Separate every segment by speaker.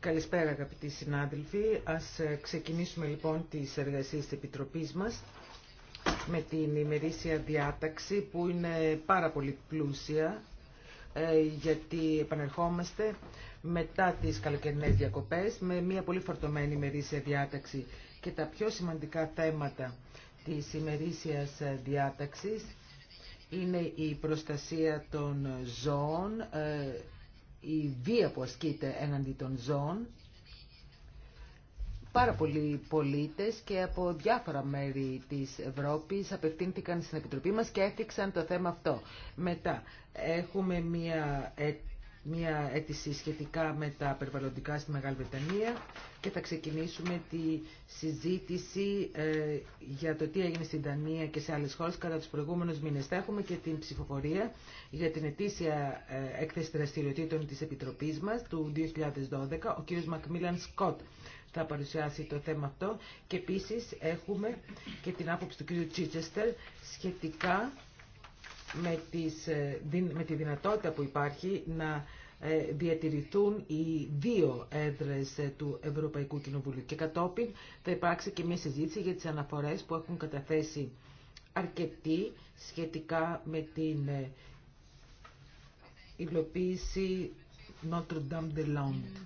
Speaker 1: Καλησπέρα αγαπητοί συνάδελφοι. Ας ε, ξεκινήσουμε λοιπόν τις εργασίες της Επιτροπής μας με την ημερήσια διάταξη που είναι πάρα πολύ πλούσια ε, γιατί επανερχόμαστε μετά τις καλοκαιρινές διακοπές με μια πολύ φορτωμένη ημερήσια διάταξη και τα πιο σημαντικά θέματα της ημερήσιας ε, διάταξης είναι η προστασία των ζώων, ε, η βία που ασκείται έναντι των ζώων. Πάρα πολλοί πολίτες και από διάφορα μέρη της Ευρώπης απευθύνθηκαν στην Επιτροπή μας και έφτιαξαν το θέμα αυτό. Μετά έχουμε μια μια αίτηση σχετικά με τα περιβαλλοντικά στη Μεγάλη Βρετανία και θα ξεκινήσουμε τη συζήτηση ε, για το τι έγινε στην Δανία και σε άλλες χώρες κατά τους προηγούμενους μήνες. Θα έχουμε και την ψηφοφορία για την ετήσια ε, έκθεση δραστηριοτήτων της Επιτροπής μας του 2012. Ο κ. Μακμίλαν Σκοτ θα παρουσιάσει το θέμα αυτό και επίσης έχουμε και την άποψη του κ. Τσίτσεστερ σχετικά με, τις, ε, με τη δυνατότητα που υπάρχει να ε, διατηρηθούν οι δύο έδρες ε, του Ευρωπαϊκού Κοινοβουλίου και κατόπιν θα υπάρξει και μια συζήτηση για τις αναφορές που έχουν καταθέσει αρκετοί σχετικά με την υλοποίηση Notre Dame de Londres.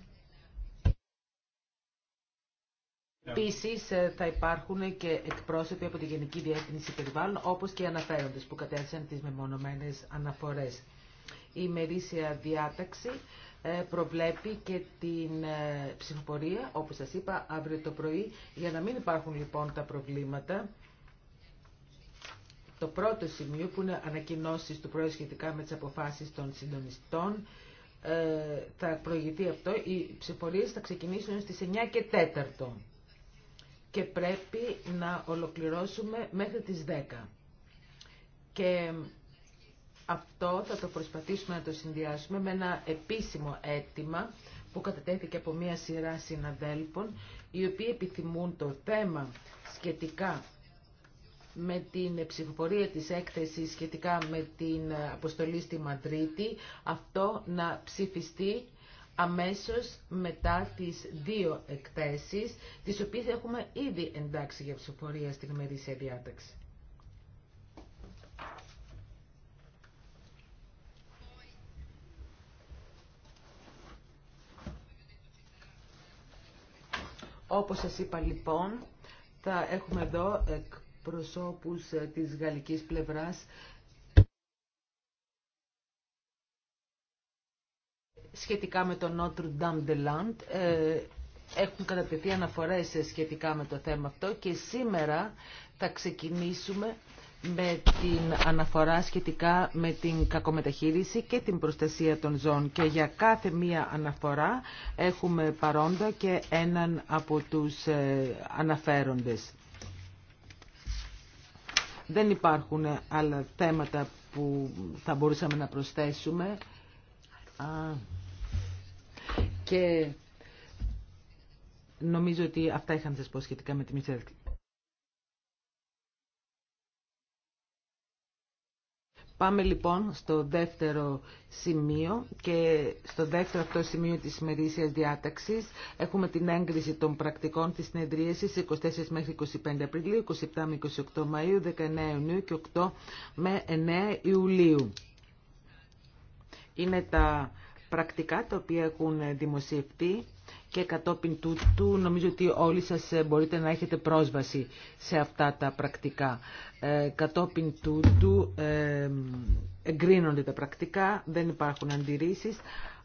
Speaker 1: Επίση, ε, θα υπάρχουν και εκπρόσωποι από τη Γενική Διεύθυνση Περιβάλλον, όπω και οι αναφέροντε που κατέθεσαν τι μεμονωμένε αναφορέ. Η ημερήσια διάταξη ε, προβλέπει και την ε, ψηφοφορία, όπως σας είπα, αύριο το πρωί, για να μην υπάρχουν λοιπόν τα προβλήματα. Το πρώτο σημείο που είναι ανακοινώσεις του Πρόεδρου σχετικά με τις αποφάσεις των συντονιστών θα προηγηθεί αυτό. Οι ψηφορίε θα ξεκινήσουν στις 9 και 4 και πρέπει να ολοκληρώσουμε μέχρι τις 10. Και αυτό θα το προσπαθήσουμε να το συνδυάσουμε με ένα επίσημο αίτημα που κατατέθηκε από μία σειρά συναδέλφων, οι οποίοι επιθυμούν το θέμα σχετικά με την ψηφοφορία της έκθεσης σχετικά με την αποστολή στη Μαδρίτη, αυτό να ψηφιστεί αμέσως μετά τις δύο εκθέσεις, τις οποίες έχουμε ήδη εντάξει για ψηφοφορία στην ημερήσια διάταξη. Όπως σας είπα λοιπόν, θα έχουμε εδώ εκπροσώπους ε, της γαλλικής πλευράς σχετικά με το Notre Dame de Land. Ε, έχουν κατατεθεί αναφορές σχετικά με το θέμα αυτό και σήμερα θα ξεκινήσουμε με την αναφορά σχετικά με την κακομεταχείριση και την προστασία των ζώων. Και για κάθε μία αναφορά έχουμε παρόντα και έναν από τους ε, αναφέροντες. Δεν υπάρχουν άλλα θέματα που θα μπορούσαμε να προσθέσουμε. Και νομίζω ότι αυτά είχα να σας πω σχετικά με τη Μισελ. Πάμε λοιπόν στο δεύτερο σημείο και στο δεύτερο αυτό σημείο της ημερήσιας διάταξης έχουμε την έγκριση των πρακτικών της συνεδρίασης 24 μέχρι 25 Απριλίου, 27 με 28 Μαΐου, 19 Ιουνίου και 8 με 9 Ιουλίου. Είναι τα πρακτικά τα οποία έχουν δημοσιευτεί και κατόπιν τούτου νομίζω ότι όλοι σας μπορείτε να έχετε πρόσβαση σε αυτά τα πρακτικά. Ε, κατόπιν τούτου ε, εγκρίνονται τα πρακτικά, δεν υπάρχουν αντιρρήσεις,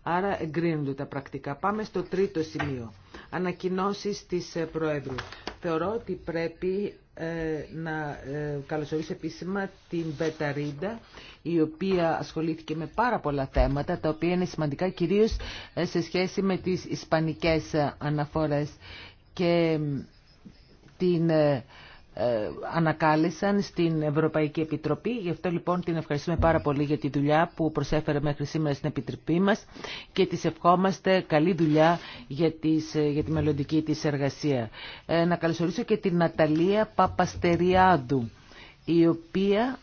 Speaker 1: άρα εγκρίνονται τα πρακτικά. Πάμε στο τρίτο σημείο. Ανακοινώσεις της Προέδρου. Θεωρώ ότι πρέπει ε, να ε, καλωσορίσω επίσημα την Ρίντα, η οποία ασχολήθηκε με πάρα πολλά θέματα, τα οποία είναι σημαντικά κυρίως ε, σε σχέση με τις ισπανικές αναφορές και την ε, ανακάλυψαν στην Ευρωπαϊκή Επιτροπή. Γι' αυτό λοιπόν την ευχαριστούμε πάρα πολύ για τη δουλειά που προσέφερε μέχρι σήμερα στην Επιτροπή μας και της ευχόμαστε καλή δουλειά για, τις, ε, τη μελλοντική της εργασία. Ε, να καλωσορίσω και την Ναταλία Παπαστεριάδου, η οποία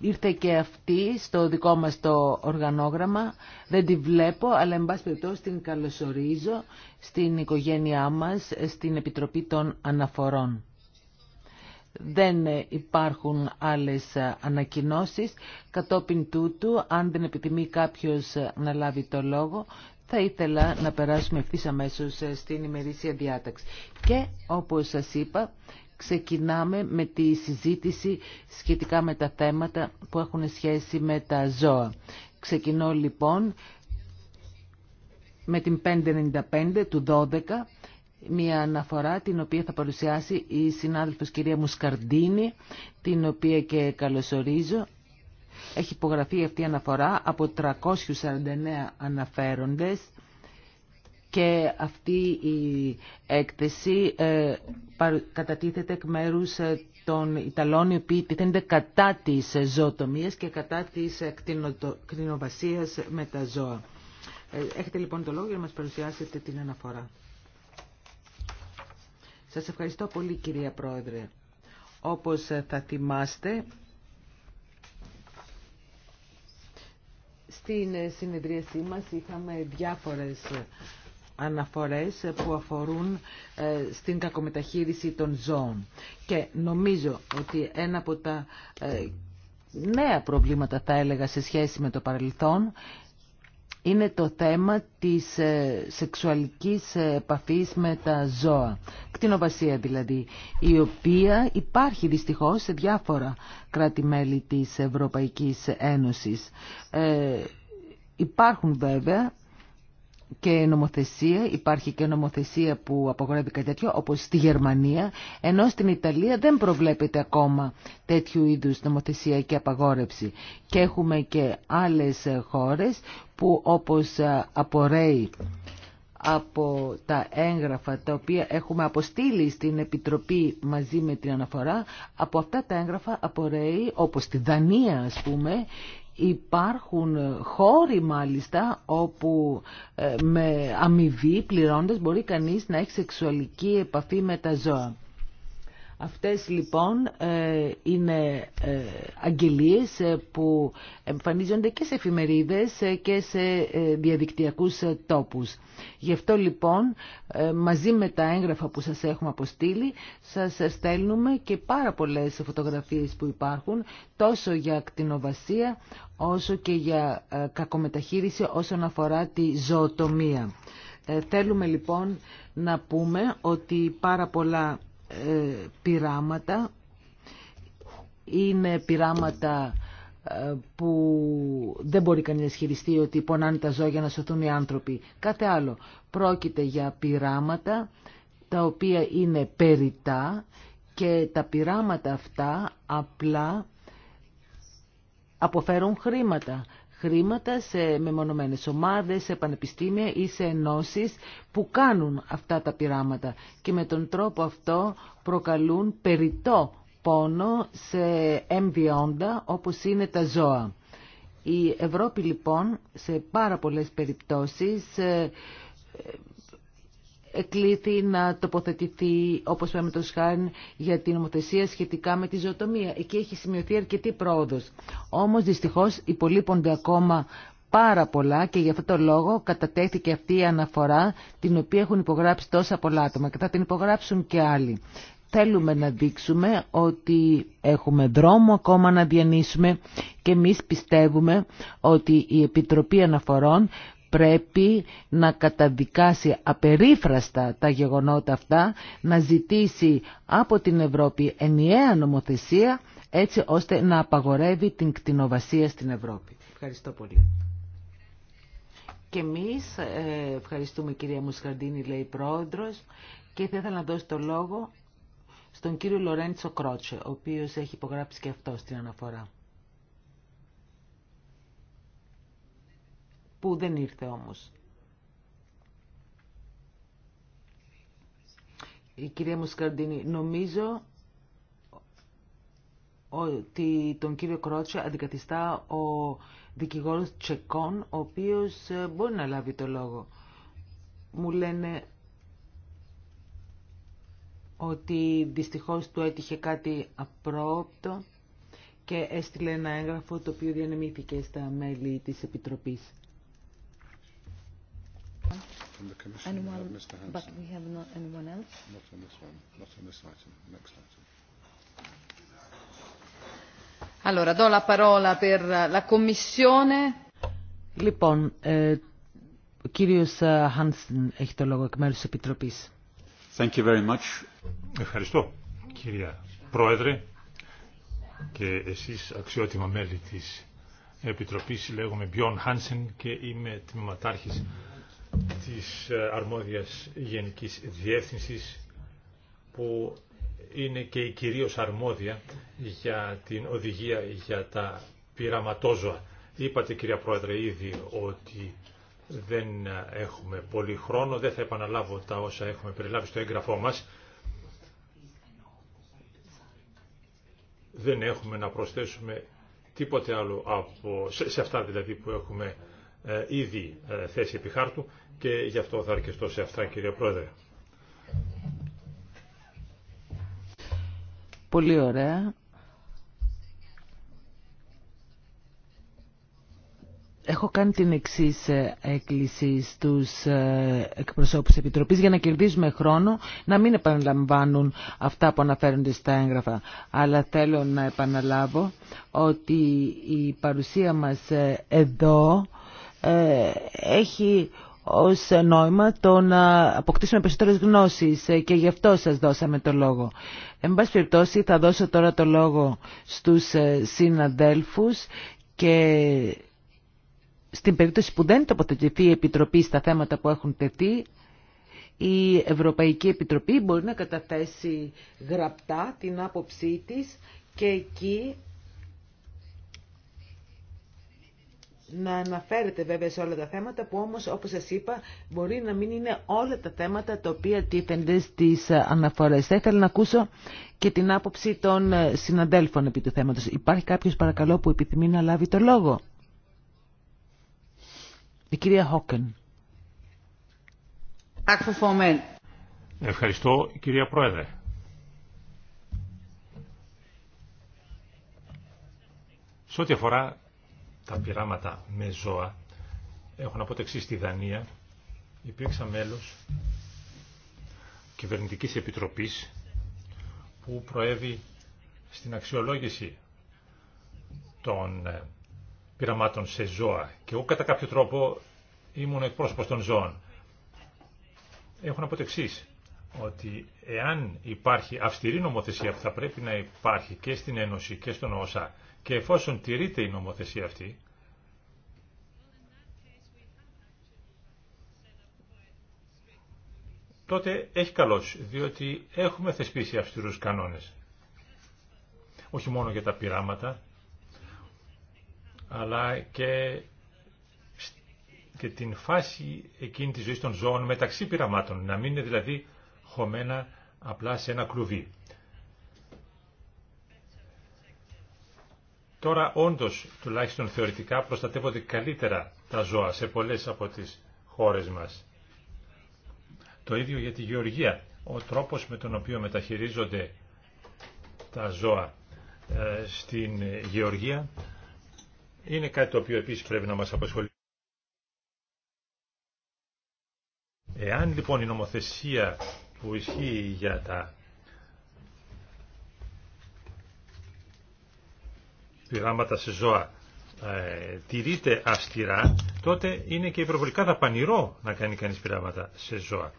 Speaker 1: ήρθε και αυτή στο δικό μας το οργανόγραμμα. Δεν τη βλέπω, αλλά εν πάση περιπτώσει την καλωσορίζω στην οικογένειά μας, στην Επιτροπή των Αναφορών. Δεν υπάρχουν άλλες ανακοινώσεις. Κατόπιν τούτου, αν δεν επιθυμεί κάποιος να λάβει το λόγο, θα ήθελα να περάσουμε ευθύ αμέσω στην ημερήσια διάταξη. Και όπως σας είπα, ξεκινάμε με τη συζήτηση σχετικά με τα θέματα που έχουν σχέση με τα ζώα. Ξεκινώ λοιπόν με την 595 του 12 μια αναφορά την οποία θα παρουσιάσει η συνάδελφος κυρία Μουσκαρντίνη, την οποία και καλωσορίζω. Έχει υπογραφεί αυτή η αναφορά από 349 αναφέροντες και αυτή η έκθεση ε, κατατίθεται εκ μέρους ε, των Ιταλών οι οποίοι τίθενται κατά της ζωοτομίας και κατά της ε, κτηνοβασίας με τα ζώα. Έχετε λοιπόν το λόγο για να μας παρουσιάσετε την αναφορά. Σας ευχαριστώ πολύ κυρία Πρόεδρε. Όπως θα θυμάστε, στην συνεδρίασή μας είχαμε διάφορες αναφορές που αφορούν ε, στην κακομεταχείριση των ζώων. Και νομίζω ότι ένα από τα ε, νέα προβλήματα θα έλεγα σε σχέση με το παρελθόν είναι το θέμα της ε, σεξουαλικής ε, επαφής με τα ζώα. Κτηνοβασία δηλαδή, η οποία υπάρχει δυστυχώς σε διάφορα κράτη-μέλη της Ευρωπαϊκής Ένωσης. Ε, υπάρχουν βέβαια και νομοθεσία, υπάρχει και νομοθεσία που απογορεύει κάτι τέτοιο, όπως στη Γερμανία, ενώ στην Ιταλία δεν προβλέπεται ακόμα τέτοιου είδους νομοθεσία και απαγόρευση. Και έχουμε και άλλες χώρες που όπως απορρέει από τα έγγραφα τα οποία έχουμε αποστείλει στην Επιτροπή μαζί με την αναφορά, από αυτά τα έγγραφα απορρέει, όπως τη Δανία ας πούμε, Υπάρχουν ε, χώροι μάλιστα όπου ε, με αμοιβή πληρώντας μπορεί κανείς να έχει σεξουαλική επαφή με τα ζώα. Αυτές λοιπόν ε, είναι ε, αγγελίες ε, που εμφανίζονται και σε εφημερίδες και σε διαδικτυακούς τόπους. Γι' αυτό λοιπόν μαζί με τα έγγραφα που σας έχουμε αποστείλει σας στέλνουμε και πάρα πολλές φωτογραφίες που υπάρχουν τόσο για ακτινοβασία όσο και για κακομεταχείριση όσον αφορά τη ζωοτομία. Θέλουμε λοιπόν να πούμε ότι πάρα πολλά πειράματα. Είναι πειράματα ε, που δεν μπορεί κανείς να ισχυριστεί ότι πονάνε τα ζώα για να σωθούν οι άνθρωποι. Κάτι άλλο. Πρόκειται για πειράματα τα οποία είναι περιτά και τα πειράματα αυτά απλά αποφέρουν χρήματα χρήματα σε μεμονωμένες ομάδες, σε πανεπιστήμια ή σε ενώσεις που κάνουν αυτά τα πειράματα και με τον τρόπο αυτό προκαλούν περιττό πόνο σε εμβιόντα όπως είναι τα ζώα. Η Ευρώπη λοιπόν σε πάρα πολλές περιπτώσεις ε, εκλήθη να τοποθετηθεί, όπως είπαμε το Σχάριν, για την νομοθεσία σχετικά με τη ζωοτομία. Εκεί έχει σημειωθεί αρκετή πρόοδος. Όμως, δυστυχώς, υπολείπονται ακόμα πάρα πολλά και γι' αυτόν το λόγο κατατέθηκε αυτή η αναφορά την οποία έχουν υπογράψει τόσα πολλά άτομα και θα την υπογράψουν και άλλοι. Θέλουμε να δείξουμε ότι έχουμε δρόμο ακόμα να διανύσουμε και εμείς πιστεύουμε ότι η Επιτροπή Αναφορών πρέπει να καταδικάσει απερίφραστα τα γεγονότα αυτά, να ζητήσει από την Ευρώπη ενιαία νομοθεσία έτσι ώστε να απαγορεύει την κτηνοβασία στην Ευρώπη. Ευχαριστώ πολύ. Και εμείς ε, ευχαριστούμε κυρία Μουσχαρντίνη, λέει πρόεδρος, και θα ήθελα να δώσω το λόγο στον κύριο Λορέντσο Κρότσε, ο οποίος έχει υπογράψει και αυτό στην αναφορά. που δεν ήρθε όμως. Η κυρία Μουσκαρντίνη, νομίζω ότι τον κύριο Κρότσο αντικαθιστά ο δικηγόρος Τσεκών, ο οποίος ε, μπορεί να λάβει το λόγο. Μου λένε ότι δυστυχώς του έτυχε κάτι απρόπτο και έστειλε ένα έγγραφο το οποίο διανεμήθηκε στα μέλη της Επιτροπής from the Commission. Anyone, Mr. Hansen. But we have not anyone else?
Speaker 2: Not on this one. Not on this item. Next item.
Speaker 1: Allora, do la parola per la Commissione. Λοιπόν, ε, ο κύριος Χάνσεν έχει το λόγο εκ μέρους της Επιτροπής.
Speaker 3: Thank you very much. Ευχαριστώ, κυρία Πρόεδρε και εσείς αξιότιμα μέλη της Επιτροπής. Λέγομαι Μπιόν Χάνσεν και είμαι τμήματάρχης της ε, αρμόδιας γενικής διεύθυνσης που είναι και η κυρίως αρμόδια για την οδηγία για τα πειραματόζωα. Είπατε κυρία Πρόεδρε ήδη ότι δεν έχουμε πολύ χρόνο, δεν θα επαναλάβω τα όσα έχουμε περιλάβει στο έγγραφό μας. Δεν έχουμε να προσθέσουμε τίποτε άλλο από, σε αυτά δηλαδή που έχουμε ε, ήδη ε, θέσει επί χάρτου και γι' αυτό θα αρκεστώ σε αυτά κύριε Πρόεδρε.
Speaker 1: Πολύ ωραία. Έχω κάνει την εξή ε, έκκληση στους ε, εκπροσώπους της Επιτροπής για να κερδίζουμε χρόνο να μην επαναλαμβάνουν αυτά που αναφέρονται στα έγγραφα. Αλλά θέλω να επαναλάβω ότι η παρουσία μας ε, εδώ έχει ως νόημα το να αποκτήσουμε περισσότερες γνώσεις ε, και γι' αυτό σας δώσαμε το λόγο. Εν πάση περιπτώσει θα δώσω τώρα το λόγο στους ε, συναδέλφους και στην περίπτωση που δεν τοποθετηθεί η Επιτροπή στα θέματα που έχουν τεθεί, η Ευρωπαϊκή Επιτροπή μπορεί να καταθέσει γραπτά την άποψή της και εκεί να αναφέρεται βέβαια σε όλα τα θέματα που όμως όπως σας είπα μπορεί να μην είναι όλα τα θέματα τα οποία τίθενται στις αναφορές. Θα ήθελα να ακούσω και την άποψη των συναντέλφων επί του θέματος. Υπάρχει κάποιος παρακαλώ που επιθυμεί να λάβει το λόγο. Η κυρία Χόκεν.
Speaker 3: Ευχαριστώ κυρία Πρόεδρε. Σε ό,τι αφορά τα πειράματα με ζώα. έχουν να στη Δανία. Υπήρξα μέλος κυβερνητικής επιτροπής που προέβη στην αξιολόγηση των ε, πειραμάτων σε ζώα και εγώ κατά κάποιο τρόπο ήμουν εκπρόσωπος των ζώων. έχουν να ότι εάν υπάρχει αυστηρή νομοθεσία που θα πρέπει να υπάρχει και στην Ένωση και στον ΩΣΑ και εφόσον τηρείται η νομοθεσία αυτή, τότε έχει καλώς διότι έχουμε θεσπίσει αυστηρούς κανόνες. Όχι μόνο για τα πειράματα, αλλά και, και την φάση εκείνη της ζωής των ζώων μεταξύ πειραμάτων. Να μην είναι δηλαδή χωμένα απλά σε ένα κλουβί. Τώρα όντως, τουλάχιστον θεωρητικά, προστατεύονται καλύτερα τα ζώα σε πολλές από τις χώρες μας. Το ίδιο για τη γεωργία. Ο τρόπος με τον οποίο μεταχειρίζονται τα ζώα ε, στην γεωργία είναι κάτι το οποίο επίσης πρέπει να μας απασχολεί. Εάν λοιπόν η νομοθεσία που ισχύει για τα πειράματα σε ζώα ε, τηρείται αυστηρά, τότε είναι και υπερβολικά δαπανηρό να κάνει κανείς πειράματα σε ζώα.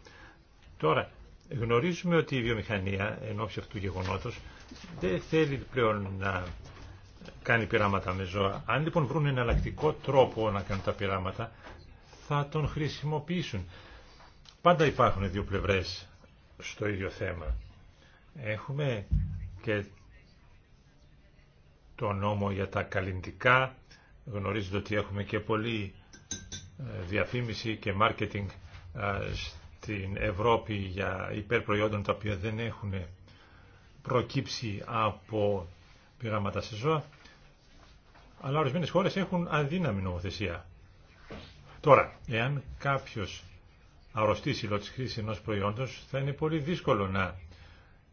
Speaker 3: Τώρα, γνωρίζουμε ότι η βιομηχανία, εν ώψη αυτού του γεγονότος, δεν θέλει πλέον να κάνει πειράματα με ζώα. Αν λοιπόν βρουν εναλλακτικό τρόπο να κάνουν τα πειράματα, θα τον χρησιμοποιήσουν. Πάντα υπάρχουν δύο πλευρές στο ίδιο θέμα. Έχουμε και το νόμο για τα καλλιντικά. Γνωρίζετε ότι έχουμε και πολλή ε, διαφήμιση και μάρκετινγκ ε, στην Ευρώπη για υπερπροϊόντων τα οποία δεν έχουν προκύψει από πειράματα σε ζώα. Αλλά ορισμένες χώρες έχουν αδύναμη νομοθεσία. Τώρα, εάν κάποιος αρρωστήσει λόγω της χρήσης ενός προϊόντος, θα είναι πολύ δύσκολο να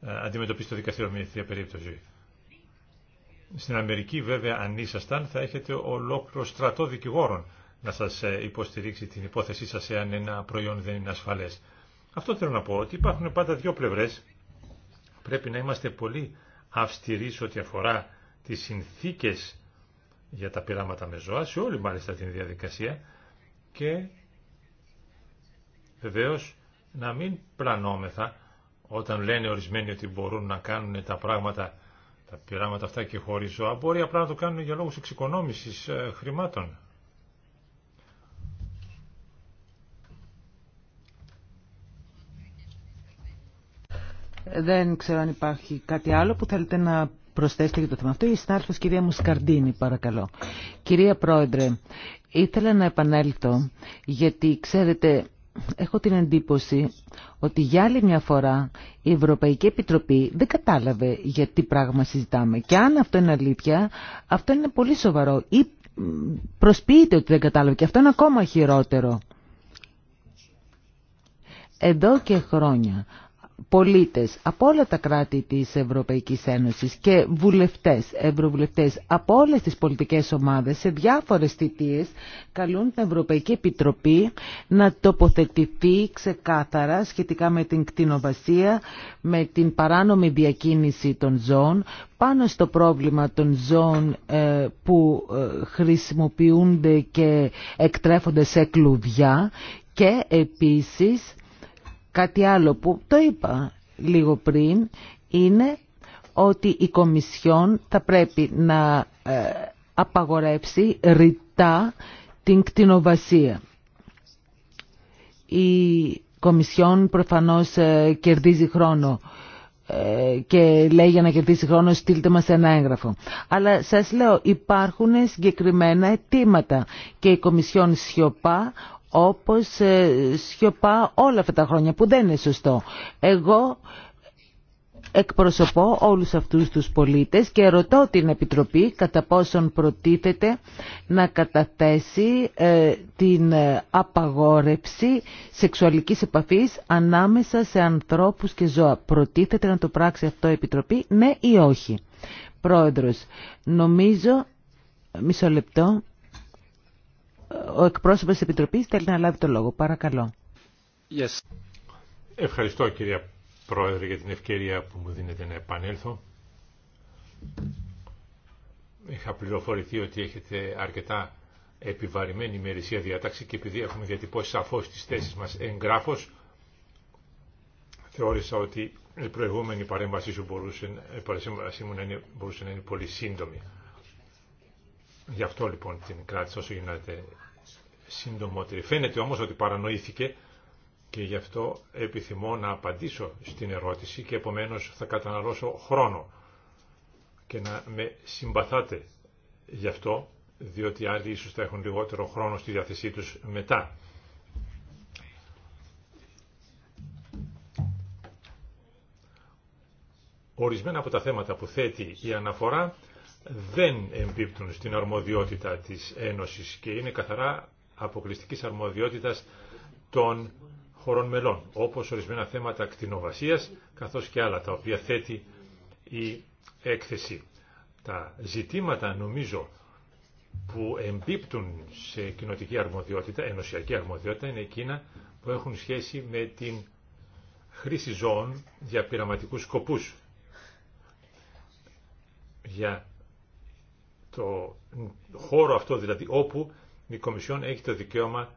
Speaker 3: ε, αντιμετωπίσει το δικαστήριο με τέτοια περίπτωση. Στην Αμερική βέβαια αν ήσασταν θα έχετε ολόκληρο στρατό δικηγόρων να σας ε, υποστηρίξει την υπόθεσή σας εάν ένα προϊόν δεν είναι ασφαλές. Αυτό θέλω να πω ότι υπάρχουν πάντα δύο πλευρές. Πρέπει να είμαστε πολύ αυστηροί σε ό,τι αφορά τις συνθήκες για τα πειράματα με ζώα, σε όλη μάλιστα την διαδικασία και Βεβαίω να μην πλανόμεθα όταν λένε ορισμένοι ότι μπορούν να κάνουν τα πράγματα, τα πειράματα αυτά και χωρί ζωά, μπορεί απλά να το κάνουν για λόγους εξοικονόμησης ε, χρημάτων.
Speaker 1: Δεν ξέρω αν υπάρχει κάτι άλλο που θέλετε να προσθέσετε για το θέμα αυτό. Η συνάδελφος κυρία Μουσκαρντίνη, παρακαλώ. Κυρία Πρόεδρε, ήθελα να επανέλθω, γιατί ξέρετε έχω την εντύπωση ότι για άλλη μια φορά η Ευρωπαϊκή Επιτροπή δεν κατάλαβε για τι πράγμα συζητάμε. Και αν αυτό είναι αλήθεια, αυτό είναι πολύ σοβαρό. Ή προσποιείται ότι δεν κατάλαβε και αυτό είναι ακόμα χειρότερο. Εδώ και χρόνια πολίτες από όλα τα κράτη της Ευρωπαϊκής Ένωσης και βουλευτές, ευρωβουλευτές από όλες τις πολιτικές ομάδες σε διάφορες θητείες καλούν την Ευρωπαϊκή Επιτροπή να τοποθετηθεί ξεκάθαρα σχετικά με την κτηνοβασία, με την παράνομη διακίνηση των ζώων, πάνω στο πρόβλημα των ζώων ε, που ε, χρησιμοποιούνται και εκτρέφονται σε κλουβιά και επίσης Κάτι άλλο που το είπα λίγο πριν είναι ότι η Κομισιόν θα πρέπει να ε, απαγορεύσει ρητά την κτηνοβασία. Η Κομισιόν προφανώς ε, κερδίζει χρόνο ε, και λέει για να κερδίσει χρόνο στείλτε μας ένα έγγραφο. Αλλά σας λέω υπάρχουν συγκεκριμένα αιτήματα και η Κομισιόν σιωπά όπως ε, σιωπά όλα αυτά τα χρόνια που δεν είναι σωστό. Εγώ εκπροσωπώ όλους αυτούς τους πολίτες και ρωτώ την Επιτροπή κατά πόσον προτίθεται να καταθέσει ε, την ε, απαγόρευση σεξουαλικής επαφής ανάμεσα σε ανθρώπους και ζώα. Προτίθεται να το πράξει αυτό η Επιτροπή, ναι ή όχι. Πρόεδρος, νομίζω, μισό λεπτό, ο εκπρόσωπος της Επιτροπής θέλει να λάβει το λόγο. Παρακαλώ.
Speaker 3: Yes. Ευχαριστώ κυρία Πρόεδρε για την ευκαιρία που μου δίνετε να επανέλθω. Είχα πληροφορηθεί ότι έχετε αρκετά επιβαρημένη ημερησία διάταξη και επειδή έχουμε διατυπώσει σαφώς τις θέσεις μας εγγράφως θεώρησα ότι η προηγούμενη παρέμβασή σου μπορούσε, μου μπορούσε να είναι πολύ σύντομη. Γι' αυτό λοιπόν την κράτησε όσο γίνεται συντομότερη. Φαίνεται όμως ότι παρανοήθηκε και γι' αυτό επιθυμώ να απαντήσω στην ερώτηση και επομένως θα καταναλώσω χρόνο και να με συμπαθάτε γι' αυτό, διότι άλλοι ίσως θα έχουν λιγότερο χρόνο στη διάθεσή τους μετά. Ορισμένα από τα θέματα που θέτει η αναφορά δεν εμπίπτουν στην αρμοδιότητα της Ένωσης και είναι καθαρά αποκλειστικής αρμοδιότητας των χωρών μελών, όπως ορισμένα θέματα κτηνοβασίας, καθώς και άλλα τα οποία θέτει η έκθεση. Τα ζητήματα, νομίζω, που εμπίπτουν σε κοινοτική αρμοδιότητα, ενωσιακή αρμοδιότητα, είναι εκείνα που έχουν σχέση με την χρήση ζώων για πειραματικούς σκοπούς, για το χώρο αυτό δηλαδή όπου η Κομισιόν έχει το δικαίωμα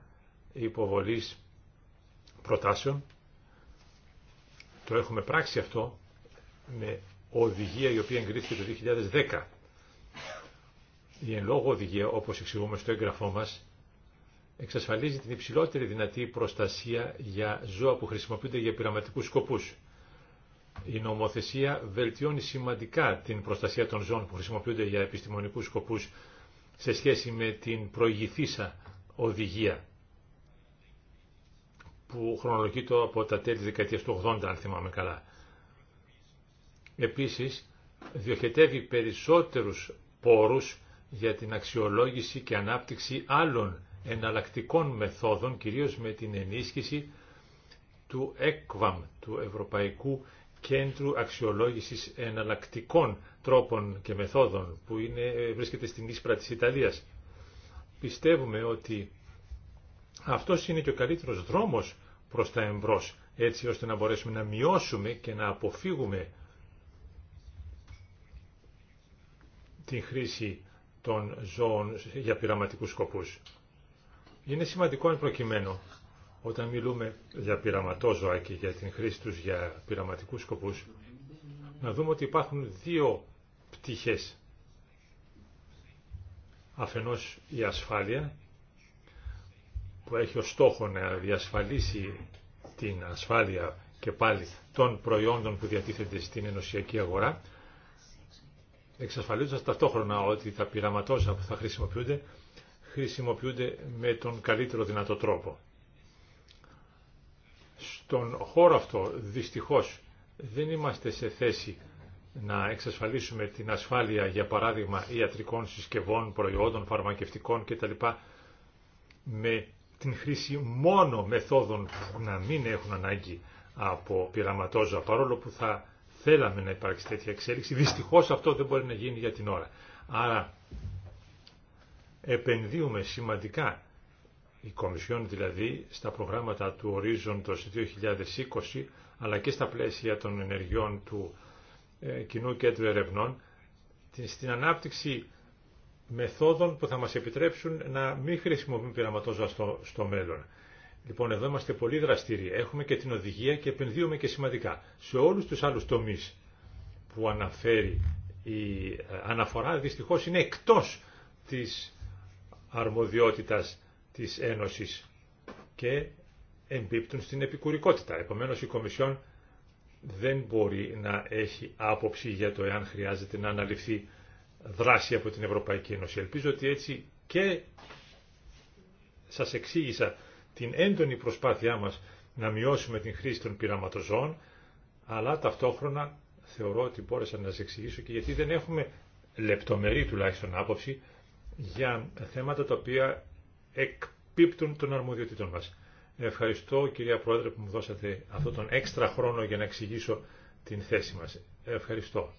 Speaker 3: υποβολής προτάσεων. Το έχουμε πράξει αυτό με οδηγία η οποία εγκρίθηκε το 2010. Η εν λόγω οδηγία, όπως εξηγούμε στο έγγραφό μας, εξασφαλίζει την υψηλότερη δυνατή προστασία για ζώα που χρησιμοποιούνται για πειραματικούς σκοπούς η νομοθεσία βελτιώνει σημαντικά την προστασία των ζώων που χρησιμοποιούνται για επιστημονικούς σκοπούς σε σχέση με την προηγηθήσα οδηγία που χρονολογείται από τα τέλη δεκαετίας του 80 αν θυμάμαι καλά. Επίσης, διοχετεύει περισσότερους πόρους για την αξιολόγηση και ανάπτυξη άλλων εναλλακτικών μεθόδων, κυρίως με την ενίσχυση του ΕΚΒΑΜ, του Ευρωπαϊκού Κέντρου Αξιολόγησης Εναλλακτικών Τρόπων και Μεθόδων που είναι, βρίσκεται στην Ίσπρα της Ιταλίας. Πιστεύουμε ότι αυτός είναι και ο καλύτερος δρόμος προς τα εμπρός, έτσι ώστε να μπορέσουμε να μειώσουμε και να αποφύγουμε την χρήση των ζώων για πειραματικούς σκοπούς. Είναι σημαντικό εν προκειμένου όταν μιλούμε για πειραματόζωα και για την χρήση τους για πειραματικούς σκοπούς, να δούμε ότι υπάρχουν δύο πτυχές. Αφενός η ασφάλεια, που έχει ως στόχο να διασφαλίσει την ασφάλεια και πάλι των προϊόντων που διατίθεται στην ενωσιακή αγορά, εξασφαλίζοντας ταυτόχρονα ότι τα πειραματόζωα που θα χρησιμοποιούνται, χρησιμοποιούνται με τον καλύτερο δυνατό τρόπο. Στον χώρο αυτό δυστυχώς δεν είμαστε σε θέση να εξασφαλίσουμε την ασφάλεια για παράδειγμα ιατρικών συσκευών, προϊόντων, φαρμακευτικών κτλ. με την χρήση μόνο μεθόδων που να μην έχουν ανάγκη από πειραματόζωα παρόλο που θα θέλαμε να υπάρξει τέτοια εξέλιξη. Δυστυχώς αυτό δεν μπορεί να γίνει για την ώρα. Άρα επενδύουμε σημαντικά η Κομισιόν δηλαδή στα προγράμματα του ορίζοντος 2020 αλλά και στα πλαίσια των ενεργειών του ε, Κοινού Κέντρου Ερευνών στην ανάπτυξη μεθόδων που θα μας επιτρέψουν να μην χρησιμοποιούμε πειραματόζωα στο, στο μέλλον. Λοιπόν, εδώ είμαστε πολύ δραστήριοι. Έχουμε και την οδηγία και επενδύουμε και σημαντικά. Σε όλους τους άλλους τομείς που αναφέρει η ε, αναφορά δυστυχώς είναι εκτός της αρμοδιότητας της Ένωσης και εμπίπτουν στην επικουρικότητα. Επομένως η Κομισιόν δεν μπορεί να έχει άποψη για το εάν χρειάζεται να αναλυφθεί δράση από την Ευρωπαϊκή Ένωση. Ελπίζω ότι έτσι και σας εξήγησα την έντονη προσπάθειά μας να μειώσουμε την χρήση των πειραματοζώων, αλλά ταυτόχρονα θεωρώ ότι μπόρεσα να σας εξηγήσω και γιατί δεν έχουμε λεπτομερή τουλάχιστον άποψη για θέματα τα οποία εκπίπτουν των αρμοδιοτήτων μας. Ευχαριστώ κυρία Πρόεδρε που μου δώσατε αυτό τον έξτρα χρόνο για να εξηγήσω την θέση μας. Ευχαριστώ.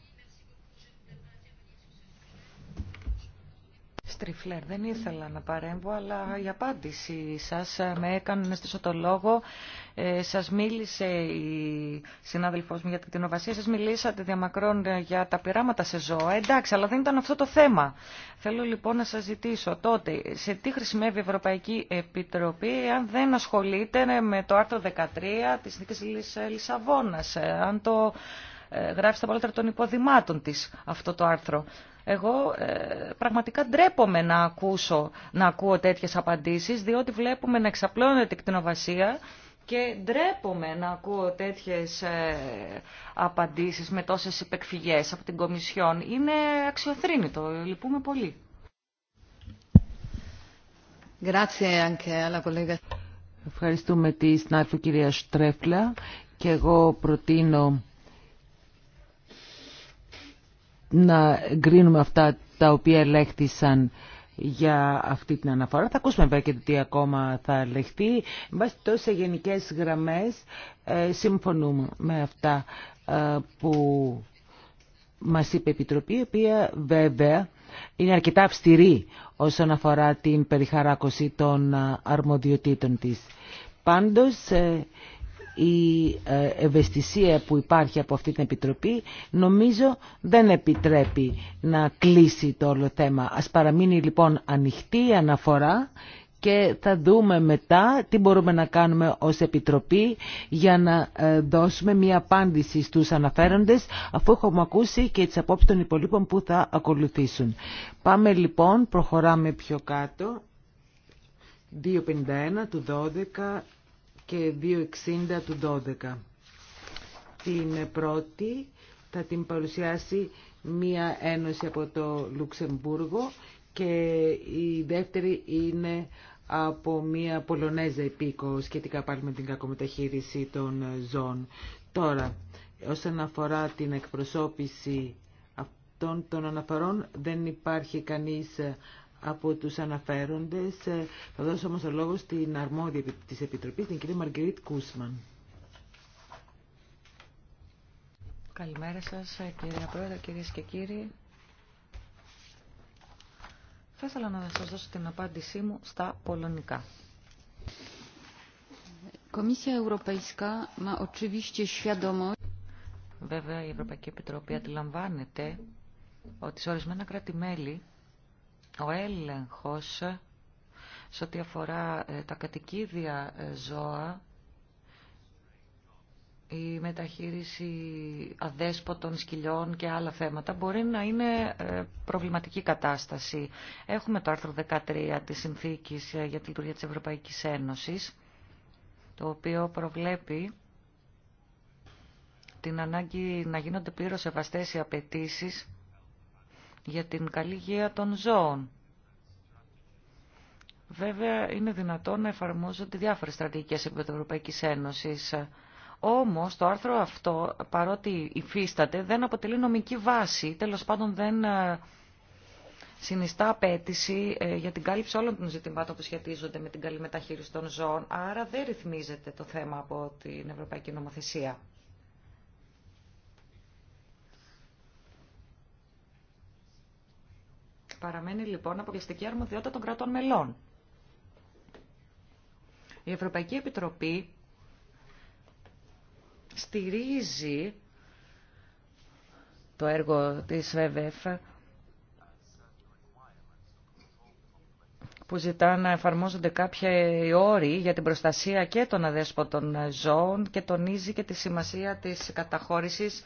Speaker 2: Στριφλέρ, δεν ήθελα να παρέμβω, αλλά η απάντηση σας με έκανε να στήσω το λόγο ε, σας μίλησε η συνάδελφός μου για την κτηνοβασία, σας μιλήσατε διαμακρών ε, για τα πειράματα σε ζώα. Ε, εντάξει, αλλά δεν ήταν αυτό το θέμα. Θέλω λοιπόν να σας ζητήσω τότε, σε τι χρησιμεύει η Ευρωπαϊκή Επιτροπή αν δεν ασχολείται με το άρθρο 13 της Συνθήκης Λισαβόνας, ε, αν το γράφει στα παλότερα των υποδημάτων της αυτό το άρθρο. Εγώ πραγματικά ντρέπομαι να, ακούσω, να ακούω τέτοιες απαντήσεις, διότι βλέπουμε να εξαπλώνεται η κτηνοβασία και ντρέπομαι να ακούω τέτοιες ε, απαντήσεις με τόσες υπεκφυγές από την Κομισιόν. Είναι αξιοθρύνητο, λυπούμε πολύ.
Speaker 1: Ευχαριστούμε τη συνάδελφο κυρία Στρέφλα και εγώ προτείνω να γκρίνουμε αυτά τα οποία ελέγχθησαν για αυτή την αναφορά. Θα ακούσουμε βέβαια και τι ακόμα θα λεχθεί. βάση τόσο σε γενικές γραμμές ε, συμφωνούμε με αυτά ε, που μας είπε η Επιτροπή, η οποία βέβαια είναι αρκετά αυστηρή όσον αφορά την περιχαράκωση των ε, αρμοδιοτήτων της. Πάντως, η ε, ευαισθησία που υπάρχει από αυτή την Επιτροπή νομίζω δεν επιτρέπει να κλείσει το όλο θέμα. Ας παραμείνει λοιπόν ανοιχτή η αναφορά και θα δούμε μετά τι μπορούμε να κάνουμε ως Επιτροπή για να ε, δώσουμε μια απάντηση στους αναφέροντες αφού έχουμε ακούσει και τις απόψεις των υπολείπων που θα ακολουθήσουν. Πάμε λοιπόν, προχωράμε πιο κάτω. 251 του 12 και 260 του 12. Την πρώτη θα την παρουσιάσει μία ένωση από το Λουξεμβούργο και η δεύτερη είναι από μία Πολωνέζα επίκο σχετικά πάλι με την κακομεταχείριση των ζώων. Τώρα, όσον αφορά την εκπροσώπηση αυτών των αναφορών, δεν υπάρχει κανείς από τους αναφέροντες. Ε, θα δώσω όμως το λόγο στην αρμόδια της Επιτροπής, την κυρία Μαργκερίτ Κούσμαν.
Speaker 2: Καλημέρα σας ε, κυρία Πρόεδρε, κυρίες και κύριοι. Θα ήθελα να σας δώσω την απάντησή μου στα πολωνικά. Βέβαια η Ευρωπαϊκή Επιτροπή αντιλαμβάνεται ότι σε ορισμένα κράτη-μέλη ο έλεγχος σε ό,τι αφορά ε, τα κατοικίδια ε, ζώα, η μεταχείριση αδέσποτων σκυλιών και άλλα θέματα μπορεί να είναι ε, προβληματική κατάσταση. Έχουμε το άρθρο 13 της Συνθήκης για τη Λειτουργία της Ευρωπαϊκής Ένωσης, το οποίο προβλέπει την ανάγκη να γίνονται πλήρως σεβαστές οι απαιτήσει για την καλή υγεία των ζώων. Βέβαια, είναι δυνατόν να εφαρμόζονται διάφορες στρατηγικές επίπεδο Ευρωπαϊκής Ένωσης. Όμως, το άρθρο αυτό, παρότι υφίσταται, δεν αποτελεί νομική βάση. Τέλος πάντων, δεν ε, συνιστά απέτηση ε, για την κάλυψη όλων των ζητημάτων που σχετίζονται με την καλή μεταχείριση των ζώων. Άρα, δεν ρυθμίζεται το θέμα από την Ευρωπαϊκή Νομοθεσία. Παραμένει λοιπόν αποκλειστική αρμοδιότητα των κρατών μελών. Η Ευρωπαϊκή Επιτροπή στηρίζει το έργο της ΒΕΒΕΦ που ζητά να εφαρμόζονται κάποια όροι για την προστασία και των αδέσποτων ζώων και τονίζει και τη σημασία της καταχώρησης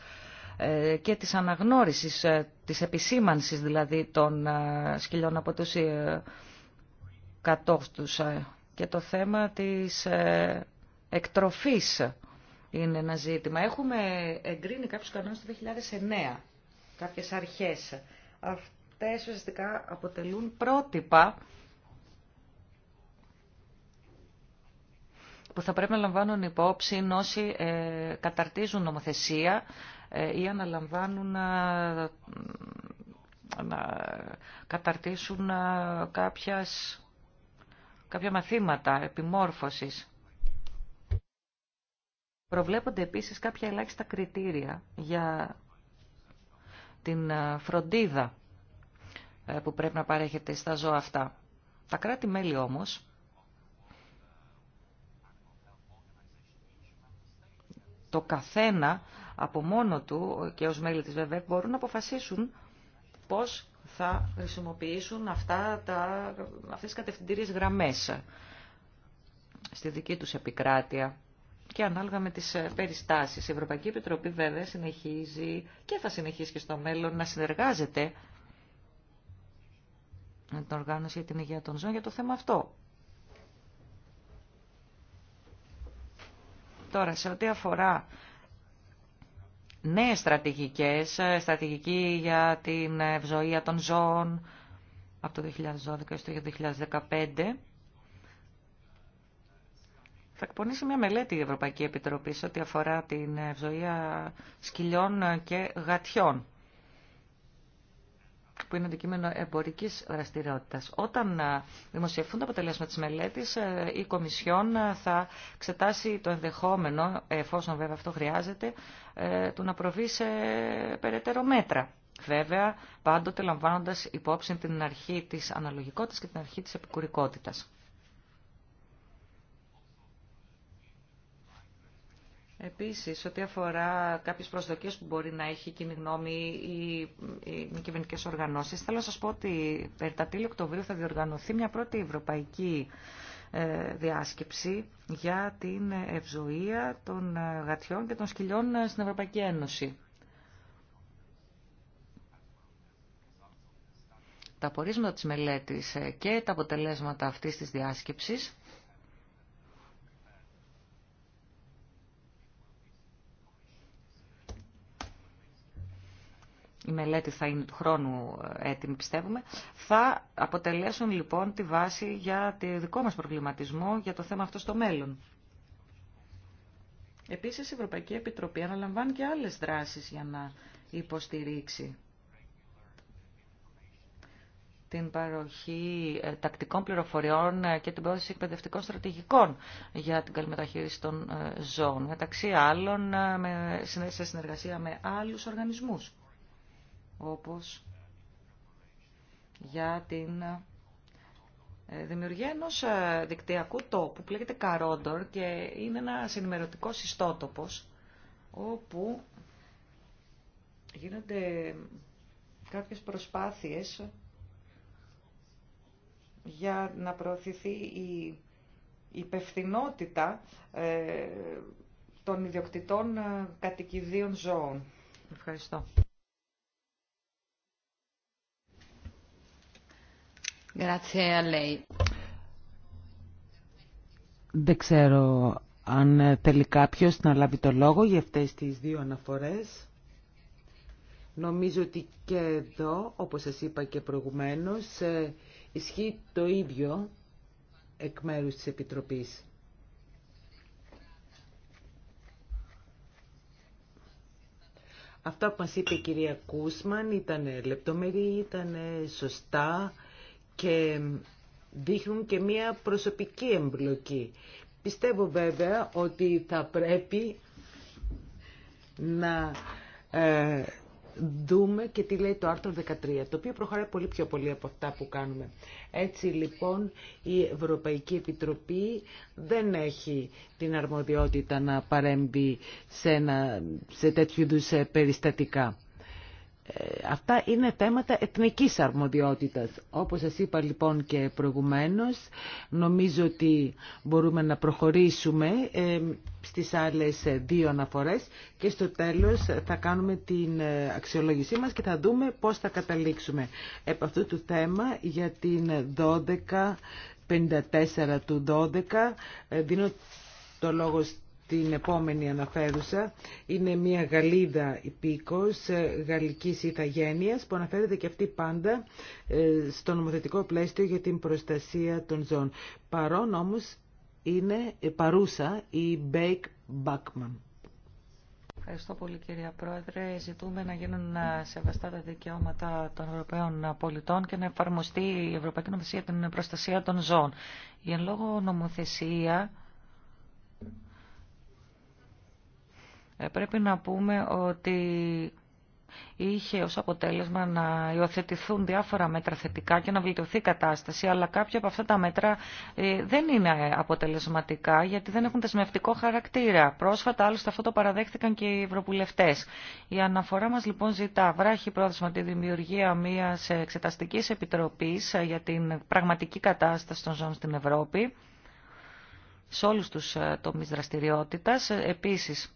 Speaker 2: ε, και της αναγνώρισης, ε, της επισήμανσης δηλαδή των ε, σκυλιών από τους κατόφτους Και το θέμα της εκτροφής είναι ένα ζήτημα. Έχουμε εγκρίνει κάποιους κανόνες το 2009, κάποιες αρχές. Αυτές ουσιαστικά αποτελούν πρότυπα που θα πρέπει να λαμβάνουν υπόψη όσοι καταρτίζουν νομοθεσία ε, ή αναλαμβάνουν να καταρτήσουν ε, κάποιας, κάποια μαθήματα επιμόρφωσης. Προβλέπονται επίσης κάποια ελάχιστα κριτήρια για την ε, φροντίδα που πρέπει να παρέχεται στα ζώα αυτά. Τα κράτη-μέλη όμως το καθένα από μόνο του και ως μέλη της βέβαια μπορούν να αποφασίσουν πώς θα χρησιμοποιήσουν αυτά τα, αυτές τις κατευθυντήριες γραμμές στη δική τους επικράτεια και ανάλογα με τις ε, περιστάσεις. Η Ευρωπαϊκή Επιτροπή βέβαια συνεχίζει και θα συνεχίσει και στο μέλλον να συνεργάζεται με την Οργάνωση για την Υγεία των Ζώων για το θέμα αυτό. Τώρα, σε ό,τι αφορά νέες στρατηγικές, ε, στρατηγική για την ευζοία των ζώων από το 2012 έως το 2015. Θα εκπονήσει μια μελέτη η Ευρωπαϊκή Επιτροπή σε ό,τι αφορά την ευζοία σκυλιών και γατιών που είναι αντικείμενο εμπορική δραστηριότητα. Όταν ε, δημοσιευθούν τα αποτελέσματα τη μελέτη, ε, η Κομισιόν ε, θα εξετάσει το ενδεχόμενο, εφόσον βέβαια αυτό χρειάζεται, του να προβεί σε περαιτέρω μέτρα. Βέβαια, πάντοτε λαμβάνοντα υπόψη την αρχή τη αναλογικότητα και την αρχή τη επικουρικότητα. Επίσης, ό,τι αφορά κάποιες προσδοκίες που μπορεί να έχει η κοινή γνώμη ή οι μη κυβερνητικέ οργανώσεις, θέλω να σας πω ότι περί τα τέλη Οκτωβρίου θα διοργανωθεί μια πρώτη ευρωπαϊκή ε, διάσκεψη για την ευζοία των ε, γατιών και των σκυλιών ε, στην Ευρωπαϊκή Ένωση. Τα απορίσματα της μελέτης και τα αποτελέσματα αυτής της διάσκεψης η μελέτη θα είναι του χρόνου ε, έτοιμη πιστεύουμε, θα αποτελέσουν λοιπόν τη βάση για το δικό μας προβληματισμό για το θέμα αυτό στο μέλλον. Επίσης η Ευρωπαϊκή Επιτροπή αναλαμβάνει και άλλες δράσεις για να υποστηρίξει την παροχή ε, τακτικών πληροφοριών ε, και την πρόθεση εκπαιδευτικών στρατηγικών για την καλή των ζώων. Μεταξύ άλλων, σε συνεργασία με άλλους οργανισμούς όπως για την ε, δημιουργία ενός ε, δικτυακού τόπου που λέγεται Καρόντορ και είναι ένα ενημερωτικό ιστότοπος όπου γίνονται κάποιες προσπάθειες για να προωθηθεί η υπευθυνότητα ε, των ιδιοκτητών κατοικιδίων ζώων. Ευχαριστώ.
Speaker 1: Δεν ξέρω αν θέλει κάποιο να λάβει το λόγο για αυτές τις δύο αναφορές. Νομίζω ότι και εδώ, όπως σα είπα και προηγουμένως, ε, ισχύει το ίδιο εκ μέρου τη επιτροπή. Αυτά που μα είπε η κυρία Κούσμαν ήταν λεπτομερή, ήταν σωστά και δείχνουν και μία προσωπική εμπλοκή. Πιστεύω βέβαια ότι θα πρέπει να ε, δούμε και τι λέει το άρθρο 13, το οποίο προχωράει πολύ πιο πολύ από αυτά που κάνουμε. Έτσι λοιπόν η Ευρωπαϊκή Επιτροπή δεν έχει την αρμοδιότητα να παρέμβει σε, ένα, σε τέτοιου είδου ε, περιστατικά. Ε, αυτά είναι θέματα εθνικής αρμοδιότητας. Όπως σας είπα λοιπόν και προηγουμένως, νομίζω ότι μπορούμε να προχωρήσουμε ε, στις άλλες ε, δύο αναφορές και στο τέλος θα κάνουμε την αξιολόγησή μας και θα δούμε πώς θα καταλήξουμε. Επ' αυτού του θέμα για την 12.54 54 του 12 δίνω το λόγο την επόμενη αναφέρουσα είναι μια γαλίδα υπήκος ε, γαλλικής ηθαγένειας που αναφέρεται και αυτή πάντα ε, στο νομοθετικό πλαίσιο για την προστασία των ζώων. Παρόν όμως είναι ε, παρούσα η Μπέικ Μπάκμαν.
Speaker 2: Ευχαριστώ πολύ κυρία Πρόεδρε. Ζητούμε να γίνουν σεβαστά τα δικαιώματα των Ευρωπαίων πολιτών και να εφαρμοστεί η Ευρωπαϊκή Νομοθεσία την προστασία των ζώων. Η εν νομοθεσία Ε, πρέπει να πούμε ότι είχε ως αποτέλεσμα να υιοθετηθούν διάφορα μέτρα θετικά και να βελτιωθεί η κατάσταση, αλλά κάποια από αυτά τα μέτρα ε, δεν είναι αποτελεσματικά γιατί δεν έχουν δεσμευτικό χαρακτήρα. Πρόσφατα άλλωστε αυτό το παραδέχτηκαν και οι Ευρωπουλευτέ. Η αναφορά μας λοιπόν ζητά βράχη πρόθεσμα τη δημιουργία μιας εξεταστικής επιτροπής ε, για την πραγματική κατάσταση των ζώων στην Ευρώπη σε όλους τους τομείς δραστηριότητας. Επίσης,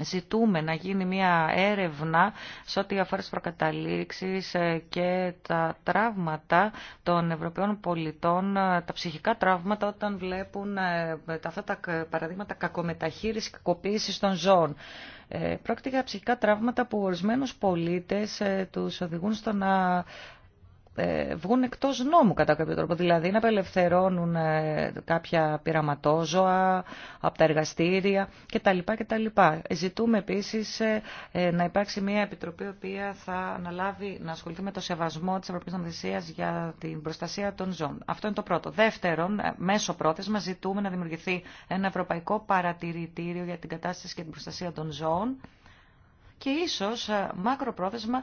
Speaker 2: Ζητούμε να γίνει μια έρευνα σε ό,τι αφορά τις προκαταλήξεις ε, και τα τραύματα των Ευρωπαίων πολιτών, ε, τα ψυχικά τραύματα όταν βλέπουν ε, αυτά τα παραδείγματα κακομεταχείρισης, κακοποίησης των ζώων. Πρόκειται για ψυχικά τραύματα που ορισμένους πολίτες τους οδηγούν στο να ε, βγουν εκτός νόμου κατά κάποιο τρόπο. Δηλαδή να απελευθερώνουν ε, κάποια πειραματόζωα από τα εργαστήρια κτλ. κτλ. Ζητούμε επίσης ε, να υπάρξει μια επιτροπή η οποία θα αναλάβει να ασχοληθεί με το σεβασμό της Ευρωπαϊκής Νομοθεσίας για την προστασία των ζώων. Αυτό είναι το πρώτο. Δεύτερον, μέσω πρόθεσμα ζητούμε να δημιουργηθεί ένα ευρωπαϊκό παρατηρητήριο για την κατάσταση και την προστασία των ζώων και ίσως ε, μακροπρόθεσμα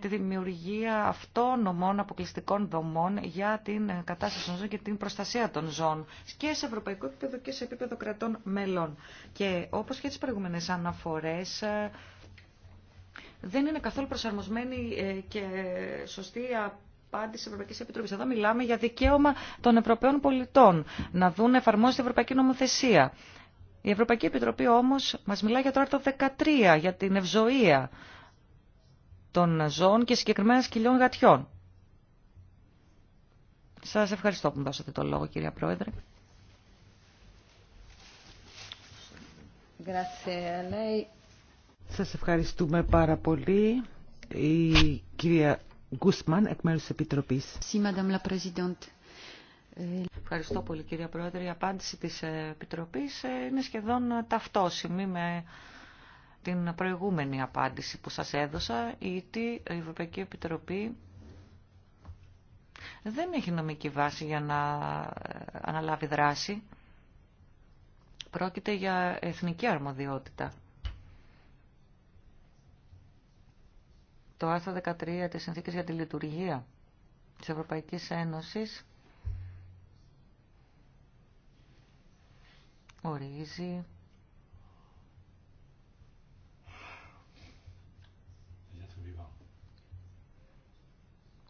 Speaker 2: τη δημιουργία αυτόνομων αποκλειστικών δομών για την ε, κατάσταση των ζώων και την προστασία των ζώων και σε ευρωπαϊκό επίπεδο και σε επίπεδο κρατών μελών. Και όπως και τις προηγούμενες αναφορές ε, δεν είναι καθόλου προσαρμοσμένη και σωστή απάντηση τη Ευρωπαϊκή Επιτροπή. Εδώ μιλάμε για δικαίωμα των Ευρωπαίων πολιτών να δουν εφαρμόζεται η Ευρωπαϊκή Νομοθεσία. Η Ευρωπαϊκή Επιτροπή όμως μας μιλάει για το άρθρο 13, για την ευζοία των ζώων και συγκεκριμένα σκυλιών γατιών. Σας ευχαριστώ που μου δώσατε το λόγο, κυρία Πρόεδρε.
Speaker 1: Σας ευχαριστούμε πάρα πολύ, η κυρία Γκούσμαν, εκ μέρους της Επιτροπής.
Speaker 2: Sí, Madame la Ευχαριστώ πολύ κυρία Πρόεδρε. Η απάντηση της Επιτροπής ε, είναι σχεδόν ταυτόσιμη με την προηγούμενη απάντηση που σας έδωσα, γιατί η Ευρωπαϊκή Επιτροπή δεν έχει νομική βάση για να ε, αναλάβει δράση. Πρόκειται για εθνική αρμοδιότητα. Το άρθρο 13 της Συνθήκης για τη Λειτουργία της Ευρωπαϊκής Ένωσης ορίζει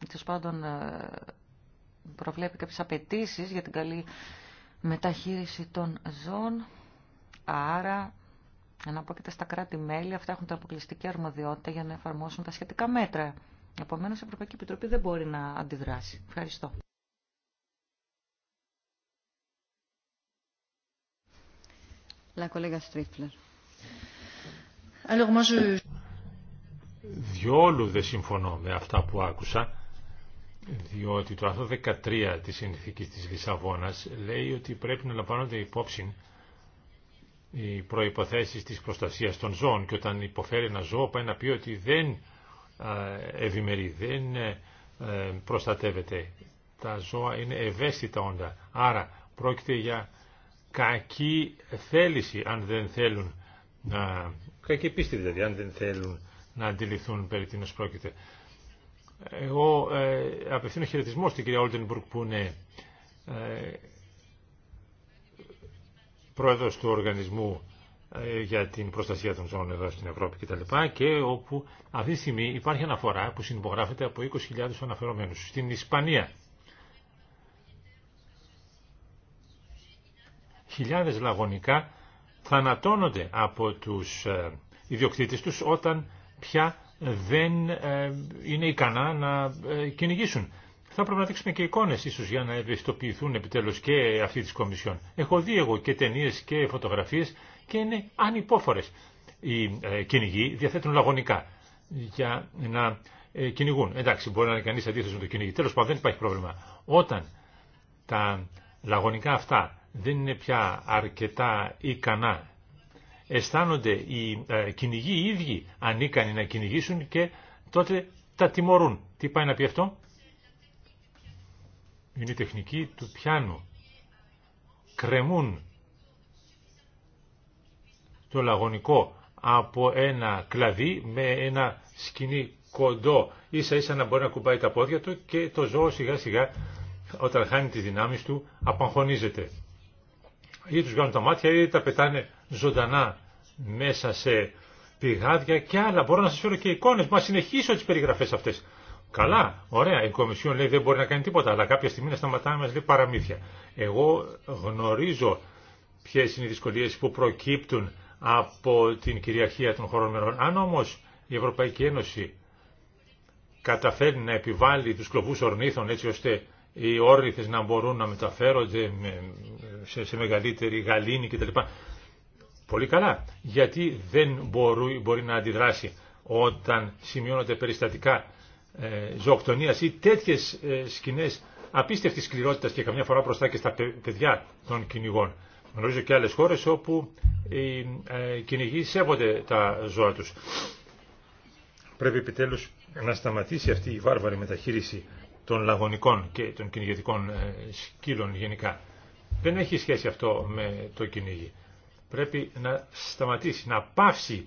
Speaker 2: τέλο πάντων ε, προβλέπει κάποιες απαιτήσει για την καλή μεταχείριση των ζώων. Άρα, και στα κράτη-μέλη, αυτά έχουν την αποκλειστική αρμοδιότητα για να εφαρμόσουν τα σχετικά μέτρα. Επομένως, η Ευρωπαϊκή Επιτροπή δεν μπορεί να αντιδράσει. Ευχαριστώ.
Speaker 3: Διόλου δεν συμφωνώ με αυτά που άκουσα, διότι το άρθρο 13 της συνθήκης της Λισαβόνας λέει ότι πρέπει να λαμβάνονται υπόψη οι προϋποθέσεις της προστασίας των ζώων και όταν υποφέρει ένα ζώο πάει να πει ότι δεν ευημερεί, δεν ε, ε, προστατεύεται. Τα ζώα είναι ευαίσθητα όντα, άρα πρόκειται για κακή θέληση αν δεν θέλουν να... κακή πίστη δηλαδή αν δεν θέλουν να αντιληφθούν περί τίνος πρόκειται. Εγώ ε, απευθύνω χαιρετισμό στην κυρία Όλτενμπουργκ που είναι ε, πρόεδρος του οργανισμού ε, για την προστασία των ζώων εδώ στην Ευρώπη κτλ. Και, και όπου αυτή τη στιγμή υπάρχει αναφορά που συνυπογράφεται από 20.000 αναφερομένους στην Ισπανία. χιλιάδες λαγωνικά θανατώνονται από τους ε, ιδιοκτήτες τους όταν πια δεν ε, είναι ικανά να ε, κυνηγήσουν. Θα πρέπει να δείξουμε και εικόνες ίσως για να ευαισθητοποιηθούν επιτέλους και αυτή της Κομισιόν. Έχω δει εγώ και ταινίες και φωτογραφίες και είναι ανυπόφορες. Οι κυνηγοί διαθέτουν λαγωνικά για να κυνηγούν. Εντάξει, μπορεί να είναι κανείς αντίθεση με το κυνηγή. Τέλος πάντων δεν υπάρχει πρόβλημα. Όταν τα λαγωνικά αυτά δεν είναι πια αρκετά ικανά. Αισθάνονται οι ε, κυνηγοί οι ίδιοι ανίκανοι να κυνηγήσουν και τότε τα τιμωρούν. Τι πάει να πει αυτό? Είναι η τεχνική του πιάνου. Κρεμούν το λαγωνικό από ένα κλαδί με ένα σκηνή κοντό. Ίσα ίσα να μπορεί να κουμπάει τα πόδια του και το ζώο σιγά σιγά όταν χάνει τις δυνάμεις του απαγχωνίζεται ή τους κάνουν τα μάτια ή τα πετάνε ζωντανά μέσα σε πηγάδια και άλλα. Μπορώ να σας φέρω και εικόνες, μα συνεχίσω τις περιγραφές αυτές. Καλά, ωραία, η Κομισιόν λέει δεν μπορεί να κάνει τίποτα, αλλά κάποια στιγμή να σταματάμε μας λέει παραμύθια. Εγώ γνωρίζω ποιες είναι οι δυσκολίες που προκύπτουν από την κυριαρχία των χωρών μερών. Αν όμως η Ευρωπαϊκή Ένωση καταφέρει να επιβάλλει τους κλοβούς ορνήθων έτσι ώστε οι όρνηθες να μπορούν να μεταφέρονται με σε μεγαλύτερη γαλήνη κτλ. Πολύ καλά. Γιατί δεν μπορεί, μπορεί να αντιδράσει όταν σημειώνονται περιστατικά ε, ζωοκτονίας ή τέτοιες ε, σκηνές απίστευτης σκληρότητας και καμιά φορά μπροστά και στα παιδιά των κυνηγών. Γνωρίζω και άλλες χώρες όπου οι ε, κυνηγοί σέβονται τα ζώα τους. Πρέπει επιτέλους να σταματήσει αυτή η βάρβαρη μεταχείριση των λαγωνικών και των κυνηγετικών ε, σκύλων γενικά. Δεν έχει σχέση αυτό με το κυνήγι. Πρέπει να σταματήσει, να πάυσει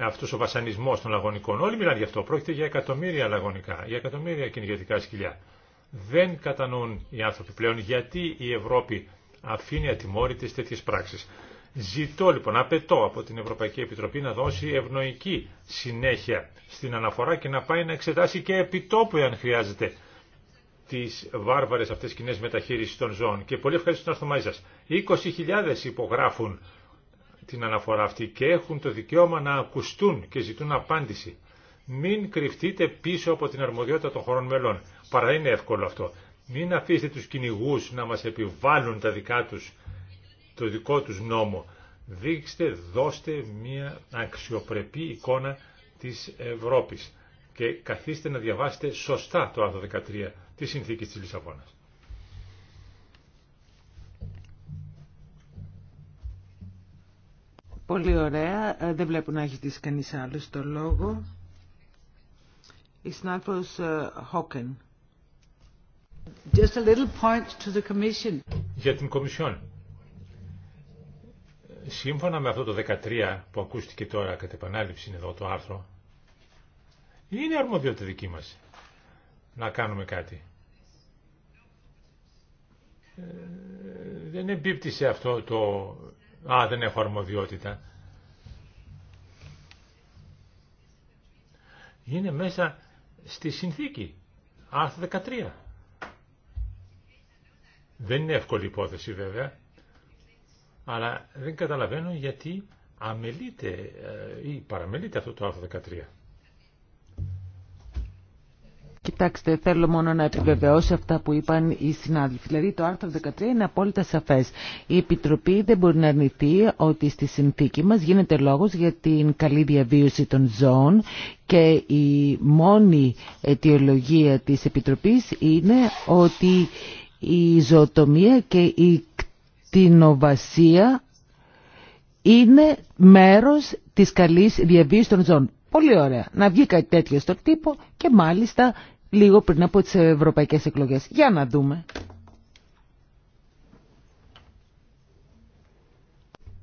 Speaker 3: αυτός ο βασανισμός των λαγωνικών. Όλοι μιλάνε γι' αυτό. Πρόκειται για εκατομμύρια λαγωνικά, για εκατομμύρια κυνηγετικά σκυλιά. Δεν κατανοούν οι άνθρωποι πλέον γιατί η Ευρώπη αφήνει ατιμόρυτες τέτοιες πράξεις. Ζητώ λοιπόν, απαιτώ από την Ευρωπαϊκή Επιτροπή να δώσει ευνοϊκή συνέχεια στην αναφορά και να πάει να εξετάσει και επιτόπου αν χρειάζεται τι βάρβαρε αυτέ κοινέ μεταχείριση των ζώων. Και πολύ ευχαριστώ να μαζί σα. 20.000 υπογράφουν την αναφορά αυτή και έχουν το δικαίωμα να ακουστούν και ζητούν απάντηση. Μην κρυφτείτε πίσω από την αρμοδιότητα των χωρών μελών. Παρά είναι εύκολο αυτό. Μην αφήσετε τους κυνηγού να μας επιβάλλουν τα δικά τους, το δικό του νόμο. Δείξτε, δώστε μια αξιοπρεπή εικόνα της Ευρώπης και καθίστε να διαβάσετε σωστά το άρθρο 13 Τη συνθήκη τη Λισαβόνα.
Speaker 1: Πολύ ωραία. Ε, δεν βλέπω να έχει δει κανεί άλλο το λόγο. Η συνάδελφο Χόκεν. Just a little point to the commission. Για την Κομισιόν. Σύμφωνα
Speaker 3: με αυτό το 13 που ακούστηκε τώρα κατά επανάληψη είναι εδώ το άρθρο, είναι αρμοδιότητα δική μας να κάνουμε κάτι. Ε, δεν εμπίπτει σε αυτό το «Α, δεν έχω αρμοδιότητα». Είναι μέσα στη συνθήκη, άρθρο 13. Δεν είναι εύκολη υπόθεση βέβαια, αλλά δεν καταλαβαίνω γιατί αμελείται ε, ή παραμελείται αυτό το άρθρο 13.
Speaker 1: Κοιτάξτε, θέλω μόνο να επιβεβαιώσω αυτά που είπαν οι συνάδελφοι. Δηλαδή το άρθρο 13 είναι απόλυτα σαφές. Η Επιτροπή δεν μπορεί να αρνηθεί ότι στη συνθήκη μας γίνεται λόγος για την καλή διαβίωση των ζώων και η μόνη αιτιολογία της Επιτροπής είναι ότι η ζωοτομία και η κτηνοβασία είναι μέρος της καλής διαβίωσης των ζώων. Πολύ ωραία. Να βγει κάτι τέτοιο στον τύπο και μάλιστα λίγο πριν από τις ευρωπαϊκές εκλογές. Για να δούμε.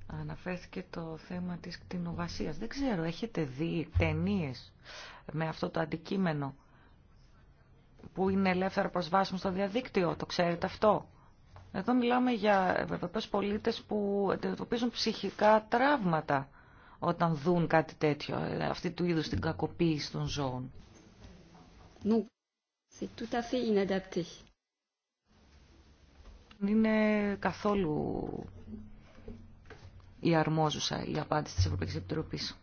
Speaker 2: Αναφέρθηκε το θέμα της κτηνοβασίας. Δεν ξέρω, έχετε δει ταινίε με αυτό το αντικείμενο που είναι ελεύθερο προσβάσιμο στο διαδίκτυο. Το ξέρετε αυτό. Εδώ μιλάμε για ευρωπαίους πολίτες που αντιμετωπίζουν ψυχικά τραύματα όταν δουν κάτι τέτοιο, ε, αυτή του είδους την κακοποίηση των ζώων.
Speaker 3: C'est tout à fait
Speaker 2: Είναι καθόλου η αρμόζουσα η απάντηση της Ευρωπαϊκής Επιτροπής.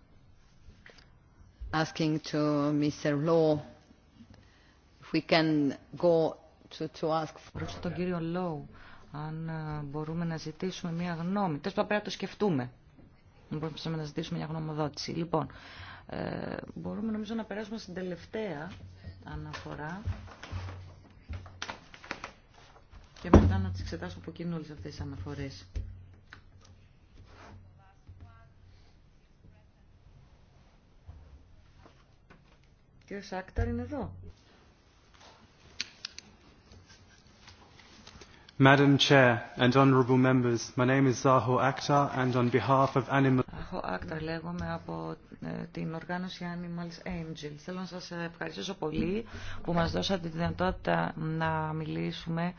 Speaker 2: Asking to Mr. Law if we can go to, ask τον κύριο Λόου, αν ε, μπορούμε να ζητήσουμε μια γνώμη. Τέλος πρέπει να το σκεφτούμε. Μπορούμε να ζητήσουμε μια γνωμοδότηση. Λοιπόν, ε, μπορούμε νομίζω να περάσουμε στην τελευταία αναφορά και μετά να τις εξετάσω από κοινού όλες αυτές τις αναφορές. Κύριο Σάκταρ είναι εδώ.
Speaker 3: Madam Chair and honourable members, my name is Zaho Akhtar and on behalf
Speaker 2: of Animal Δήμαρχο άκτα λέγομαι από ε, την οργάνωση Animals Angel. Θέλω να σας ευχαριστήσω πολύ που μας δώσατε τη δυνατότητα να μιλήσουμε.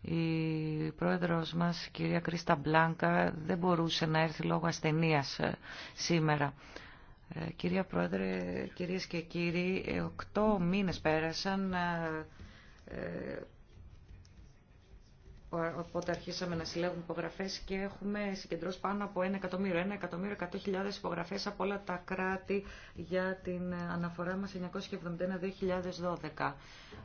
Speaker 2: Η πρόεδρος μας, κυρία Κρίστα Μπλάνκα, δεν μπορούσε να έρθει λόγω ασθενείας ε, σήμερα. Ε, κυρία Πρόεδρε, κυρίες και κύριοι, οκτώ μήνες πέρασαν οπότε αρχίσαμε να συλλέγουμε υπογραφέ και έχουμε συγκεντρώσει πάνω από 1 εκατομμύριο, εκατομμύριο 100.000 υπογραφέ από όλα τα κράτη για την αναφορά μα 971-2012.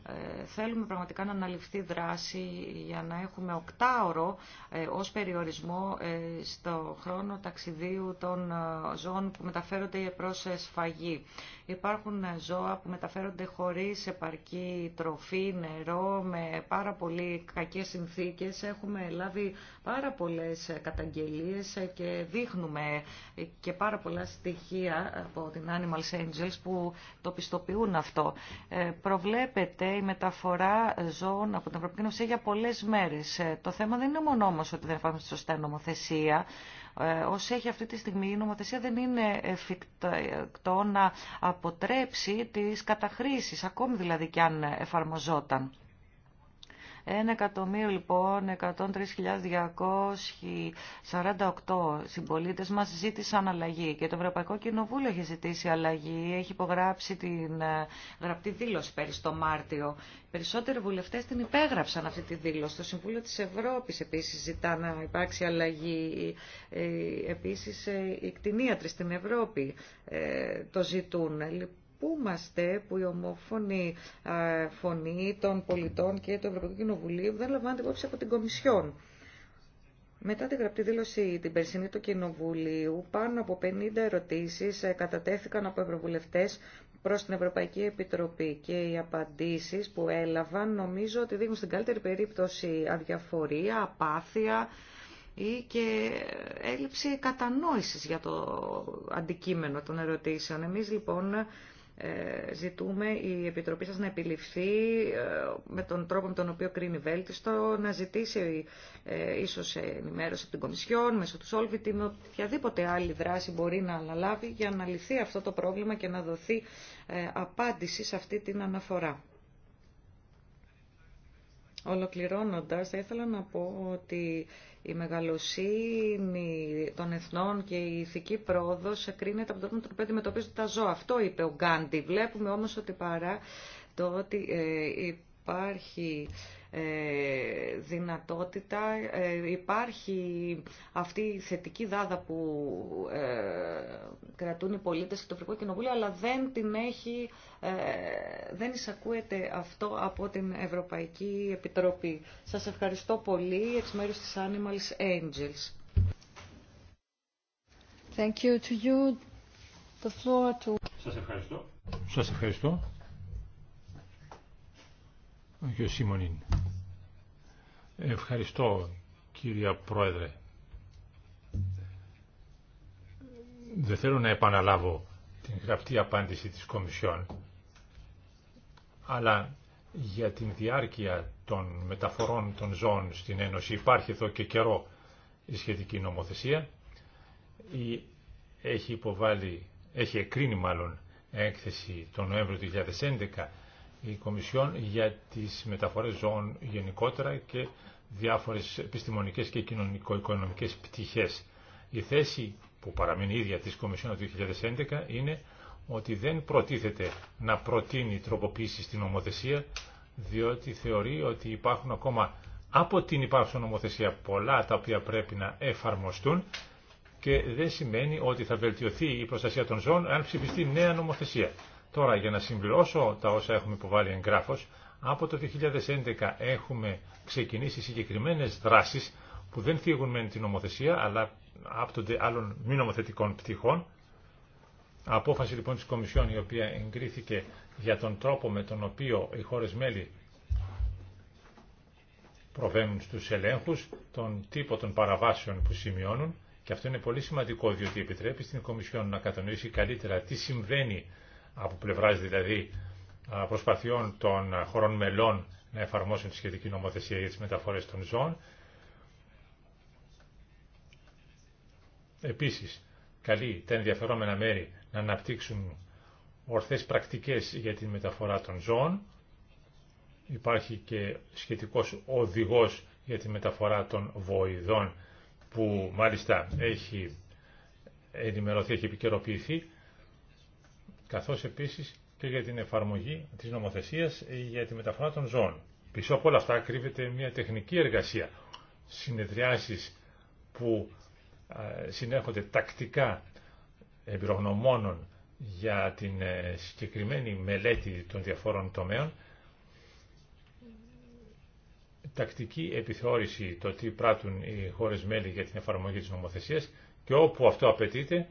Speaker 2: Ε, θέλουμε πραγματικά να αναλυφθεί δράση για να έχουμε οκτάωρο ε, περιορισμό ε, στο χρόνο ταξιδίου των ε, ζώων που μεταφέρονται προ σφαγή. Υπάρχουν ζώα που μεταφέρονται χωρίς επαρκή τροφή, νερό, με πάρα πολύ κακές συνθήκες. Έχουμε λάβει πάρα πολλές καταγγελίες και δείχνουμε και πάρα πολλά στοιχεία από την Animal Angels που το πιστοποιούν αυτό. Ε, προβλέπεται η μεταφορά ζώων από την Ευρωπαϊκή για πολλές μέρες. Ε, το θέμα δεν είναι μόνο όμως ότι δεν υπάρχουν σωστά νομοθεσία, Όσο ε, έχει αυτή τη στιγμή η νομοθεσία δεν είναι εφικτό να αποτρέψει τις καταχρήσεις, ακόμη δηλαδή και αν εφαρμοζόταν. Ένα εκατομμύριο λοιπόν, 103.248 συμπολίτες μας ζήτησαν αλλαγή και το Ευρωπαϊκό Κοινοβούλιο έχει ζητήσει αλλαγή, έχει υπογράψει την ε, γραπτή δήλωση πέρυσι το Μάρτιο. Περισσότεροι βουλευτές την υπέγραψαν αυτή τη δήλωση. Το Συμβούλιο της Ευρώπης επίσης ζητά να υπάρξει αλλαγή. Ε, επίσης οι ε, κτηνίατροι στην Ευρώπη το ζητούν λυπούμαστε που η ομόφωνη φωνή των πολιτών και του Ευρωπαϊκού Κοινοβουλίου δεν λαμβάνεται υπόψη από την Κομισιόν. Μετά την γραπτή δήλωση την περσινή του Κοινοβουλίου, πάνω από 50 ερωτήσεις ε, κατατέθηκαν από ευρωβουλευτές προς την Ευρωπαϊκή Επιτροπή και οι απαντήσεις που έλαβαν νομίζω ότι δείχνουν στην καλύτερη περίπτωση αδιαφορία, απάθεια ή και έλλειψη κατανόησης για το αντικείμενο των ερωτήσεων. Εμείς λοιπόν ε, ζητούμε η Επιτροπή σας να επιληφθεί ε, με τον τρόπο με τον οποίο κρίνει βέλτιστο, να ζητήσει ε, ίσως ενημέρωση από την Κομισιόν, μέσω του Solvit, με οποιαδήποτε άλλη δράση μπορεί να αναλάβει για να λυθεί αυτό το πρόβλημα και να δοθεί απάντηση σε αυτή την αναφορά. Ολοκληρώνοντας, θα ήθελα να πω ότι η μεγαλοσύνη των εθνών και η ηθική πρόοδος κρίνεται από το τρόπο που αντιμετωπίζονται τα ζώα. Αυτό είπε ο Γκάντι. Βλέπουμε όμως ότι παρά το ότι ε, υπάρχει ε, δυνατότητα, ε, υπάρχει αυτή η θετική δάδα που ε, κρατούν οι πολίτες στο Ευρωπαϊκό Κοινοβούλιο, αλλά δεν την έχει, δεν εισακούεται αυτό από την Ευρωπαϊκή Επιτροπή. Σας ευχαριστώ πολύ εξ μέρους της Animals Angels. Thank you to you. The floor to... Σας
Speaker 3: ευχαριστώ. Σας ευχαριστώ. Σίμωνιν. Ευχαριστώ κύριε Πρόεδρε. Δεν θέλω να επαναλάβω την γραπτή απάντηση της Κομισιόν, αλλά για την διάρκεια των μεταφορών των ζώων στην Ένωση υπάρχει εδώ και καιρό η σχετική νομοθεσία. Η, έχει υποβάλει, έχει εκκρίνει μάλλον έκθεση τον Νοέμβριο 2011 η Κομισιόν για τις μεταφορές ζώων γενικότερα και διάφορες επιστημονικές και κοινωνικο-οικονομικές πτυχές. Η θέση που παραμένει ίδια της Κομισιόν το 2011 είναι ότι δεν προτίθεται να προτείνει τροποποίηση στην νομοθεσία διότι θεωρεί ότι υπάρχουν ακόμα από την υπάρχουσα νομοθεσία πολλά τα οποία πρέπει να εφαρμοστούν και δεν σημαίνει ότι θα βελτιωθεί η προστασία των ζώων αν ψηφιστεί νέα νομοθεσία. Τώρα, για να συμπληρώσω τα όσα έχουμε υποβάλει εγγράφο, από το 2011 έχουμε ξεκινήσει συγκεκριμένες δράσεις που δεν θίγουν με την νομοθεσία, αλλά άπτονται άλλων μη νομοθετικών πτυχών. Απόφαση λοιπόν της Κομισιόν η οποία εγκρίθηκε για τον τρόπο με τον οποίο οι χώρες μέλη προβαίνουν στους ελέγχους, τον τύπο των παραβάσεων που σημειώνουν και αυτό είναι πολύ σημαντικό διότι επιτρέπει στην Κομισιόν να κατανοήσει καλύτερα τι συμβαίνει από πλευράς δηλαδή προσπαθειών των χωρών μελών να εφαρμόσουν τη σχετική νομοθεσία για τις μεταφορές των ζώων. Επίσης, καλεί τα ενδιαφερόμενα μέρη να αναπτύξουν ορθές πρακτικές για τη μεταφορά των ζώων. Υπάρχει και σχετικός οδηγός για τη μεταφορά των βοηδών που μάλιστα έχει ενημερωθεί, έχει επικαιροποιηθεί καθώς επίσης και για την εφαρμογή της νομοθεσίας για τη μεταφορά των ζώων. Πίσω από όλα αυτά κρύβεται μια τεχνική εργασία, συνεδριάσεις που συνέχονται τακτικά εμπειρογνωμόνων για την ε, συγκεκριμένη μελέτη των διαφόρων τομέων, τακτική επιθεώρηση το τι πράττουν οι χώρες μέλη για την εφαρμογή της νομοθεσίας και όπου αυτό απαιτείται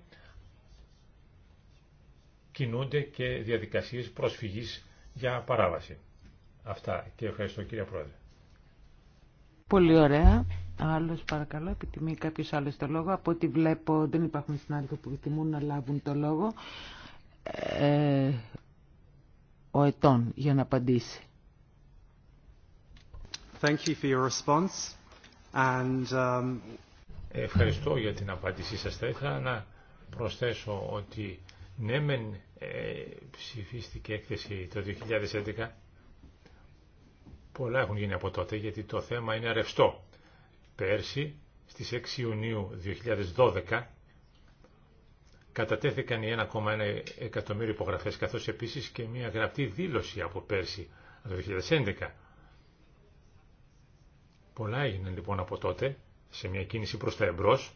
Speaker 3: κινούνται και διαδικασίες προσφυγής για παράβαση. Αυτά και ευχαριστώ κύριε Πρόεδρε.
Speaker 1: Πολύ ωραία. Άλλο παρακαλώ, επιτιμεί κάποιο άλλο το λόγο. Από ό,τι βλέπω δεν υπάρχουν συνάδελφοι που επιθυμούν να λάβουν το λόγο. Ε, ο Ετών για να απαντήσει.
Speaker 3: Thank you for your response. And, um... Ευχαριστώ για την απάντησή σας. Θα ήθελα να προσθέσω ότι ναι, μεν ε, ψηφίστηκε έκθεση το 2011. Πολλά έχουν γίνει από τότε, γιατί το θέμα είναι αρευστό. Πέρσι, στις 6 Ιουνίου 2012, κατατέθηκαν οι 1,1 εκατομμύριο υπογραφές, καθώς επίσης και μια γραπτή δήλωση από πέρσι, το 2011. Πολλά έγιναν λοιπόν από τότε, σε μια κίνηση προς τα εμπρός,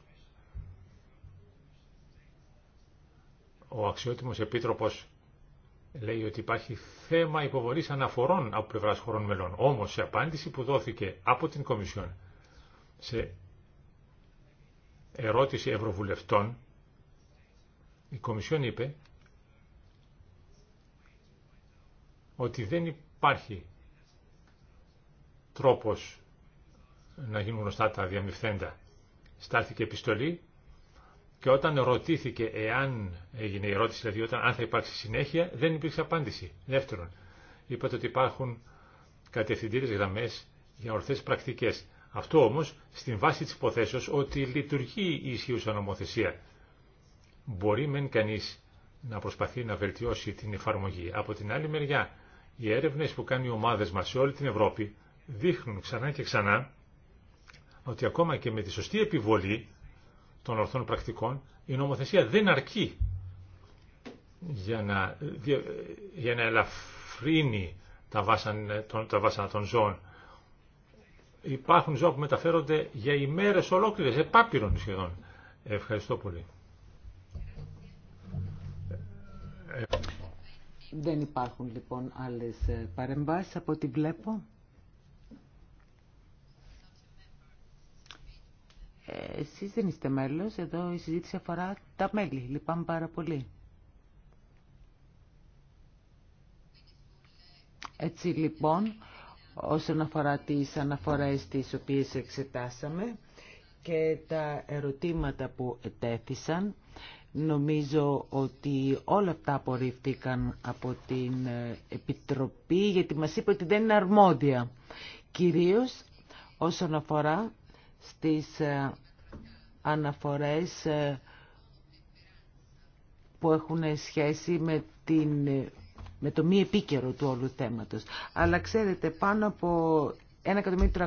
Speaker 3: Ο αξιότιμος επίτροπος λέει ότι υπάρχει θέμα υποβολής αναφορών από πλευράς χωρών μελών. Όμως σε απάντηση που δόθηκε από την Κομισιόν σε ερώτηση ευρωβουλευτών, η Κομισιόν είπε ότι δεν υπάρχει τρόπος να γίνουν γνωστά τα διαμυφθέντα. Στάθηκε επιστολή και όταν ρωτήθηκε εάν έγινε η ερώτηση, δηλαδή όταν, αν θα υπάρξει συνέχεια, δεν υπήρξε απάντηση. Δεύτερον, είπατε ότι υπάρχουν κατευθυντήρε γραμμές για ορθές πρακτικές. Αυτό όμως στην βάση της υποθέσεως ότι λειτουργεί η ισχύουσα νομοθεσία. Μπορεί μεν κανείς να προσπαθεί να βελτιώσει την εφαρμογή. Από την άλλη μεριά, οι έρευνες που κάνουν οι ομάδε μας σε όλη την Ευρώπη δείχνουν ξανά και ξανά ότι ακόμα και με τη σωστή επιβολή των ορθών πρακτικών, η νομοθεσία δεν αρκεί για να, για να ελαφρύνει τα βάσανα, τα βάσανα των ζώων. Υπάρχουν ζώα που μεταφέρονται για ημέρες ολόκληρες, επάπειρον σχεδόν. Ευχαριστώ πολύ.
Speaker 1: Δεν υπάρχουν λοιπόν άλλες ε, παρεμβάσεις από ό,τι βλέπω. Εσείς δεν είστε μέλος, εδώ η συζήτηση αφορά τα μέλη. Λυπάμαι πάρα πολύ. Έτσι λοιπόν, όσον αφορά τις αναφορές τις οποίες εξετάσαμε και τα ερωτήματα που ετέθησαν, Νομίζω ότι όλα αυτά απορρίφθηκαν από την ε, Επιτροπή γιατί μας είπε ότι δεν είναι αρμόδια. Κυρίως όσον αφορά στις ε, αναφορές ε, που έχουν σχέση με, το μη επίκαιρο του όλου θέματος. Αλλά ξέρετε, πάνω από 1.300.000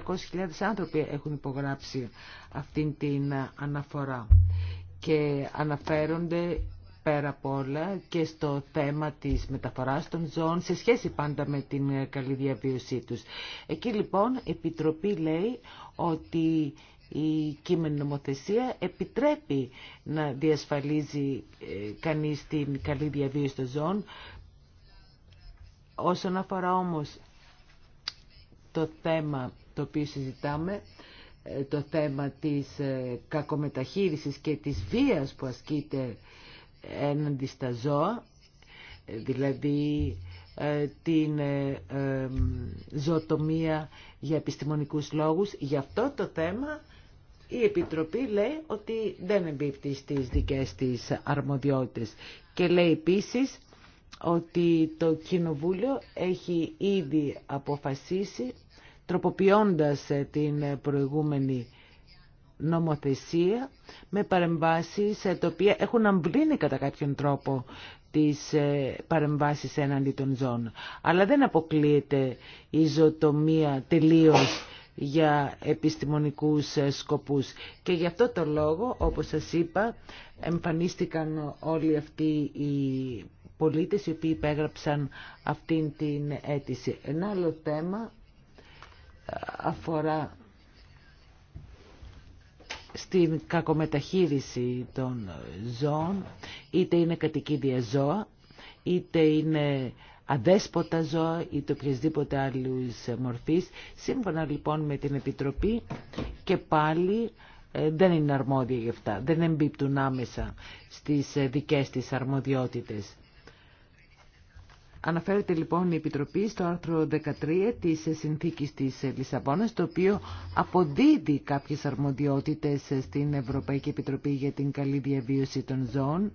Speaker 1: άνθρωποι έχουν υπογράψει αυτήν την αναφορά και αναφέρονται πέρα από όλα και στο θέμα της μεταφοράς των ζώων σε σχέση πάντα με την καλή διαβίωσή τους. Εκεί λοιπόν η Επιτροπή λέει ότι η κείμενη νομοθεσία επιτρέπει να διασφαλίζει ε, κανείς την καλή διαβίωση των ζώων. Όσον αφορά όμως το θέμα το οποίο συζητάμε, ε, το θέμα της ε, κακομεταχείρισης και της βίας που ασκείται έναντι στα ζώα, ε, δηλαδή ε, την ε, ζωοτομία για επιστημονικούς λόγους. Γι' αυτό το θέμα η Επιτροπή λέει ότι δεν εμπίπτει στις δικές της αρμοδιότητες και λέει επίσης ότι το Κοινοβούλιο έχει ήδη αποφασίσει τροποποιώντας την προηγούμενη νομοθεσία με παρεμβάσεις ε, τα οποία έχουν αμβλύνει κατά κάποιον τρόπο τις ε, παρεμβάσεις έναντι των ζώων. Αλλά δεν αποκλείεται η ζωτομία τελείως για επιστημονικούς ε, σκοπούς. Και γι' αυτό το λόγο, όπως σας είπα, εμφανίστηκαν όλοι αυτοί οι πολίτες οι οποίοι υπέγραψαν αυτήν την αίτηση. Ένα άλλο θέμα αφορά στην κακομεταχείριση των ζώων, είτε είναι κατοικίδια ζώα, είτε είναι αδέσποτα ζώα είτε οποιασδήποτε άλλου μορφής. Σύμφωνα λοιπόν με την Επιτροπή και πάλι ε, δεν είναι αρμόδια γι' αυτά, δεν εμπίπτουν άμεσα στις ε, δικές της αρμοδιότητες. Αναφέρεται λοιπόν η Επιτροπή στο άρθρο 13 της Συνθήκης της Λισαβόνας, το οποίο αποδίδει κάποιες αρμοδιότητες στην Ευρωπαϊκή Επιτροπή για την καλή διαβίωση των ζώων,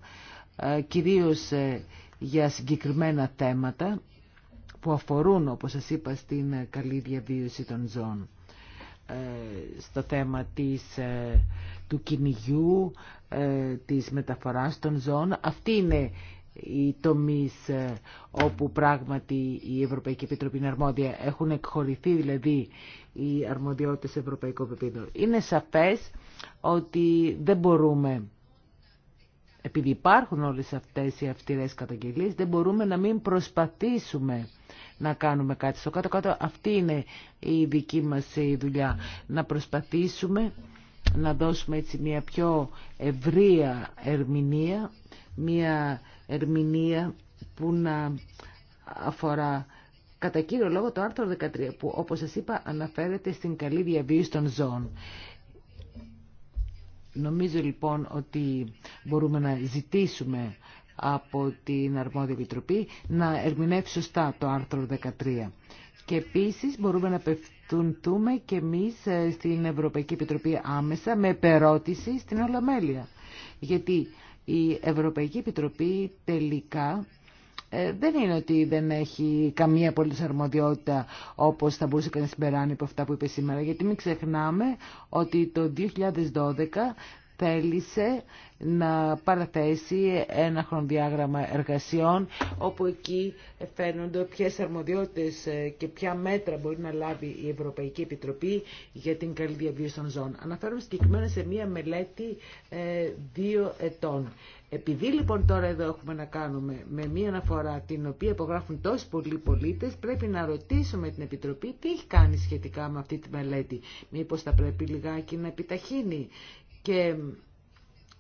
Speaker 1: ε, κυρίως ε, για συγκεκριμένα θέματα που αφορούν, όπως σας είπα, στην καλή διαβίωση των ζώων. Ε, στο θέμα της, του κυνηγιού, της μεταφοράς των ζώων. Αυτή είναι οι τομείς ε, όπου πράγματι η Ευρωπαϊκή Επιτροπή είναι αρμόδια έχουν εκχωρηθεί δηλαδή οι αρμοδιότητες σε ευρωπαϊκό επίπεδο. Είναι σαφές ότι δεν μπορούμε επειδή υπάρχουν όλες αυτές οι αυτηρές καταγγελίες, δεν μπορούμε να μην προσπαθήσουμε να κάνουμε κάτι. Στο κάτω-κάτω αυτή είναι η δική μας ε, η δουλειά. Να προσπαθήσουμε να δώσουμε έτσι μια πιο ευρεία ερμηνεία, μια ερμηνεία που να αφορά κατά κύριο λόγο το άρθρο 13 που όπως σας είπα αναφέρεται στην καλή διαβίωση των ζώων. Νομίζω λοιπόν ότι μπορούμε να ζητήσουμε από την Αρμόδια Επιτροπή να ερμηνεύσει σωστά το άρθρο 13. Και επίσης μπορούμε να απευθυνθούμε και εμείς ε, στην Ευρωπαϊκή Επιτροπή άμεσα με περώτηση στην Ολομέλεια. Γιατί η Ευρωπαϊκή Επιτροπή τελικά ε, δεν είναι ότι δεν έχει καμία πολύ αρμοδιότητα όπως θα μπορούσε κανείς να συμπεράνει από αυτά που είπε σήμερα. Γιατί μην ξεχνάμε ότι το 2012 θέλησε να παραθέσει ένα χρονοδιάγραμμα εργασιών όπου εκεί φαίνονται ποιες αρμοδιότητες ε, και ποια μέτρα μπορεί να λάβει η Ευρωπαϊκή Επιτροπή για την καλή διαβίωση των ζώων. Αναφέρομαι συγκεκριμένα σε μία μελέτη ε, δύο ετών. Επειδή λοιπόν τώρα εδώ έχουμε να κάνουμε με μία αναφορά την οποία υπογράφουν τόσοι πολλοί πολίτες, πρέπει να ρωτήσουμε την Επιτροπή τι έχει κάνει σχετικά με αυτή τη μελέτη. Μήπως θα πρέπει λιγάκι να επιταχύνει και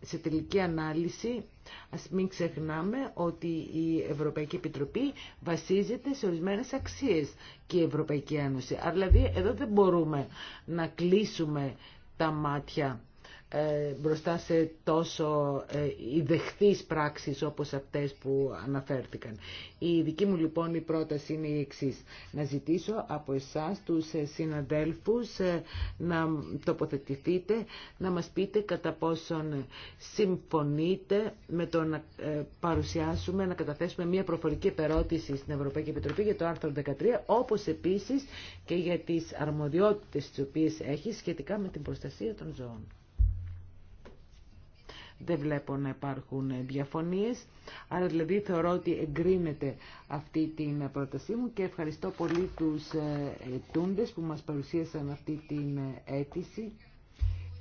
Speaker 1: σε τελική ανάλυση ας μην ξεχνάμε ότι η Ευρωπαϊκή Επιτροπή βασίζεται σε ορισμένες αξίες και η Ευρωπαϊκή Ένωση. Αλλά δηλαδή εδώ δεν μπορούμε να κλείσουμε τα μάτια ε, μπροστά σε τόσο ε, ιδεχθείς πράξεις όπως αυτές που αναφέρθηκαν. Η δική μου λοιπόν η πρόταση είναι η εξής. Να ζητήσω από εσάς τους συναδέλφους ε, να τοποθετηθείτε, να μας πείτε κατά πόσον συμφωνείτε με το να παρουσιάσουμε, να καταθέσουμε μια προφορική επερώτηση στην Ευρωπαϊκή Επιτροπή για το άρθρο 13, όπως επίσης και για τις αρμοδιότητες τις οποίες έχει σχετικά με την προστασία των ζώων. Δεν βλέπω να υπάρχουν διαφωνίες. Άρα δηλαδή θεωρώ ότι εγκρίνεται αυτή την πρότασή μου και ευχαριστώ πολύ τους ε, ετούντες που μας παρουσίασαν αυτή την αίτηση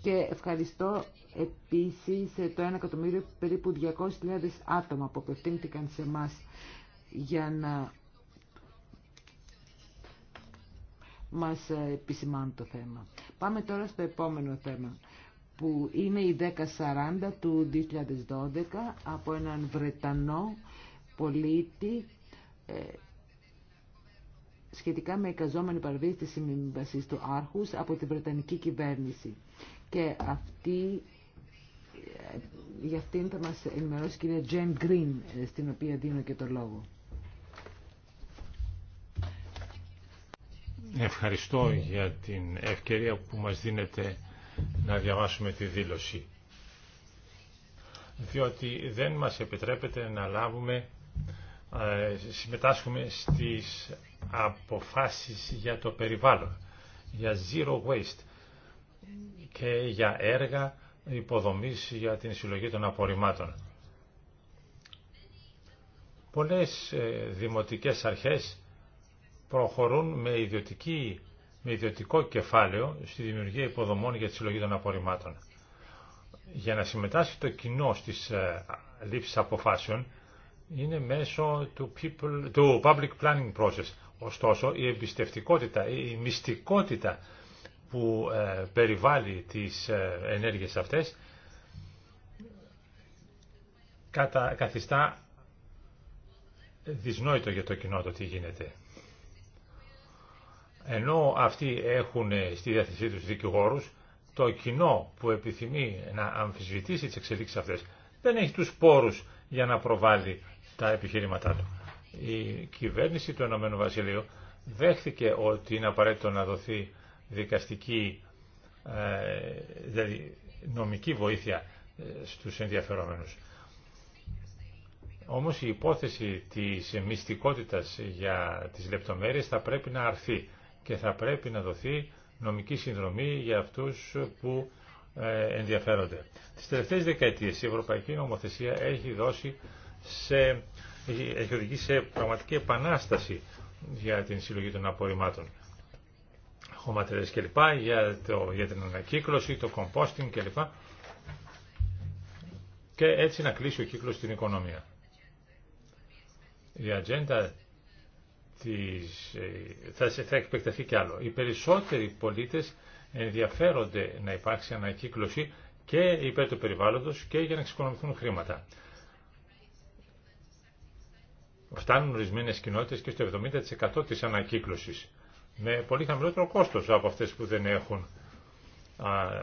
Speaker 1: και ευχαριστώ επίσης ε, το 1 εκατομμύριο περίπου 200.000 άτομα που απευθύνθηκαν σε εμά για να μας ε, επισημάνουν το θέμα. Πάμε τώρα στο επόμενο θέμα που είναι η 1040 του 2012 από έναν Βρετανό πολίτη ε, σχετικά με εικαζόμενη παραβίαση της συμβασής του Άρχους από τη Βρετανική κυβέρνηση. Και αυτή, ε, για αυτήν θα μας ενημερώσει η κυρία Τζέν Γκριν, ε, στην οποία δίνω και το λόγο.
Speaker 3: Ευχαριστώ για την ευκαιρία που μας δίνετε να διαβάσουμε τη δήλωση. Διότι δεν μας επιτρέπεται να λάβουμε, ε, συμμετάσχουμε στις αποφάσεις για το περιβάλλον, για zero waste και για έργα υποδομής για την συλλογή των απορριμμάτων. Πολλές ε, δημοτικές αρχές προχωρούν με ιδιωτική με ιδιωτικό κεφάλαιο στη δημιουργία υποδομών για τη συλλογή των απορριμμάτων. Για να συμμετάσχει το κοινό στις ε, λήψεις αποφάσεων είναι μέσω του, people, του public planning process. Ωστόσο, η εμπιστευτικότητα, η μυστικότητα που ε, περιβάλλει τις ε, ενέργειες αυτές καθιστά δυσνόητο για το κοινό το τι γίνεται. Ενώ αυτοί έχουν στη διάθεσή τους δικηγόρους, το κοινό που επιθυμεί να αμφισβητήσει τις εξελίξεις αυτές δεν έχει τους πόρους για να προβάλλει τα επιχειρήματά του. Η κυβέρνηση του Ενωμένου Βασιλείου δέχθηκε ότι είναι απαραίτητο να δοθεί δικαστική, ε, δηλαδή νομική βοήθεια ε, στους ενδιαφερόμενους. Όμως η υπόθεση της μυστικότητας για τις λεπτομέρειες θα πρέπει να αρθεί και θα πρέπει να δοθεί νομική συνδρομή για αυτούς που ε, ενδιαφέρονται. Τις τελευταίες δεκαετίες η Ευρωπαϊκή Νομοθεσία έχει δώσει σε, έχει σε πραγματική επανάσταση για την συλλογή των απορριμμάτων. Χωματερές κλπ. Για, το, για την ανακύκλωση, το composting κλπ. Και έτσι να κλείσει ο κύκλος στην οικονομία. Η ατζέντα ε, θα, θα εκπαιδευτεί και άλλο. Οι περισσότεροι πολίτες ενδιαφέρονται να υπάρξει ανακύκλωση και υπέρ του περιβάλλοντος και για να εξοικονομηθούν χρήματα. Φτάνουν ορισμένες κοινότητες και στο 70% της ανακύκλωσης με πολύ χαμηλότερο κόστος από αυτές που δεν έχουν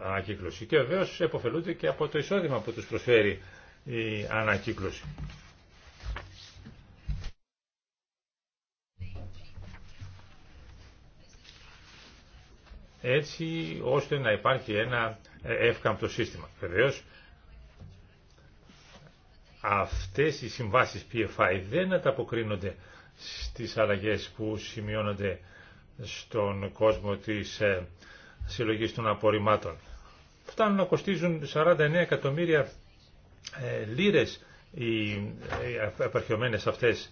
Speaker 3: ανακύκλωση. Και βεβαίω επωφελούνται και από το εισόδημα που τους προσφέρει η ανακύκλωση. έτσι ώστε να υπάρχει ένα εύκαμπτο σύστημα. Βεβαίως, αυτές οι συμβάσεις PFI δεν ανταποκρίνονται στις αλλαγές που σημειώνονται στον κόσμο της ε, συλλογής των απορριμμάτων. Φτάνουν να κοστίζουν 49 εκατομμύρια ε, λίρες οι ε, απαρχαιωμένες αυτές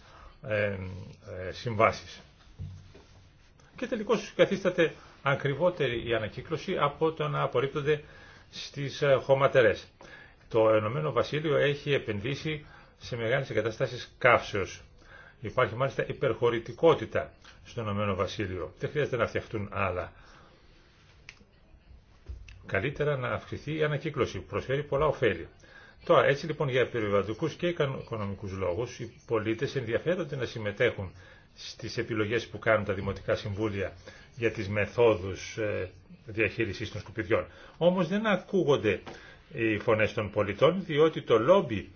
Speaker 3: συμβάσεις. Και τελικώς καθίσταται ακριβότερη η ανακύκλωση από το να απορρίπτονται στις ε, χωματερές. Το Ενωμένο Βασίλειο έχει επενδύσει σε μεγάλες εγκαταστάσεις καύσεως. Υπάρχει μάλιστα υπερχωρητικότητα στο Ενωμένο Βασίλειο. Δεν χρειάζεται να φτιαχτούν άλλα. Καλύτερα να αυξηθεί η ανακύκλωση. Προσφέρει πολλά ωφέλη. Τώρα, έτσι λοιπόν για περιβαλλοντικούς και οικονομικούς λόγους, οι πολίτες ενδιαφέρονται να συμμετέχουν στις επιλογές που κάνουν τα Δημοτικά Συμβούλια για τις μεθόδους ε, διαχείρισης των σκουπιδιών. Όμως δεν ακούγονται οι φωνές των πολιτών, διότι το λόμπι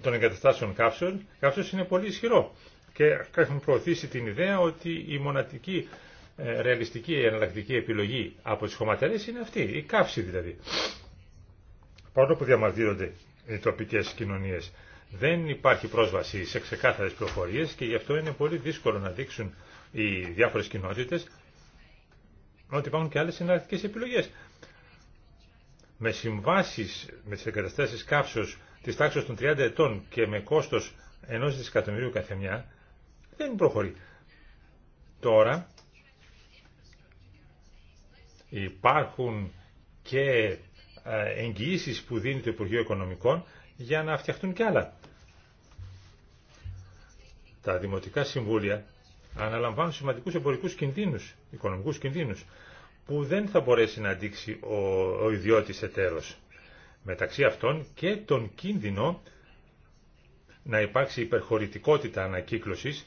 Speaker 3: των εγκαταστάσεων καύσεων, καύσεως είναι πολύ ισχυρό. Και έχουν προωθήσει την ιδέα ότι η μοναδική ε, ρεαλιστική εναλλακτική επιλογή από τις χωματερές είναι αυτή, η καύση δηλαδή. Παρόλο που διαμαρτύρονται οι τοπικές κοινωνίες, δεν υπάρχει πρόσβαση σε ξεκάθαρες προφορίες και γι' αυτό είναι πολύ δύσκολο να δείξουν οι διάφορες κοινότητες ότι υπάρχουν και άλλες συναρτητικές επιλογές. Με συμβάσεις με τις εγκαταστάσεις καύσεως της τάξης των 30 ετών και με κόστος ενός δισεκατομμυρίου καθεμιά δεν προχωρεί. Τώρα υπάρχουν και ε, εγγυήσεις που δίνει το Υπουργείο Οικονομικών για να φτιαχτούν κι άλλα. Τα Δημοτικά Συμβούλια αναλαμβάνουν σημαντικούς εμπορικούς κινδύνους, οικονομικούς κινδύνους, που δεν θα μπορέσει να αντίξει ο, ο ιδιώτης εταίρος. Μεταξύ αυτών και τον κίνδυνο να υπάρξει υπερχωρητικότητα ανακύκλωσης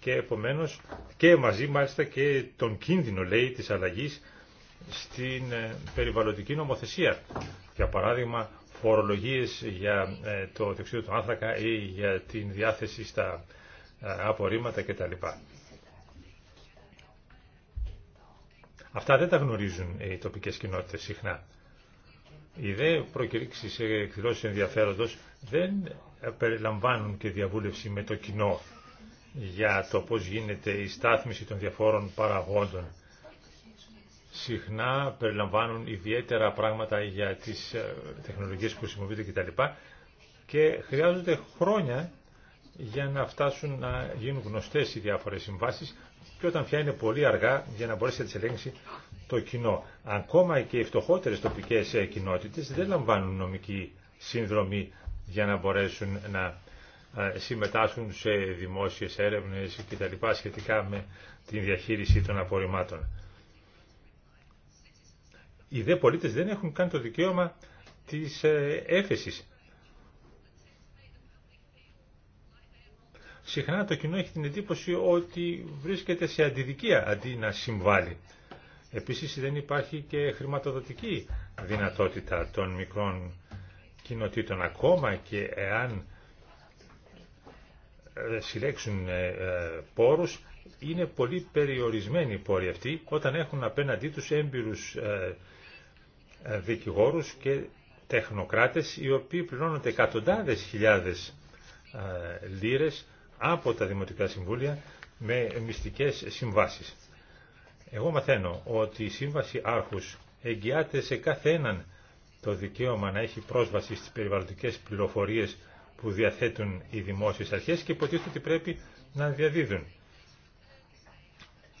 Speaker 3: και επομένως και μαζί μάλιστα και τον κίνδυνο λέει της αλλαγής στην ε, περιβαλλοντική νομοθεσία. Για παράδειγμα φορολογίες για ε, το διοξείδιο του άνθρακα ή για την διάθεση στα ε, απορρίμματα κτλ. Αυτά δεν τα γνωρίζουν ε, οι τοπικές κοινότητε. συχνά. Οι δε προκηρύξεις σε εκδηλώσεις δεν ε, περιλαμβάνουν και διαβούλευση με το κοινό για το πώς γίνεται η στάθμιση των διαφόρων παραγόντων. Συχνά περιλαμβάνουν ιδιαίτερα πράγματα για τις ε, τεχνολογίες που χρησιμοποιείται κτλ. Και χρειάζονται χρόνια για να φτάσουν να γίνουν γνωστές οι διάφορες συμβάσεις και όταν πια είναι πολύ αργά για να μπορέσει να τις ελέγξει το κοινό. Ακόμα και οι φτωχότερε τοπικές ε, κοινότητες δεν λαμβάνουν νομική σύνδρομη για να μπορέσουν να ε, συμμετάσχουν σε δημόσιες έρευνες και τα λοιπά σχετικά με την διαχείριση των απορριμμάτων. Οι δε πολίτες δεν έχουν καν το δικαίωμα της ε, έφεσης. συχνά το κοινό έχει την εντύπωση ότι βρίσκεται σε αντιδικία αντί να συμβάλλει. Επίσης δεν υπάρχει και χρηματοδοτική δυνατότητα των μικρών κοινοτήτων ακόμα και εάν ε, συλλέξουν ε, ε, πόρους είναι πολύ περιορισμένοι οι πόροι αυτοί όταν έχουν απέναντί τους έμπειρους δικηγόρους και τεχνοκράτες οι οποίοι πληρώνονται εκατοντάδες χιλιάδες λίρες από τα Δημοτικά Συμβούλια με μυστικές συμβάσεις. Εγώ μαθαίνω ότι η Σύμβαση Άρχους εγγυάται σε κάθε έναν το δικαίωμα να έχει πρόσβαση στις περιβαλλοντικές πληροφορίες που διαθέτουν οι δημόσιες αρχές και υποτίθεται ότι πρέπει να διαδίδουν.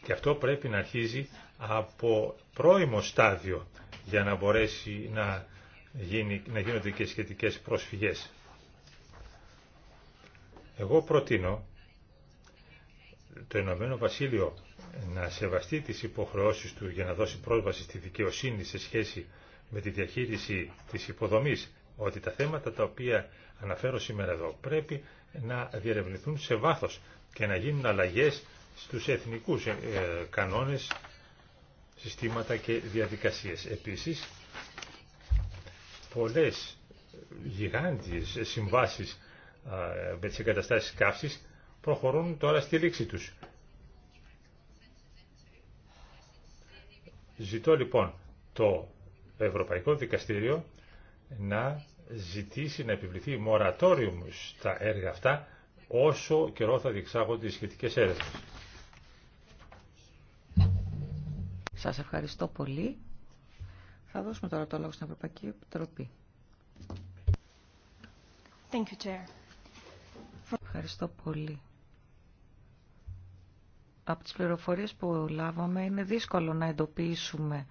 Speaker 3: Και αυτό πρέπει να αρχίζει από πρώιμο στάδιο για να μπορέσει να, γίνει, να γίνονται και σχετικές προσφυγές. Εγώ προτείνω το Ηνωμένο Βασίλειο να σεβαστεί τις υποχρεώσεις του για να δώσει πρόσβαση στη δικαιοσύνη σε σχέση με τη διαχείριση της υποδομής, ότι τα θέματα τα οποία αναφέρω σήμερα εδώ πρέπει να διερευνηθούν σε βάθος και να γίνουν αλλαγές στους εθνικούς ε, κανόνες, συστήματα και διαδικασίες. Επίσης, πολλές γιγάντιες συμβάσεις ε, με τις εγκαταστάσεις καύσης προχωρούν τώρα στη λήξη τους. Ζητώ λοιπόν το Ευρωπαϊκό Δικαστήριο να ζητήσει να επιβληθεί μορατόριουμ στα έργα αυτά όσο καιρό θα διεξάγονται οι σχετικές έρευνες.
Speaker 2: Σας ευχαριστώ πολύ. Θα δώσουμε τώρα το λόγο στην Ευρωπαϊκή Επιτροπή. Thank you, Ευχαριστώ πολύ. Από τις πληροφορίες που λάβαμε είναι δύσκολο να εντοπίσουμε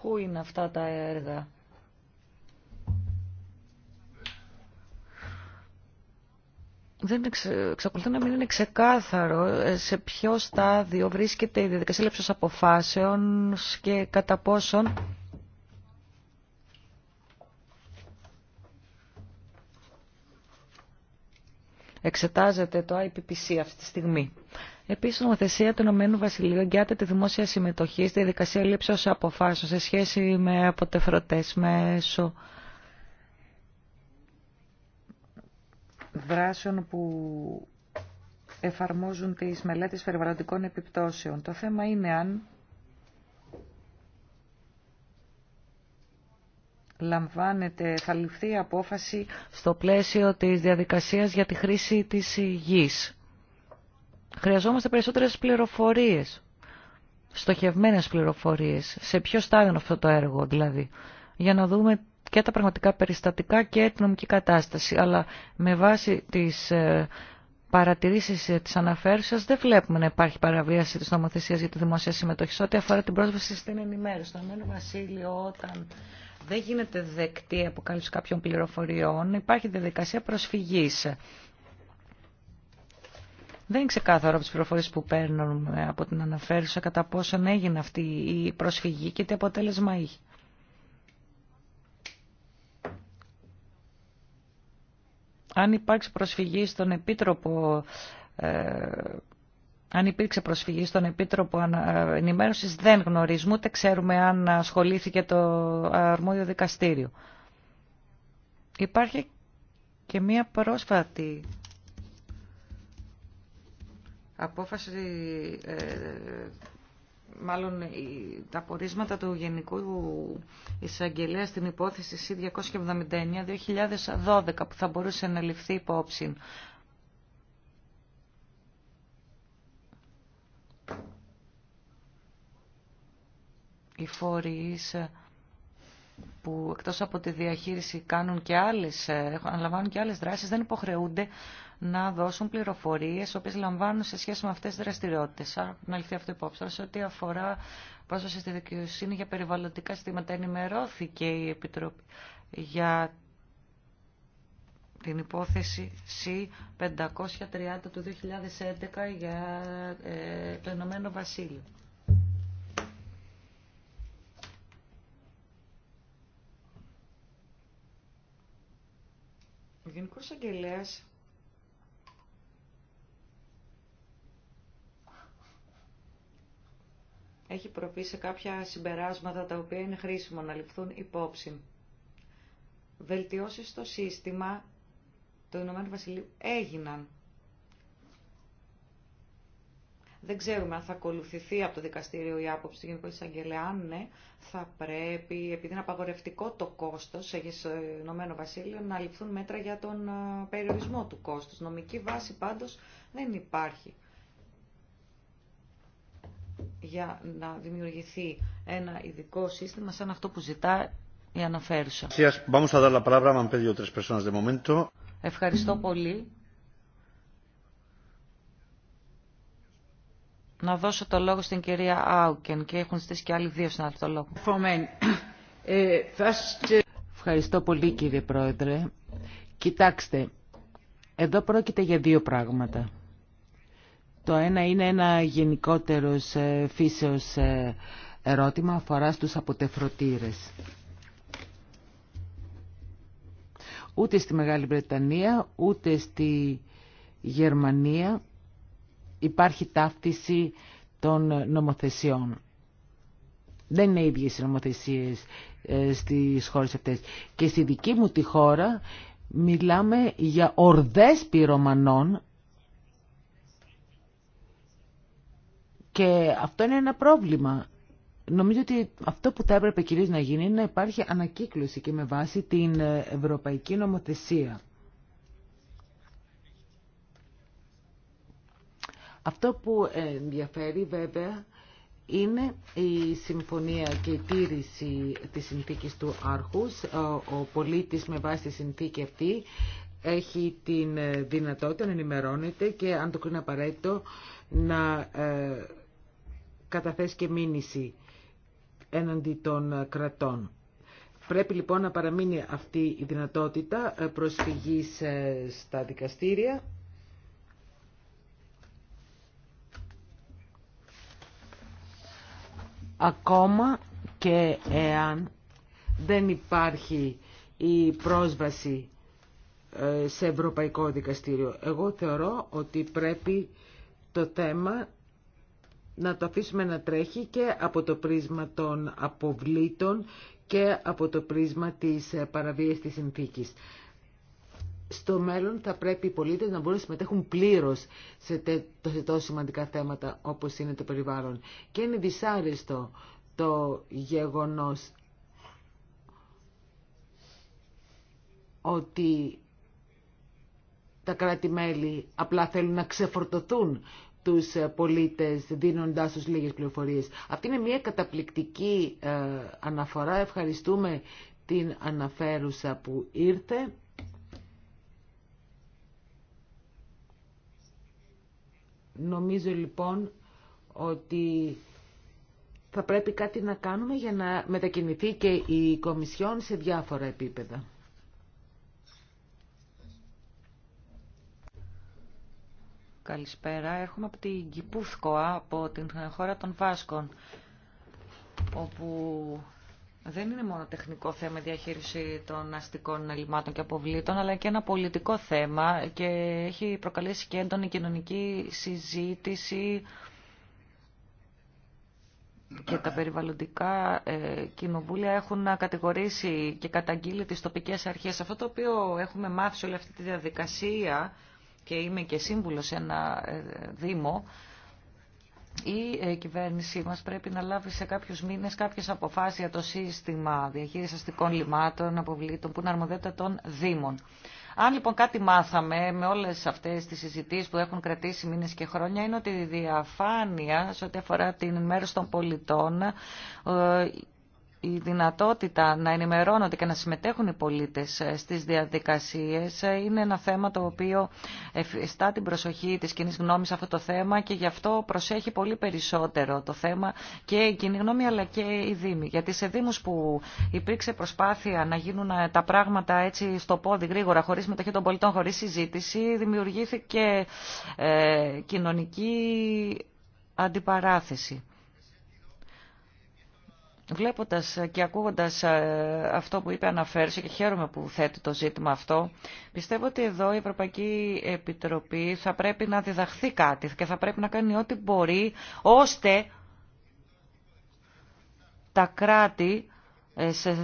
Speaker 2: πού είναι αυτά τα έργα. δεν εξακολουθεί να μην είναι ξεκάθαρο ε, σε ποιο στάδιο βρίσκεται η διαδικασία αποφάσεων και κατά πόσον εξετάζεται το IPPC αυτή τη στιγμή. Επίση, η νομοθεσία του Ηνωμένου Βασιλείου εγγυάται τη δημόσια συμμετοχή στη δικασία λήψεω αποφάσεων σε σχέση με αποτεφρωτέ μέσω δράσεων που εφαρμόζουν τις μελέτες περιβαλλοντικών επιπτώσεων. Το θέμα είναι αν λαμβάνεται, θα ληφθεί απόφαση στο πλαίσιο της διαδικασίας για τη χρήση της γης. Χρειαζόμαστε περισσότερες πληροφορίες, στοχευμένες πληροφορίες, σε ποιο στάδιο είναι αυτό το έργο δηλαδή, για να δούμε και τα πραγματικά περιστατικά και την νομική κατάσταση. Αλλά με βάση τις ε, παρατηρήσεις ε, της αναφέρουσας δεν βλέπουμε να υπάρχει παραβίαση της νομοθεσίας για τη δημοσία συμμετοχή ό,τι αφορά την πρόσβαση στην ενημέρωση. Βασίλειο όταν δεν γίνεται δεκτή από αποκάλυψη κάποιων πληροφοριών, υπάρχει διαδικασία προσφυγής. Δεν είναι ξεκάθαρο από τις πληροφορίες που παίρνουμε από την αναφέρουσα κατά πόσον έγινε αυτή η προσφυγή και τι αποτέλεσμα είχε. Αν υπάρξει προσφυγή στον Επίτροπο ε, αν υπήρξε προσφυγή στον Επίτροπο Ενημέρωσης δεν γνωρίζουμε, ούτε ξέρουμε αν ασχολήθηκε το αρμόδιο δικαστήριο. Υπάρχει και μία πρόσφατη απόφαση, ε, μάλλον τα πορίσματα του Γενικού Εισαγγελέα στην υπόθεση C279-2012 που θα μπορούσε να ληφθεί υπόψη οι φορείς ε, που εκτός από τη διαχείριση κάνουν και άλλες, ε, αναλαμβάνουν και άλλες δράσεις, δεν υποχρεούνται να δώσουν πληροφορίες όπως λαμβάνουν σε σχέση με αυτές τις δραστηριότητες. Άρα να ληφθεί αυτό υπόψη. σε ό,τι αφορά πρόσβαση στη δικαιοσύνη για περιβαλλοντικά στήματα ενημερώθηκε η Επιτροπή για την υπόθεση C530 του 2011 για ε, το Ηνωμένο Βασίλειο. Γενικό Αγγελέα έχει προβεί σε κάποια συμπεράσματα τα οποία είναι χρήσιμο να ληφθούν υπόψη. Βελτιώσεις στο σύστημα του Ηνωμένου Βασιλείου έγιναν Δεν ξέρουμε αν θα ακολουθηθεί από το δικαστήριο η άποψη του Γενικού Εισαγγελέα. Αν ναι, θα πρέπει, επειδή είναι απαγορευτικό το κόστο σε ε, Ηνωμένο Βασίλειο, να ληφθούν μέτρα για τον ε, περιορισμό του κόστου. Νομική βάση πάντω δεν υπάρχει για να δημιουργηθεί ένα ειδικό σύστημα σαν αυτό που ζητά η αναφέρουσα. Ευχαριστώ πολύ. να δώσω το λόγο στην
Speaker 1: κυρία Άουκεν και έχουν στήσει και άλλοι δύο συνάδελφοι το λόγο. Ευχαριστώ πολύ κύριε Πρόεδρε. Κοιτάξτε, εδώ πρόκειται για δύο πράγματα. Το ένα είναι ένα γενικότερο ε, φύσεως ε, ερώτημα αφορά στους αποτεφρωτήρες. Ούτε στη Μεγάλη Βρετανία, ούτε στη Γερμανία υπάρχει ταύτιση των νομοθεσιών. Δεν είναι ίδιες οι νομοθεσίες ε, στις χώρες αυτές. Και στη δική μου τη χώρα μιλάμε για ορδές πυρομανών και αυτό είναι ένα πρόβλημα. Νομίζω ότι αυτό που θα έπρεπε κυρίως να γίνει είναι να υπάρχει ανακύκλωση και με βάση την ε, ευρωπαϊκή νομοθεσία. Αυτό που ενδιαφέρει βέβαια είναι η συμφωνία και η τήρηση της συνθήκης του Άρχους. Ο πολίτης με βάση τη συνθήκη αυτή έχει την δυνατότητα να ενημερώνεται και αν το κρίνει απαραίτητο να ε, καταθέσει και μήνυση έναντι των κρατών. Πρέπει λοιπόν να παραμείνει αυτή η δυνατότητα ε, προσφυγής ε, στα δικαστήρια ακόμα και εάν δεν υπάρχει η πρόσβαση ε, σε Ευρωπαϊκό Δικαστήριο. Εγώ θεωρώ ότι πρέπει το θέμα να το αφήσουμε να τρέχει και από το πρίσμα των αποβλήτων και από το πρίσμα της ε, παραβίας της συνθήκης στο μέλλον θα πρέπει οι πολίτες να μπορούν να συμμετέχουν πλήρως σε, τόσο σημαντικά θέματα όπως είναι το περιβάλλον. Και είναι δυσάρεστο το γεγονός ότι τα κράτη-μέλη απλά θέλουν να ξεφορτωθούν τους ε, πολίτες δίνοντάς τους λίγες πληροφορίες. Αυτή είναι μια καταπληκτική ε, αναφορά. Ευχαριστούμε την αναφέρουσα που ήρθε. Νομίζω λοιπόν ότι θα πρέπει κάτι να κάνουμε για να μετακινηθεί και η Κομισιόν σε διάφορα επίπεδα.
Speaker 2: Καλησπέρα. Έρχομαι από την Κυπούσκοα, από την χώρα των Βάσκων, όπου δεν είναι μόνο τεχνικό θέμα διαχείριση των αστικών ελλημάτων και αποβλήτων, αλλά και ένα πολιτικό θέμα και έχει προκαλέσει και έντονη κοινωνική συζήτηση και τα περιβαλλοντικά ε, κοινοβούλια έχουν κατηγορήσει και καταγγείλει τις τοπικές αρχές. Αυτό το οποίο έχουμε μάθει όλη αυτή τη διαδικασία και είμαι και σύμβουλος σε ένα ε, δήμο, η ε, κυβέρνησή μας πρέπει να λάβει σε κάποιους μήνες κάποιες αποφάσεις για το σύστημα διαχείρισης αστικών λιμάτων, αποβλήτων που είναι αρμοδέτα των Δήμων. Αν λοιπόν κάτι μάθαμε με όλες αυτές τις συζητήσεις που έχουν κρατήσει μήνες και χρόνια είναι ότι η διαφάνεια σε ό,τι αφορά την μέρος των πολιτών ε, η δυνατότητα να ενημερώνονται και να συμμετέχουν οι πολίτες ε, στις διαδικασίες ε, είναι ένα θέμα το οποίο εφιστά την προσοχή της κοινή γνώμης σε αυτό το θέμα και γι' αυτό προσέχει πολύ περισσότερο το θέμα και η κοινή γνώμη αλλά και η Δήμη. Γιατί σε Δήμους που υπήρξε προσπάθεια να γίνουν ε, τα πράγματα έτσι στο πόδι γρήγορα, χωρίς συμμετοχή των πολιτών, χωρίς συζήτηση, δημιουργήθηκε κοινωνική αντιπαράθεση. Βλέποντας και ακούγοντας ε, αυτό που είπε αναφέρουσε και χαίρομαι που θέτει το ζήτημα αυτό, πιστεύω ότι εδώ η Ευρωπαϊκή Επιτροπή θα πρέπει να διδαχθεί κάτι και θα πρέπει να κάνει ό,τι μπορεί ώστε τα κράτη ε, σε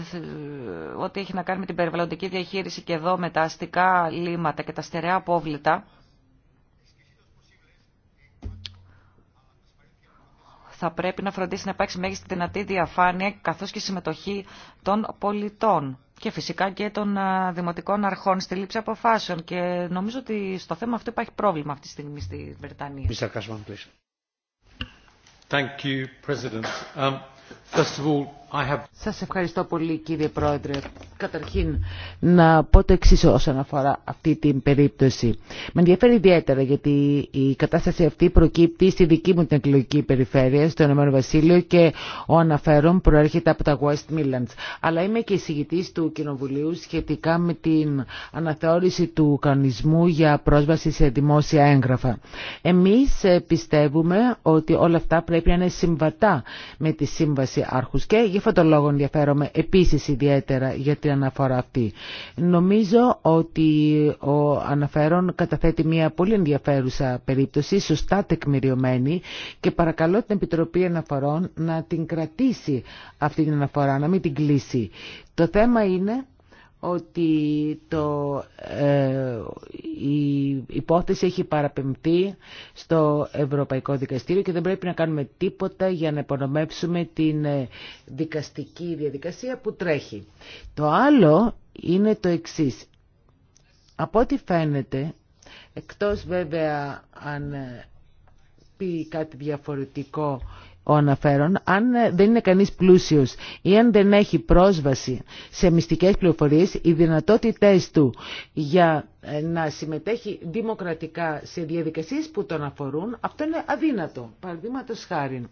Speaker 2: ό,τι έχει να κάνει με την περιβαλλοντική διαχείριση και εδώ με τα αστικά λίματα και τα στερεά απόβλητα θα πρέπει να φροντίσει να υπάρξει μέγιστη δυνατή διαφάνεια καθώς και συμμετοχή των πολιτών και φυσικά και των δημοτικών αρχών στη λήψη αποφάσεων. Και νομίζω ότι στο θέμα αυτό υπάρχει πρόβλημα αυτή τη στιγμή στη Βρετανία.
Speaker 1: Σας ευχαριστώ πολύ κύριε Πρόεδρε. Καταρχήν να πω το εξή όσον αφορά αυτή την περίπτωση. Με ενδιαφέρει ιδιαίτερα γιατί η κατάσταση αυτή προκύπτει στη δική μου την εκλογική περιφέρεια, στο Ηνωμένο Βασίλειο και ο αναφέρον προέρχεται από τα West Midlands. Αλλά είμαι και εισηγητή του Κοινοβουλίου σχετικά με την αναθεώρηση του κανονισμού για πρόσβαση σε δημόσια έγγραφα. Εμείς ε, πιστεύουμε ότι όλα αυτά πρέπει να είναι συμβατά με τη σύμβαση αρχού και γι' αυτόν τον λόγο ενδιαφέρομαι επίση ιδιαίτερα για την αναφορά αυτή. Νομίζω ότι ο αναφέρον καταθέτει μια πολύ ενδιαφέρουσα περίπτωση, σωστά τεκμηριωμένη και παρακαλώ την Επιτροπή Αναφορών να την κρατήσει αυτή την αναφορά, να μην την κλείσει. Το θέμα είναι ότι το, ε, η υπόθεση έχει παραπεμπτεί στο Ευρωπαϊκό Δικαστήριο και δεν πρέπει να κάνουμε τίποτα για να υπονομεύσουμε την ε, δικαστική διαδικασία που τρέχει. Το άλλο είναι το εξής. Από ό,τι φαίνεται, εκτός βέβαια αν ε, πει κάτι διαφορετικό ο αναφέρον, αν ε, δεν είναι κανείς πλούσιος ή αν δεν έχει πρόσβαση σε μυστικές πληροφορίες, οι δυνατότητές του για ε, να συμμετέχει δημοκρατικά σε διαδικασίες που τον αφορούν, αυτό είναι αδύνατο, παραδείγματο χάρη.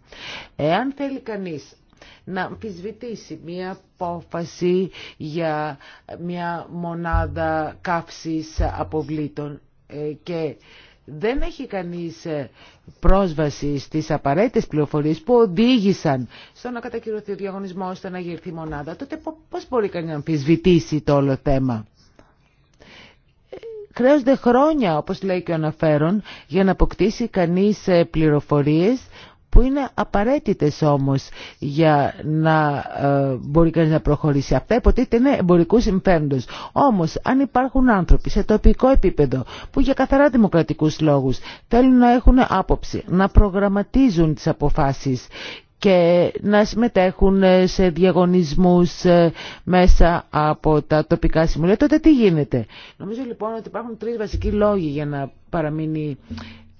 Speaker 1: Εάν θέλει κανείς να αμφισβητήσει μία απόφαση για μία μονάδα καύσης αποβλήτων ε, και δεν έχει κανείς ε, πρόσβαση στις απαραίτητες πληροφορίες που οδήγησαν στο να κατακυρωθεί ο διαγωνισμός, στο να η μονάδα, τότε πώς μπορεί κανείς να αμφισβητήσει το όλο θέμα. Ε, χρειάζονται χρόνια, όπως λέει και ο αναφέρον, για να αποκτήσει κανείς ε, πληροφορίες που είναι απαραίτητες όμως για να ε, μπορεί κανείς να προχωρήσει. Αυτά υποτίθεται είναι εμπορικού συμφέροντος. Όμως αν υπάρχουν άνθρωποι σε τοπικό επίπεδο που για καθαρά δημοκρατικούς λόγους θέλουν να έχουν άποψη, να προγραμματίζουν τις αποφάσεις και να συμμετέχουν σε διαγωνισμούς ε, μέσα από τα τοπικά συμβουλία. Τότε τι γίνεται. Νομίζω λοιπόν ότι υπάρχουν τρεις βασικοί λόγοι για να παραμείνει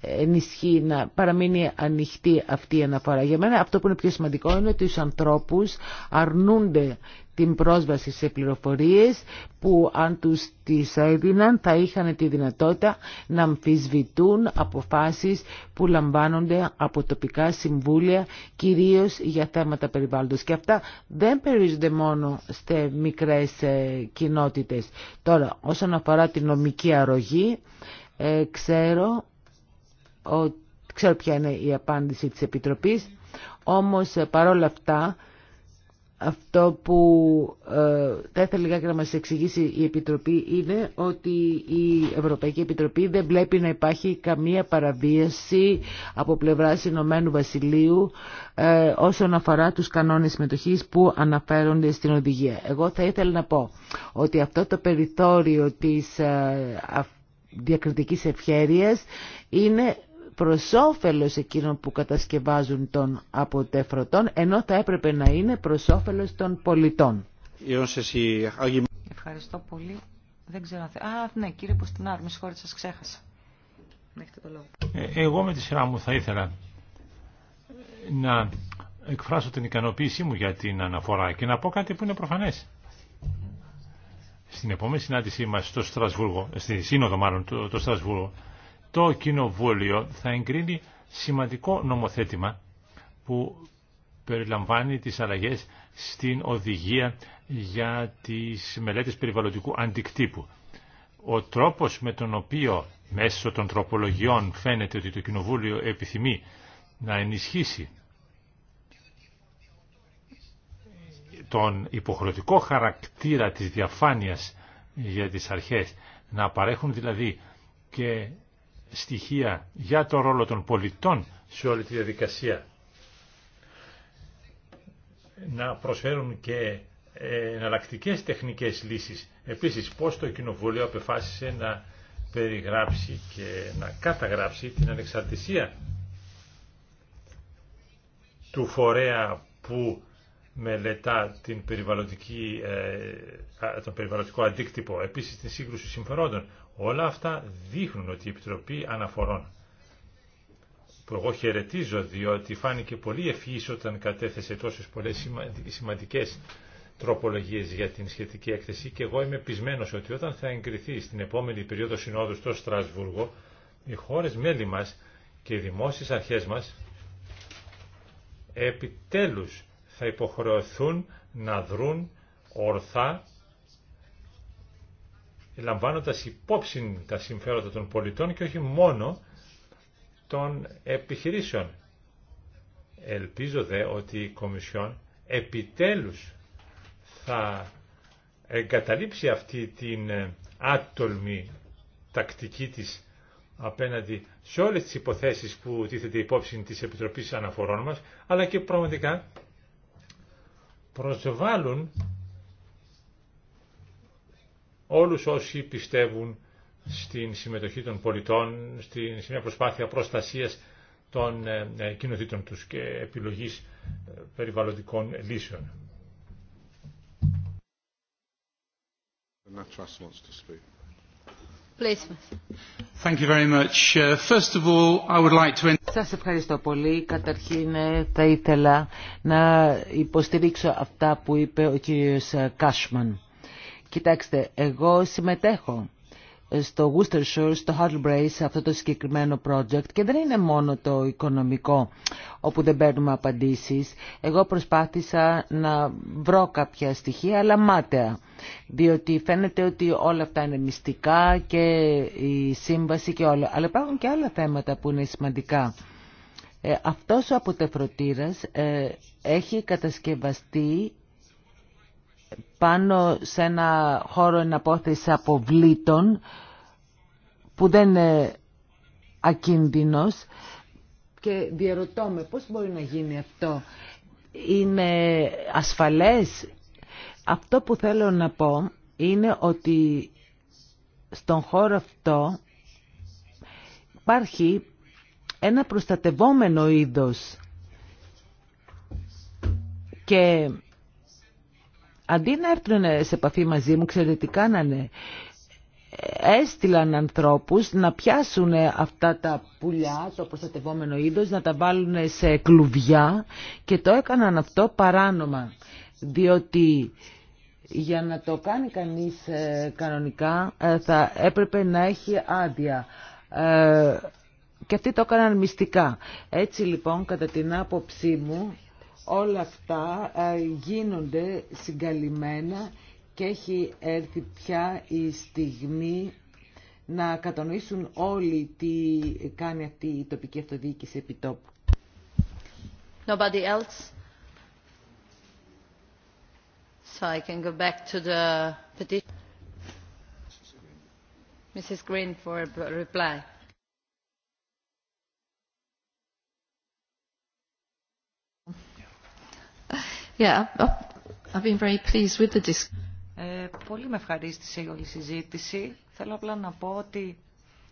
Speaker 1: ενισχύει να παραμείνει ανοιχτή αυτή η αναφορά. Για μένα αυτό που είναι πιο σημαντικό είναι ότι τους ανθρώπους αρνούνται την πρόσβαση σε πληροφορίες που αν τους τις έδιναν θα είχαν τη δυνατότητα να αμφισβητούν αποφάσεις που λαμβάνονται από τοπικά συμβούλια κυρίως για θέματα περιβάλλοντος. Και αυτά δεν περιορίζονται μόνο σε μικρές ε, κοινότητες. Τώρα όσον αφορά την νομική αρρωγή ε, ξέρω ο, ξέρω ποια είναι η απάντηση της Επιτροπής, όμως ε, παρόλα αυτά αυτό που ε, θα ήθελα λιγάκι να μας εξηγήσει η Επιτροπή είναι ότι η Ευρωπαϊκή Επιτροπή δεν βλέπει να υπάρχει καμία παραβίαση από πλευράς Ηνωμένου Βασιλείου ε, όσον αφορά τους κανόνες συμμετοχής που αναφέρονται στην οδηγία. Εγώ θα ήθελα να πω ότι αυτό το περιθώριο της ε, διακριτικής ευχέρειας είναι προς όφελος εκείνων που κατασκευάζουν τον αποτεφρωτών, ενώ θα έπρεπε να είναι προς όφελος των πολιτών.
Speaker 2: Ευχαριστώ πολύ. Δεν ξέρω αν θέλω. Α, ναι, κύριε Ποστινάρου, με συγχωρείτε, σας ξέχασα. Ε,
Speaker 3: εγώ με τη σειρά μου θα ήθελα να εκφράσω την ικανοποίησή μου για την αναφορά και να πω κάτι που είναι προφανές. Στην επόμενη συνάντησή μας στο Στρασβούργο, στη Σύνοδο μάλλον, το Στρασβούργο, το Κοινοβούλιο θα εγκρίνει σημαντικό νομοθέτημα που περιλαμβάνει τις αλλαγές στην οδηγία για τις μελέτες περιβαλλοντικού αντικτύπου. Ο τρόπος με τον οποίο μέσω των τροπολογιών φαίνεται ότι το Κοινοβούλιο επιθυμεί να ενισχύσει τον υποχρεωτικό χαρακτήρα της διαφάνειας για τις αρχές, να παρέχουν δηλαδή και στοιχεία για το ρόλο των πολιτών σε όλη τη διαδικασία. Να προσφέρουν και εναλλακτικέ τεχνικές λύσεις. Επίσης, πώς το Κοινοβούλιο απεφάσισε να περιγράψει και να καταγράψει την ανεξαρτησία του φορέα που μελετά την περιβαλλοντική, ε, τον περιβαλλοντικό αντίκτυπο, επίσης την σύγκρουση συμφερόντων. Όλα αυτά δείχνουν ότι η Επιτροπή Αναφορών που εγώ χαιρετίζω διότι φάνηκε πολύ ευχή όταν κατέθεσε τόσες πολλές σημαντικές τροπολογίες για την σχετική έκθεση και εγώ είμαι πεισμένος ότι όταν θα εγκριθεί στην επόμενη περίοδο συνόδου στο Στρασβούργο οι χώρες μέλη μας και οι δημόσιες αρχές μας επιτέλους θα υποχρεωθούν να δρουν ορθά λαμβάνοντας υπόψη τα συμφέροντα των πολιτών και όχι μόνο των επιχειρήσεων. Ελπίζω δε ότι η Κομισιόν επιτέλους θα εγκαταλείψει αυτή την ε, άτολμη τακτική της απέναντι σε όλες τις υποθέσεις που τίθεται υπόψη της Επιτροπής Αναφορών μας, αλλά και πραγματικά προσβάλλουν όλους όσοι πιστεύουν στην συμμετοχή των πολιτών, στην, μια προσπάθεια προστασίας των ε, ε, κοινοτήτων τους και επιλογής ε, περιβαλλοντικών λύσεων.
Speaker 1: Σας ευχαριστώ πολύ. Καταρχήν θα ήθελα να υποστηρίξω αυτά που είπε ο κύριος Κάσμαν. Κοιτάξτε, εγώ συμμετέχω στο Worcestershire, στο Brace, σε αυτό το συγκεκριμένο project και δεν είναι μόνο το οικονομικό όπου δεν παίρνουμε απαντήσεις. Εγώ προσπάθησα να βρω κάποια στοιχεία, αλλά μάταια, διότι φαίνεται ότι όλα αυτά είναι μυστικά και η σύμβαση και όλα. Αλλά υπάρχουν και άλλα θέματα που είναι σημαντικά. Ε, αυτός ο αποτεφρωτήρας ε, έχει κατασκευαστεί πάνω σε ένα χώρο από αποβλήτων που δεν είναι ακίνδυνος και διαρωτώ με πώς μπορεί να γίνει αυτό. Είναι ασφαλές. Αυτό που θέλω να πω είναι ότι στον χώρο αυτό υπάρχει ένα προστατευόμενο είδος και αντί να έρθουν σε επαφή μαζί μου, ξέρετε τι κάνανε. Έστειλαν ανθρώπους να πιάσουν αυτά τα πουλιά, το προστατευόμενο είδος, να τα βάλουν σε κλουβιά και το έκαναν αυτό παράνομα. Διότι για να το κάνει κανείς ε, κανονικά ε, θα έπρεπε να έχει άδεια. Ε, και αυτοί το έκαναν μυστικά. Έτσι λοιπόν κατά την άποψή μου Όλα αυτά ε, γίνονται συγκαλυμμένα και έχει έρθει πια η στιγμή να κατανοήσουν όλοι τι κάνει αυτή η τοπική αυτοδιοίκηση επιτόπου.
Speaker 2: Nobody else? So I can go back to the petition. Mrs. Green for a reply. Yeah, I've been very ε, πολύ με ευχαρίστησε η όλη συζήτηση. Θέλω απλά να πω ότι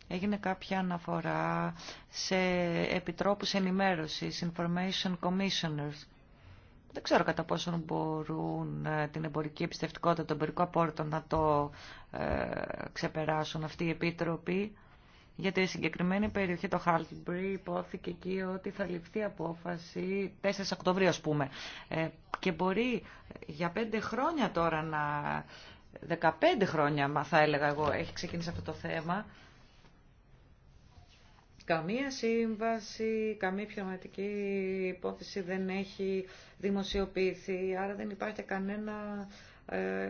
Speaker 2: έγινε κάποια αναφορά σε επιτρόπους ενημέρωσης, information commissioners. Δεν ξέρω κατά πόσο μπορούν ε, την εμπορική επιστευτικότητα, τον εμπορικό απόρριτο να το ε, ξεπεράσουν αυτοί οι επίτροποι για η συγκεκριμένη περιοχή, το Χάλτμπρι, υπόθηκε εκεί ότι θα ληφθεί απόφαση 4 Οκτωβρίου, ας πούμε. Ε, και μπορεί για 5 χρόνια τώρα να... 15 χρόνια, μα θα έλεγα εγώ, έχει ξεκινήσει αυτό το θέμα. Καμία σύμβαση, καμία πιωματική υπόθεση δεν έχει δημοσιοποιηθεί, άρα δεν υπάρχει κανένα ε,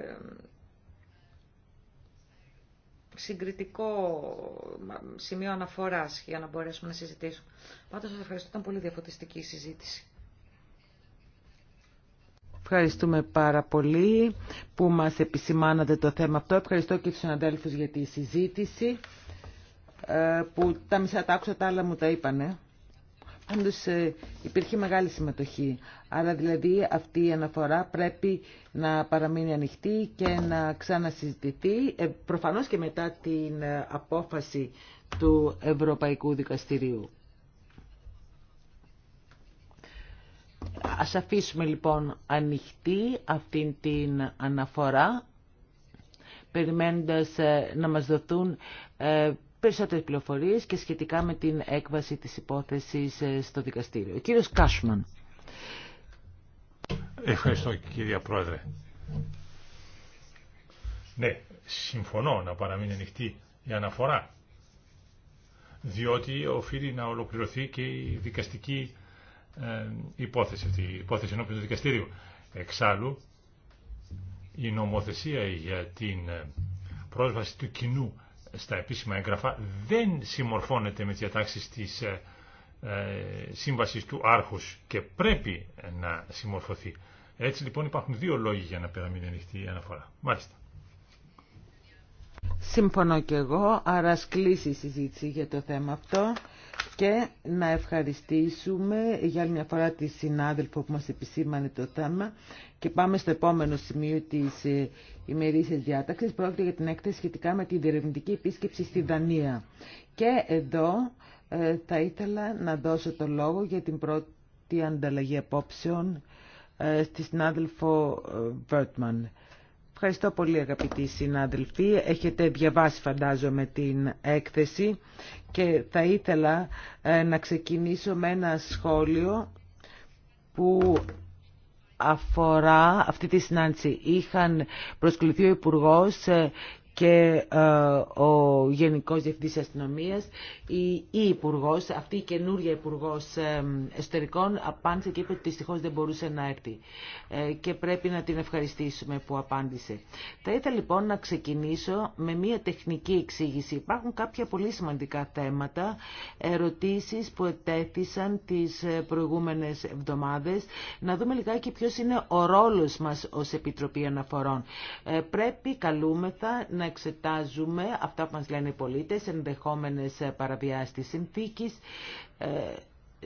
Speaker 2: συγκριτικό σημείο αναφοράς για να μπορέσουμε να συζητήσουμε. Πάντως σας ευχαριστώ, ήταν πολύ διαφωτιστική η συζήτηση.
Speaker 1: Ευχαριστούμε πάρα πολύ που μας επισημάνατε το θέμα αυτό. Ευχαριστώ και τους συναντέλφους για τη συζήτηση ε, που τα μισά τα άκουσα, τα άλλα μου τα είπανε ε, υπήρχε μεγάλη συμμετοχή, άρα δηλαδή αυτή η αναφορά πρέπει να παραμείνει ανοιχτή και να ξανασυζητηθεί, ε, προφανώς και μετά την ε, απόφαση του Ευρωπαϊκού Δικαστηρίου. Ας αφήσουμε λοιπόν ανοιχτή αυτή την αναφορά, περιμένοντας ε, να μας δοθούν περισσότερες πληροφορίες και σχετικά με την έκβαση της υπόθεσης ε, στο δικαστήριο. Ο κύριος Κάσμαν.
Speaker 3: Ευχαριστώ κυρία Πρόεδρε. Ναι, συμφωνώ να παραμείνει ανοιχτή η αναφορά, διότι οφείλει να ολοκληρωθεί και η δικαστική ε, υπόθεση, αυτή, η υπόθεση ενώπιον του δικαστήριου. Εξάλλου, η νομοθεσία για την ε, πρόσβαση του κοινού στα επίσημα έγγραφα δεν συμμορφώνεται με τις διατάξεις της ε, ε, σύμβασης του άρχους και πρέπει να συμμορφωθεί. Έτσι λοιπόν υπάρχουν δύο λόγοι για να περαμείνει ανοιχτή η αναφορά. Μάλιστα.
Speaker 1: Συμφωνώ και εγώ, άρα κλείσει η συζήτηση για το θέμα αυτό και να ευχαριστήσουμε για άλλη μια φορά τη συνάδελφο που μας επισήμανε το θέμα και πάμε στο επόμενο σημείο της ε, ημερήσιας διάταξης. Πρόκειται για την έκθεση σχετικά με την διερευνητική επίσκεψη στη Δανία. Και εδώ ε, θα ήθελα να δώσω το λόγο για την πρώτη ανταλλαγή απόψεων ε, στη συνάδελφο Βέρτμαν. Ευχαριστώ πολύ αγαπητοί συνάδελφοι. Έχετε διαβάσει φαντάζομαι την έκθεση και θα ήθελα ε, να ξεκινήσω με ένα σχόλιο που αφορά αυτή τη συνάντηση. Είχαν προσκληθεί ο υπουργό ε, και ε, ο Γενικός Διευθυντής Αστυνομίας ή η, υπουργό, αυτή η καινούρια υπουργό ε, Εσωτερικών απάντησε και είπε ότι δυστυχώ δεν μπορούσε να έρθει ε, και πρέπει να την ευχαριστήσουμε που απάντησε. Θα ήθελα λοιπόν να ξεκινήσω με μια τεχνική εξήγηση. Υπάρχουν κάποια πολύ σημαντικά θέματα, ερωτήσεις που ετέθησαν τις προηγούμενες εβδομάδες. Να δούμε λιγάκι ποιος είναι ο ρόλος μας ως Επιτροπή Αναφορών. πρέπει καλούμεθα να εξετάζουμε αυτά που μας λένε οι πολίτες, ενδεχόμενες παραβιάσεις της συνθήκης, ε,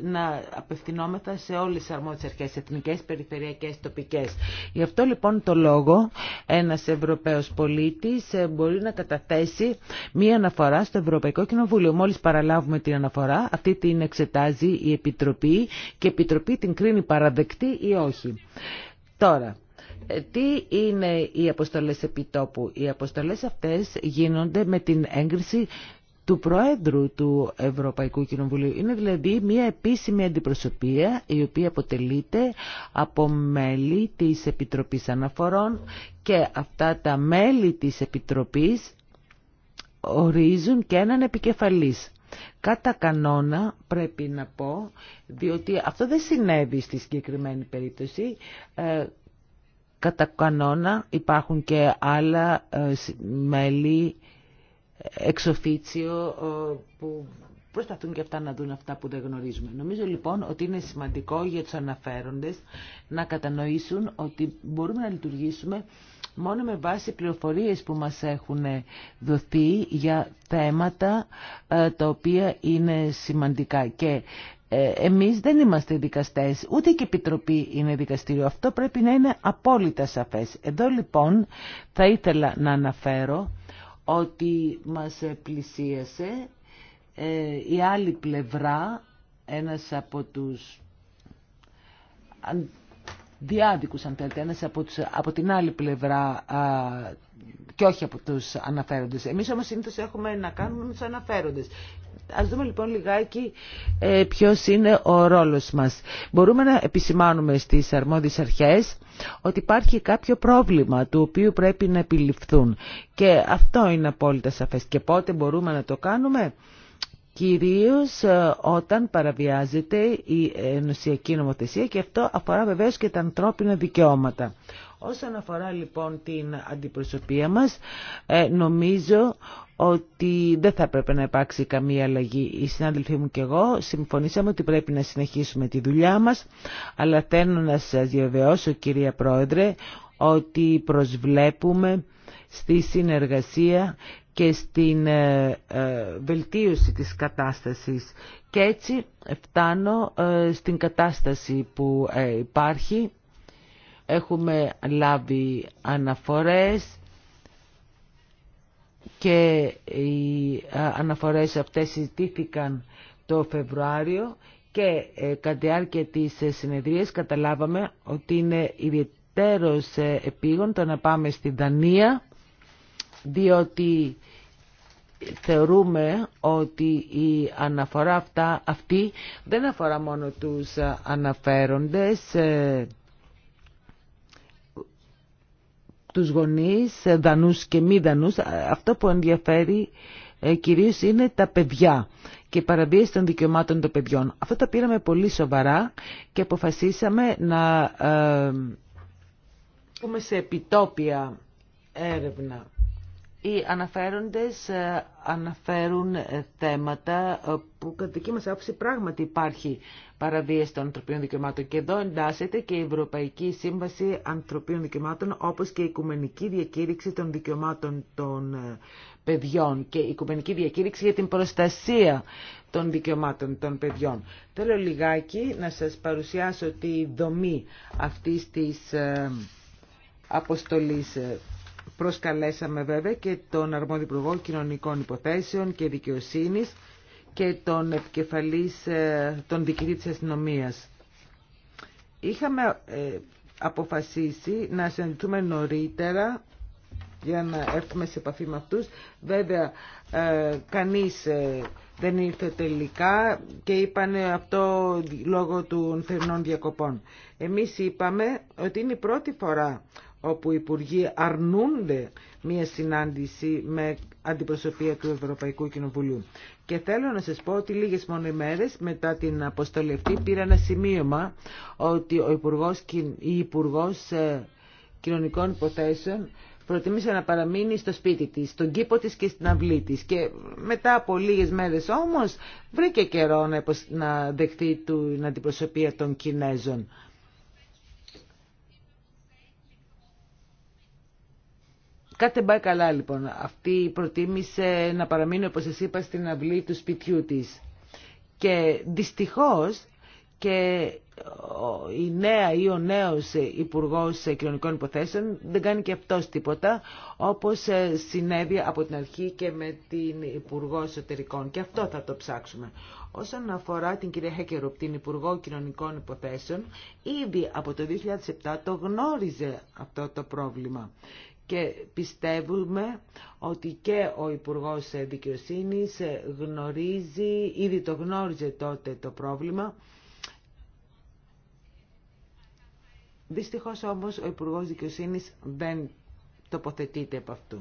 Speaker 1: να απευθυνόμεθα σε όλες τις αρμόδιες αρχές, εθνικές, περιφερειακές, τοπικές. Γι' αυτό λοιπόν το λόγο ένας Ευρωπαίος πολίτης ε, μπορεί να καταθέσει μία αναφορά στο Ευρωπαϊκό Κοινοβούλιο. Μόλις παραλάβουμε την αναφορά, αυτή την εξετάζει η Επιτροπή και η Επιτροπή την κρίνει παραδεκτή ή όχι. Τώρα, ε, τι είναι οι αποστολές επιτόπου. Οι αποστολές αυτές γίνονται με την έγκριση του Προέδρου του Ευρωπαϊκού Κοινοβουλίου. Είναι δηλαδή μια επίσημη αντιπροσωπεία η οποία αποτελείται από μέλη της Επιτροπής Αναφορών και αυτά τα μέλη της Επιτροπής ορίζουν και έναν επικεφαλής. Κατά κανόνα πρέπει να πω, διότι αυτό δεν συνέβη στη συγκεκριμένη περίπτωση, ε, Κατά κανόνα υπάρχουν και άλλα ε, μέλη ε, εξοφίτσιο ε, που προσπαθούν και αυτά να δουν αυτά που δεν γνωρίζουμε. Νομίζω λοιπόν ότι είναι σημαντικό για τους αναφέροντες να κατανοήσουν ότι μπορούμε να λειτουργήσουμε μόνο με βάση πληροφορίες που μας έχουν δοθεί για θέματα τα οποία είναι σημαντικά. Και ε, εμείς δεν είμαστε δικαστές, ούτε και η Επιτροπή είναι δικαστήριο. Αυτό πρέπει να είναι απόλυτα σαφές. Εδώ λοιπόν θα ήθελα να αναφέρω ότι μας πλησίασε ε, η άλλη πλευρά, ένας από τους διάδικους αν θέλετε, ένας από, τους, από την άλλη πλευρά α, και όχι από τους αναφέροντες. Εμείς όμως συνήθως έχουμε να κάνουμε με τους αναφέροντες. Ας δούμε λοιπόν λιγάκι ε, ποιος είναι ο ρόλος μας. Μπορούμε να επισημάνουμε στις αρμόδιες αρχές ότι υπάρχει κάποιο πρόβλημα του οποίου πρέπει να επιληφθούν. Και αυτό είναι απόλυτα σαφές. Και πότε μπορούμε να το κάνουμε κυρίως ε, όταν παραβιάζεται η ενωσιακή νομοθεσία και αυτό αφορά βεβαίως και τα ανθρώπινα δικαιώματα. Όσον αφορά λοιπόν την αντιπροσωπεία μας, ε, νομίζω ότι δεν θα πρέπει να υπάρξει καμία αλλαγή. Οι συνάδελφοί μου και εγώ συμφωνήσαμε ότι πρέπει να συνεχίσουμε τη δουλειά μας, αλλά θέλω να σας διαβεβαιώσω κυρία Πρόεδρε ότι προσβλέπουμε στη συνεργασία και στην ε, ε, βελτίωση της κατάστασης. Και έτσι φτάνω ε, στην κατάσταση που υπάρχει. Έχουμε λάβει αναφορές και οι αναφορές αυτές συζητήθηκαν το Φεβρουάριο και κατά τη διάρκεια της συνεδρίας καταλάβαμε ότι είναι ιδιαίτερος επίγον να πάμε στην Δανία διότι θεωρούμε ότι η αναφορά αυτά, αυτή δεν αφορά μόνο τους αναφέροντες, ε, τους γονείς, ε, δανούς και μη δανούς. Ε, αυτό που ενδιαφέρει κυρίως είναι τα παιδιά και η παραβίαση των δικαιωμάτων των παιδιών. Αυτό τα πήραμε πολύ σοβαρά και αποφασίσαμε να πούμε σε επιτόπια έρευνα. Οι αναφέροντες ε, αναφέρουν ε, θέματα ε, που κατά δική μας άποψη πράγματι υπάρχει παραβίαση των ανθρωπίνων δικαιωμάτων και εδώ εντάσσεται και η Ευρωπαϊκή Σύμβαση Ανθρωπίνων Δικαιωμάτων όπως και η Οικουμενική Διακήρυξη των Δικαιωμάτων των Παιδιών και η Οικουμενική Διακήρυξη για την Προστασία των Δικαιωμάτων των Παιδιών. Θέλω λιγάκι να σας παρουσιάσω τη δομή αυτής της αποστολής Προσκαλέσαμε βέβαια και τον αρμόδιο Υπουργό Κοινωνικών Υποθέσεων και Δικαιοσύνης και τον επικεφαλής, ε, των διοικητή της αστυνομίας. Είχαμε ε, αποφασίσει να συναντηθούμε νωρίτερα για να έρθουμε σε επαφή με αυτούς. Βέβαια, ε, κανείς δεν ήρθε τελικά και είπανε αυτό λόγω των θερινών διακοπών. Εμείς είπαμε ότι είναι η πρώτη φορά όπου οι υπουργοί αρνούνται μία συνάντηση με αντιπροσωπεία του Ευρωπαϊκού Κοινοβουλίου. Και θέλω να σας πω ότι λίγες μόνο ημέρες μετά την αποστολή αυτή πήρα ένα σημείωμα ότι ο Υπουργός, η Υπουργός ε, Κοινωνικών Υποθέσεων προτιμήσε να παραμείνει στο σπίτι της, στον κήπο της και στην αυλή της. Και μετά από λίγες μέρες όμως βρήκε καιρό να δεχθεί την αντιπροσωπεία των Κινέζων. Κάτι δεν πάει καλά λοιπόν. Αυτή προτίμησε να παραμείνει όπως σας είπα στην αυλή του σπιτιού της. Και δυστυχώς και η νέα ή ο νέος υπουργό Κοινωνικών Υποθέσεων δεν κάνει και αυτός τίποτα, όπως ε, συνέβη από την αρχή και με την Υπουργό Εσωτερικών. Και αυτό θα το ψάξουμε. Όσον αφορά την κυρία Χέκερουπ, την Υπουργό Κοινωνικών Υποθέσεων, ήδη από το 2007 το γνώριζε αυτό το πρόβλημα και πιστεύουμε ότι και ο Υπουργός Δικαιοσύνης γνωρίζει, ήδη το γνώριζε τότε το πρόβλημα. Δυστυχώς όμως ο Υπουργός Δικαιοσύνης δεν τοποθετείται από αυτού.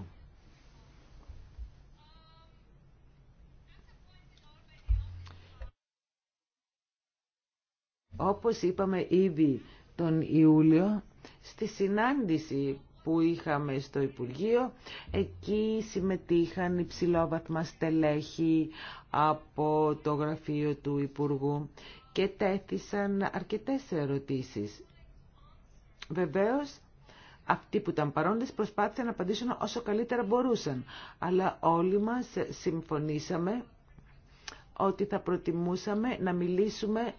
Speaker 1: Όπως είπαμε ήδη τον Ιούλιο, στη συνάντηση που είχαμε στο Υπουργείο. Εκεί συμμετείχαν υψηλόβαθμα στελέχη από το γραφείο του Υπουργού και τέθησαν αρκετές ερωτήσεις. Βεβαίως, αυτοί που ήταν παρόντες προσπάθησαν να απαντήσουν όσο καλύτερα μπορούσαν, αλλά όλοι μας συμφωνήσαμε ότι θα προτιμούσαμε να μιλήσουμε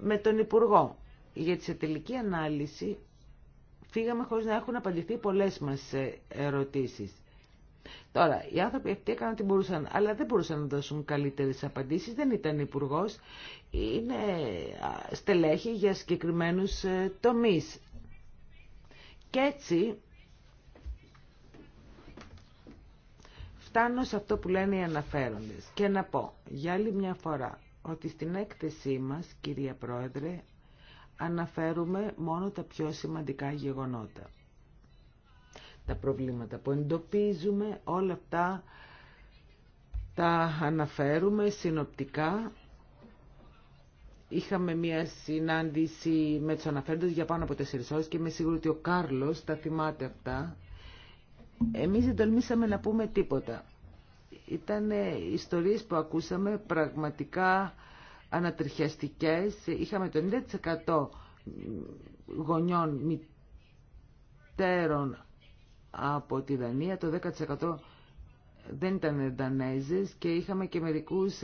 Speaker 1: με τον Υπουργό. Γιατί σε τελική ανάλυση φύγαμε χωρίς να έχουν απαντηθεί πολλές μας ε, ερωτήσεις. Τώρα, οι άνθρωποι αυτοί έκαναν ό,τι μπορούσαν, αλλά δεν μπορούσαν να δώσουν καλύτερες απαντήσεις, δεν ήταν υπουργό, είναι στελέχη για συγκεκριμένους ε, τομείς. Και έτσι φτάνω σε αυτό που λένε οι αναφέροντες και να πω για άλλη μια φορά ότι στην έκθεσή μας, κυρία Πρόεδρε, αναφέρουμε μόνο τα πιο σημαντικά γεγονότα. Τα προβλήματα που εντοπίζουμε, όλα αυτά τα αναφέρουμε συνοπτικά. Είχαμε μια συνάντηση με τους αναφέροντες για πάνω από τέσσερις ώρες και είμαι σίγουρη ότι ο Κάρλος τα θυμάται αυτά. Εμείς δεν τολμήσαμε να πούμε τίποτα. Ήταν ιστορίες που ακούσαμε πραγματικά ανατριχιαστικές. Είχαμε το 90% γονιών μητέρων από τη Δανία, το 10% δεν ήταν Δανέζες και είχαμε και μερικούς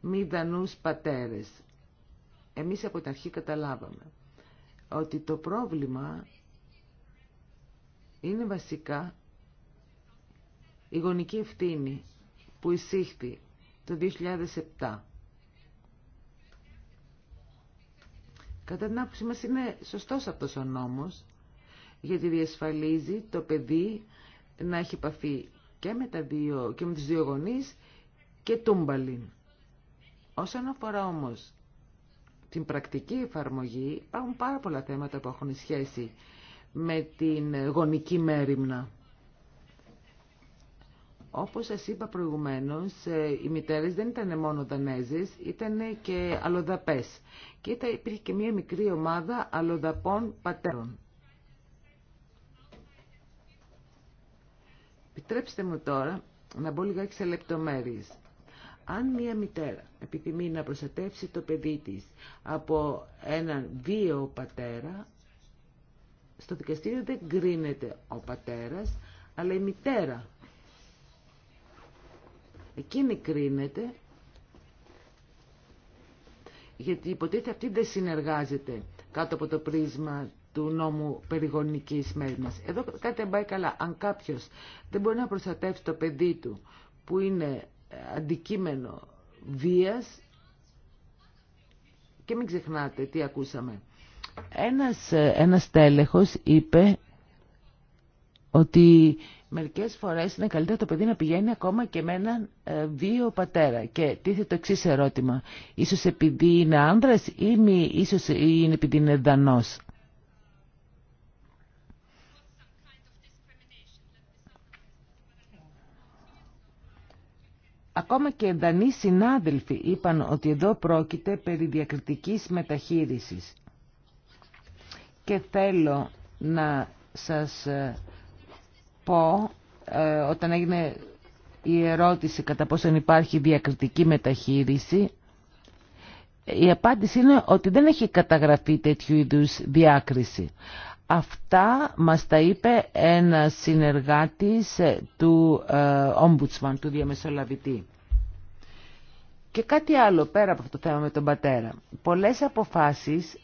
Speaker 1: μη Δανούς πατέρες. Εμείς από την αρχή καταλάβαμε ότι το πρόβλημα είναι βασικά η γονική ευθύνη που εισήχθη το 2007 Κατά την άποψή μας είναι σωστός αυτός ο νόμος, γιατί διασφαλίζει το παιδί να έχει επαφή και με, τα δύο, και με δύο γονείς και τούμπαλιν. Όσον αφορά όμως την πρακτική εφαρμογή, υπάρχουν πάρα πολλά θέματα που έχουν σχέση με την γονική μέρημνα. Όπως σας είπα προηγουμένως, ε, οι μητέρες δεν ήταν μόνο Δανέζες, ήταν και αλλοδαπές. Και υπήρχε και μια μικρή ομάδα αλλοδαπών πατέρων. Επιτρέψτε μου τώρα να μπω λιγάκι σε Αν μια μητέρα επιθυμεί να προστατεύσει το παιδί της από έναν βίαιο πατέρα, στο δικαστήριο δεν κρίνεται ο πατέρας, αλλά η μητέρα εκείνη κρίνεται γιατί υποτίθεται αυτή δεν συνεργάζεται κάτω από το πρίσμα του νόμου περιγονικής μέρης Εδώ κάτι δεν πάει καλά. Αν κάποιος δεν μπορεί να προστατεύσει το παιδί του που είναι αντικείμενο βίας και μην ξεχνάτε τι ακούσαμε. Ένας, ε, ένας τέλεχος είπε ότι Μερικές φορές είναι καλύτερο το παιδί να πηγαίνει ακόμα και με έναν δύο ε, πατέρα. Και τίθεται το εξή ερώτημα. Ίσως επειδή είναι άνδρας ή μη, ίσως είναι επειδή είναι δανός. Ακόμα και δανείς συνάδελφοι είπαν ότι εδώ πρόκειται περί διακριτικής μεταχείρισης. Και θέλω να σας ε, πω ε, όταν έγινε η ερώτηση κατά πόσον υπάρχει διακριτική μεταχείριση η απάντηση είναι ότι δεν έχει καταγραφεί τέτοιου είδους διάκριση. Αυτά μας τα είπε ένας συνεργάτης ε, του ε, Ombudsman, του διαμεσολαβητή. Και κάτι άλλο πέρα από αυτό το θέμα με τον πατέρα. Πολλές αποφάσεις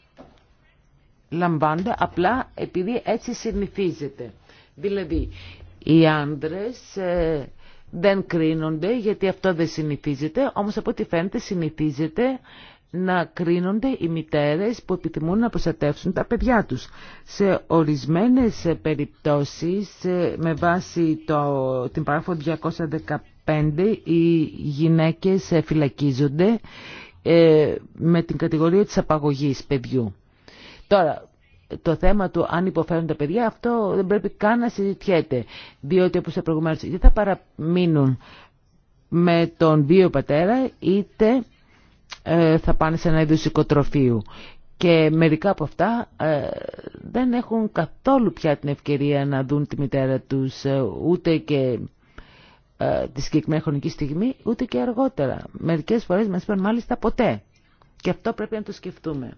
Speaker 1: λαμβάνονται απλά επειδή έτσι συνηθίζεται. Δηλαδή, οι άντρες ε, δεν κρίνονται γιατί αυτό δεν συνηθίζεται, όμως από ό,τι φαίνεται συνηθίζεται να κρίνονται οι μητέρες που επιθυμούν να προστατεύσουν τα παιδιά τους. Σε ορισμένες ε, περιπτώσεις, ε, με βάση το, την παράγραφο 215, οι γυναίκες φυλακίζονται με την κατηγορία της απαγωγής παιδιού. Τώρα, το θέμα του αν υποφέρουν τα παιδιά αυτό δεν πρέπει καν να συζητιέται διότι όπως είπα προηγουμένως είτε θα παραμείνουν με τον βίο πατέρα είτε ε, θα πάνε σε ένα είδο οικοτροφίου και μερικά από αυτά ε, δεν έχουν καθόλου πια την ευκαιρία να δουν τη μητέρα τους ε, ούτε και ε, τη συγκεκριμένη χρονική στιγμή ούτε και αργότερα μερικές φορές μας είπαν μάλιστα ποτέ και αυτό πρέπει να το σκεφτούμε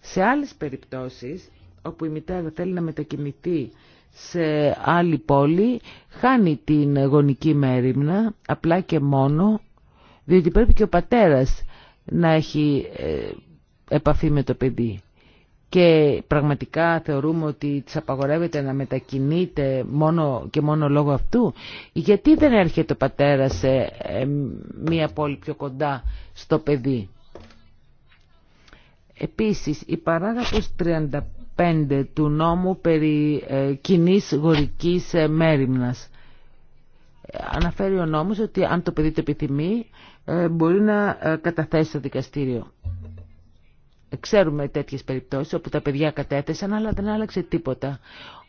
Speaker 1: σε άλλες περιπτώσεις, όπου η μητέρα θέλει να μετακινηθεί σε άλλη πόλη, χάνει την γονική μέρημνα απλά και μόνο, διότι πρέπει και ο πατέρας να έχει ε, επαφή με το παιδί. Και πραγματικά θεωρούμε ότι της απαγορεύεται να μετακινείται μόνο και μόνο λόγω αυτού. Γιατί δεν έρχεται ο πατέρας σε ε, μία πόλη πιο κοντά στο παιδί. Επίσης, η παράγραφος 35 του νόμου περί ε, κοινής γορικής ε, μέρημνας αναφέρει ο νόμος ότι αν το παιδί το επιθυμεί ε, μπορεί να καταθέσει στο δικαστήριο. Ξέρουμε τέτοιες περιπτώσεις όπου τα παιδιά κατέθεσαν αλλά δεν άλλαξε τίποτα.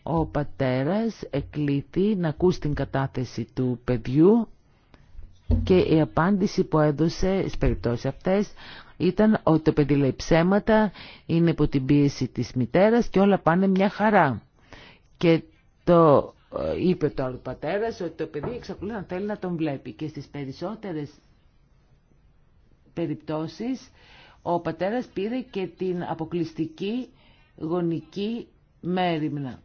Speaker 1: Ο πατέρας εκλήθη να ακούσει την κατάθεση του παιδιού και η απάντηση που έδωσε στις περιπτώσεις αυτές ήταν ότι το παιδί λέει ψέματα, είναι υπό την πίεση της μητέρας και όλα πάνε μια χαρά. Και το ε, είπε τώρα ο πατέρας ότι το παιδί εξακολουθεί να θέλει να τον βλέπει και στις περισσότερες περιπτώσεις ο πατέρας πήρε και την αποκλειστική γονική μέρημνα.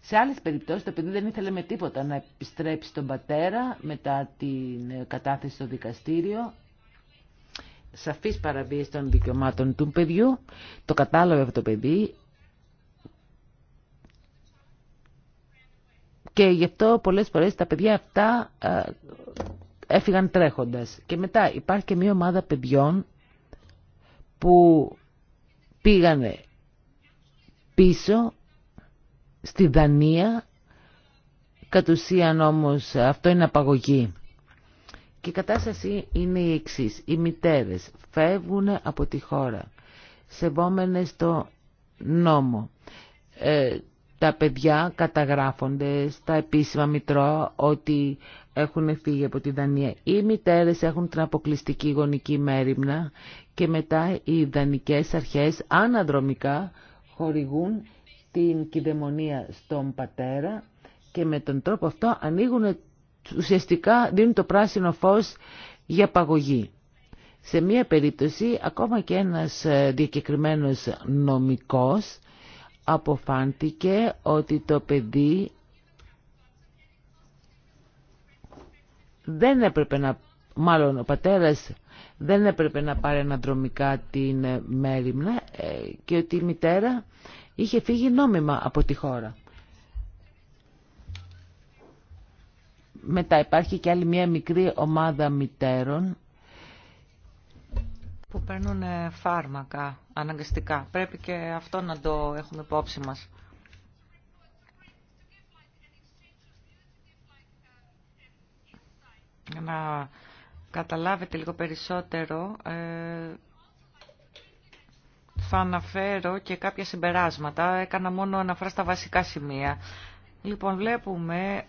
Speaker 1: Σε άλλες περιπτώσεις το παιδί δεν ήθελε με τίποτα να επιστρέψει στον πατέρα μετά την ε, κατάθεση στο δικαστήριο σαφής παραβίαση των δικαιωμάτων του παιδιού. Το κατάλαβε αυτό το παιδί και γι' αυτό πολλές φορές τα παιδιά αυτά ε, έφυγαν τρέχοντας. Και μετά υπάρχει και μια ομάδα παιδιών που πήγανε πίσω στη Δανία, κατ' ουσίαν όμως αυτό είναι απαγωγή. Και η κατάσταση είναι η εξή. Οι μητέρε φεύγουν από τη χώρα, σεβόμενε το νόμο. Ε, τα παιδιά καταγράφονται στα επίσημα μητρό ότι έχουν φύγει από τη Δανία. Οι μητέρε έχουν την αποκλειστική γονική μέρημνα και μετά οι δανικές αρχές αναδρομικά χορηγούν την κυδαιμονία στον πατέρα και με τον τρόπο αυτό ανοίγουν ουσιαστικά δίνουν το πράσινο φως για παγωγή. Σε μία περίπτωση ακόμα και ένας ε, διακεκριμένος νομικός αποφάντηκε ότι το παιδί δεν έπρεπε να, μάλλον ο πατέρας δεν έπρεπε να πάρει αναδρομικά την ε, μέρημνα ε, και ότι η μητέρα είχε φύγει νόμιμα από τη χώρα. Μετά υπάρχει και άλλη μια μικρή ομάδα μητέρων
Speaker 2: που παίρνουν ε, φάρμακα αναγκαστικά. Πρέπει και αυτό να το έχουμε υπόψη μας. Για να καταλάβετε λίγο περισσότερο, ε, θα αναφέρω και κάποια συμπεράσματα. Έκανα μόνο αναφορά στα βασικά σημεία. Λοιπόν, βλέπουμε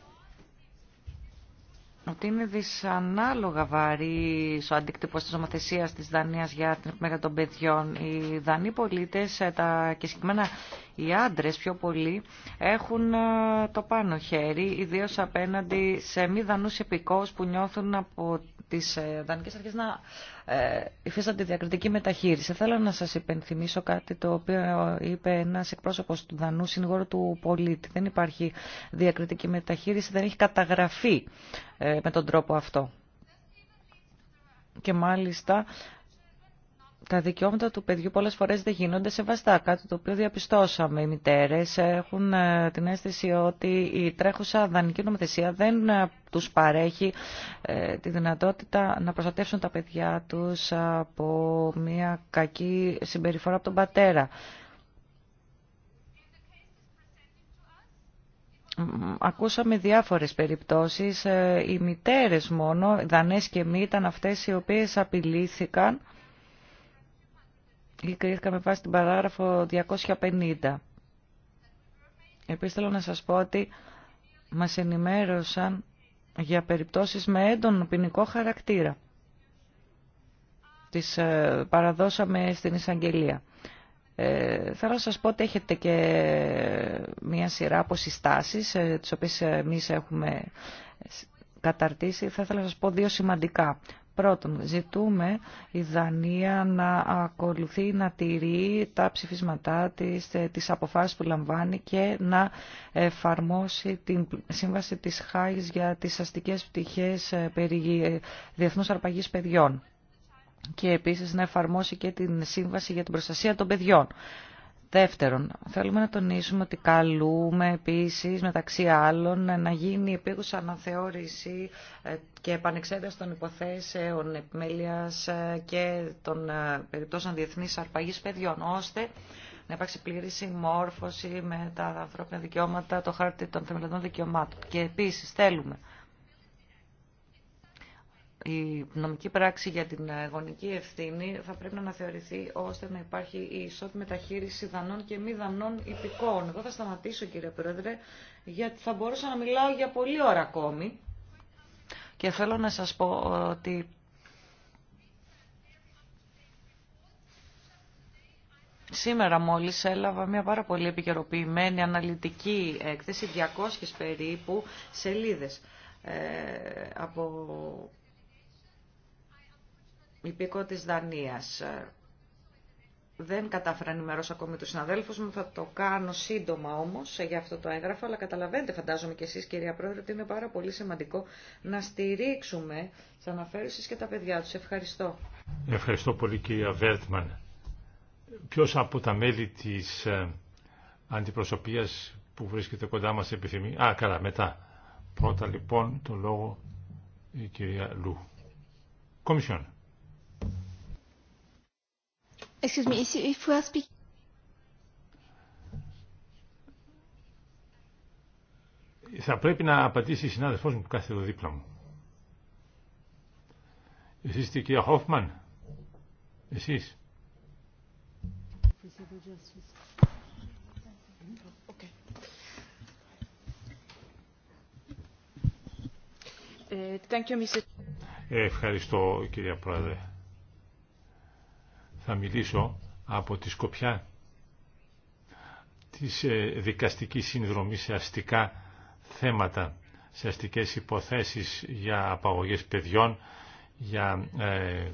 Speaker 2: ότι είναι δυσανάλογα βαρύ ο αντίκτυπο τη νομοθεσία τη Δανία για την μέρα των παιδιών. Οι Δανείοι πολίτε ε, και συγκεκριμένα οι άντρε πιο πολύ έχουν ε, το πάνω χέρι, ιδίω απέναντι σε μη Δανού επικόου που νιώθουν από τις ε, δανεικές αρχές να ε, υφίστανται διακριτική μεταχείριση. Θέλω να σας υπενθυμίσω κάτι το οποίο είπε ένας εκπρόσωπος του Δανού, συνηγόρου του πολίτη. Δεν υπάρχει διακριτική μεταχείριση, δεν έχει καταγραφεί ε, με τον τρόπο αυτό. Και μάλιστα τα δικαιώματα του παιδιού πολλές φορές δεν γίνονται σεβαστά, κάτι το οποίο διαπιστώσαμε. Οι μητέρες έχουν ε, την αίσθηση ότι η τρέχουσα δανεική νομοθεσία δεν ε, τους παρέχει ε, τη δυνατότητα να προστατεύσουν τα παιδιά τους από μια κακή συμπεριφορά από τον πατέρα. ακούσαμε διάφορες περιπτώσεις, οι μητέρες μόνο, δανές και μη ήταν αυτές οι οποίες απειλήθηκαν ή με την παράγραφο 250. Επίσης θέλω να σας πω ότι μας ενημέρωσαν για περιπτώσεις με έντονο ποινικό χαρακτήρα. Τις ε, παραδώσαμε στην εισαγγελία. Ε, θέλω να σας πω ότι έχετε και μία σειρά από συστάσεις, ε, τις οποίες εμείς έχουμε καταρτήσει. Θα ήθελα να σας πω δύο σημαντικά Πρώτον, ζητούμε η Δανία να ακολουθεί, να τηρεί τα ψηφίσματά της, ε, τις αποφάσεις που λαμβάνει και να εφαρμόσει την σύμβαση της ΧΑΙΣ για τις αστικές πτυχές ε, περί ε, διεθνούς αρπαγής παιδιών και επίσης να εφαρμόσει και την σύμβαση για την προστασία των παιδιών. Δεύτερον, θέλουμε να τονίσουμε ότι καλούμε επίσης μεταξύ άλλων να γίνει επίγουσα αναθεώρηση ε, και επανεξέταση των υποθέσεων επιμέλειας ε, και των ε, περιπτώσεων διεθνής αρπαγής παιδιών, ώστε να υπάρξει πλήρη συμμόρφωση με τα ανθρώπινα δικαιώματα, το χάρτη των θεμελιωδών δικαιωμάτων. Και επίσης θέλουμε η νομική πράξη για την ε, γονική ευθύνη θα πρέπει να αναθεωρηθεί ώστε να υπάρχει η ισότητα μεταχείριση δανών και μη δανών υπηκών. Εγώ θα σταματήσω κύριε Πρόεδρε γιατί θα μπορούσα να μιλάω για πολλή ώρα ακόμη και θέλω να σας πω ότι Σήμερα μόλις έλαβα μια πάρα πολύ επικαιροποιημένη αναλυτική έκθεση, 200 περίπου σελίδες ε, από υπήκο της Δανίας. Δεν κατάφερα να ακόμη του συναδέλφου μου, θα το κάνω σύντομα όμω για αυτό το έγγραφο, αλλά καταλαβαίνετε, φαντάζομαι και εσεί, κυρία Πρόεδρε, ότι είναι πάρα πολύ σημαντικό να στηρίξουμε τι αναφέρουσε και τα παιδιά του. Ευχαριστώ.
Speaker 3: Ευχαριστώ πολύ, κυρία Βέρτμαν. Ποιο από τα μέλη τη ε, αντιπροσωπεία που βρίσκεται κοντά μα επιθυμεί. Α, καλά, μετά. Πρώτα λοιπόν το λόγο η κυρία Λου. Κομισιόν.
Speaker 1: Excuse me, if we are speaking...
Speaker 3: Θα πρέπει να απαντήσει η συνάδελφός μου που κάθεται εδώ δίπλα μου. Εσείς είστε η κυρία Χόφμαν. Εσείς. Ε, ε, ευχαριστώ κυρία Πρόεδρε θα μιλήσω από τη σκοπιά της ε, δικαστικής συνδρομής σε αστικά θέματα, σε αστικές υποθέσεις για απαγωγές παιδιών, για ε,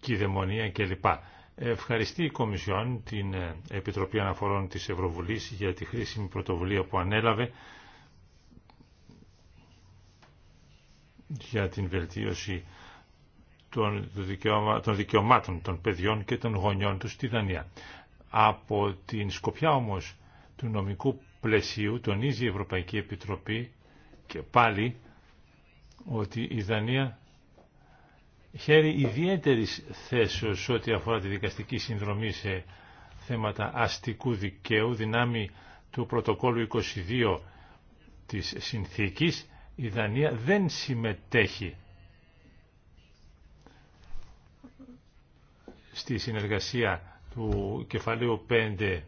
Speaker 3: κυδαιμονία κλπ. Ευχαριστεί η Κομισιόν την ε, Επιτροπή Αναφορών της Ευρωβουλής για τη χρήσιμη πρωτοβουλία που ανέλαβε για την βελτίωση των, δικαιωμάτων των παιδιών και των γονιών τους στη Δανία. Από την σκοπιά όμως του νομικού πλαισίου τονίζει η Ευρωπαϊκή Επιτροπή και πάλι ότι η Δανία χαίρει ιδιαίτερη θέσεως ό,τι αφορά τη δικαστική συνδρομή σε θέματα αστικού δικαίου, δυνάμει του πρωτοκόλου 22 της συνθήκης, η Δανία δεν συμμετέχει στη συνεργασία του κεφαλαίου 5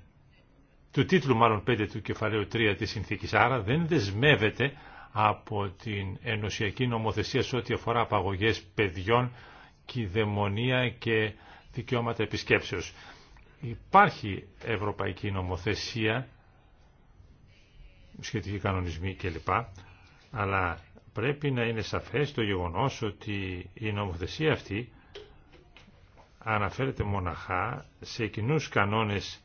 Speaker 3: του τίτλου μάλλον 5 του κεφαλαίου 3 της συνθήκης, άρα δεν δεσμεύεται από την ενωσιακή νομοθεσία σε ό,τι αφορά απαγωγές παιδιών, κυδαιμονία και δικαιώματα επισκέψεως. Υπάρχει ευρωπαϊκή νομοθεσία, σχετικοί κανονισμοί κλπ. Αλλά πρέπει να είναι σαφές το γεγονός ότι η νομοθεσία αυτή αναφέρεται μοναχά σε κοινού κανόνες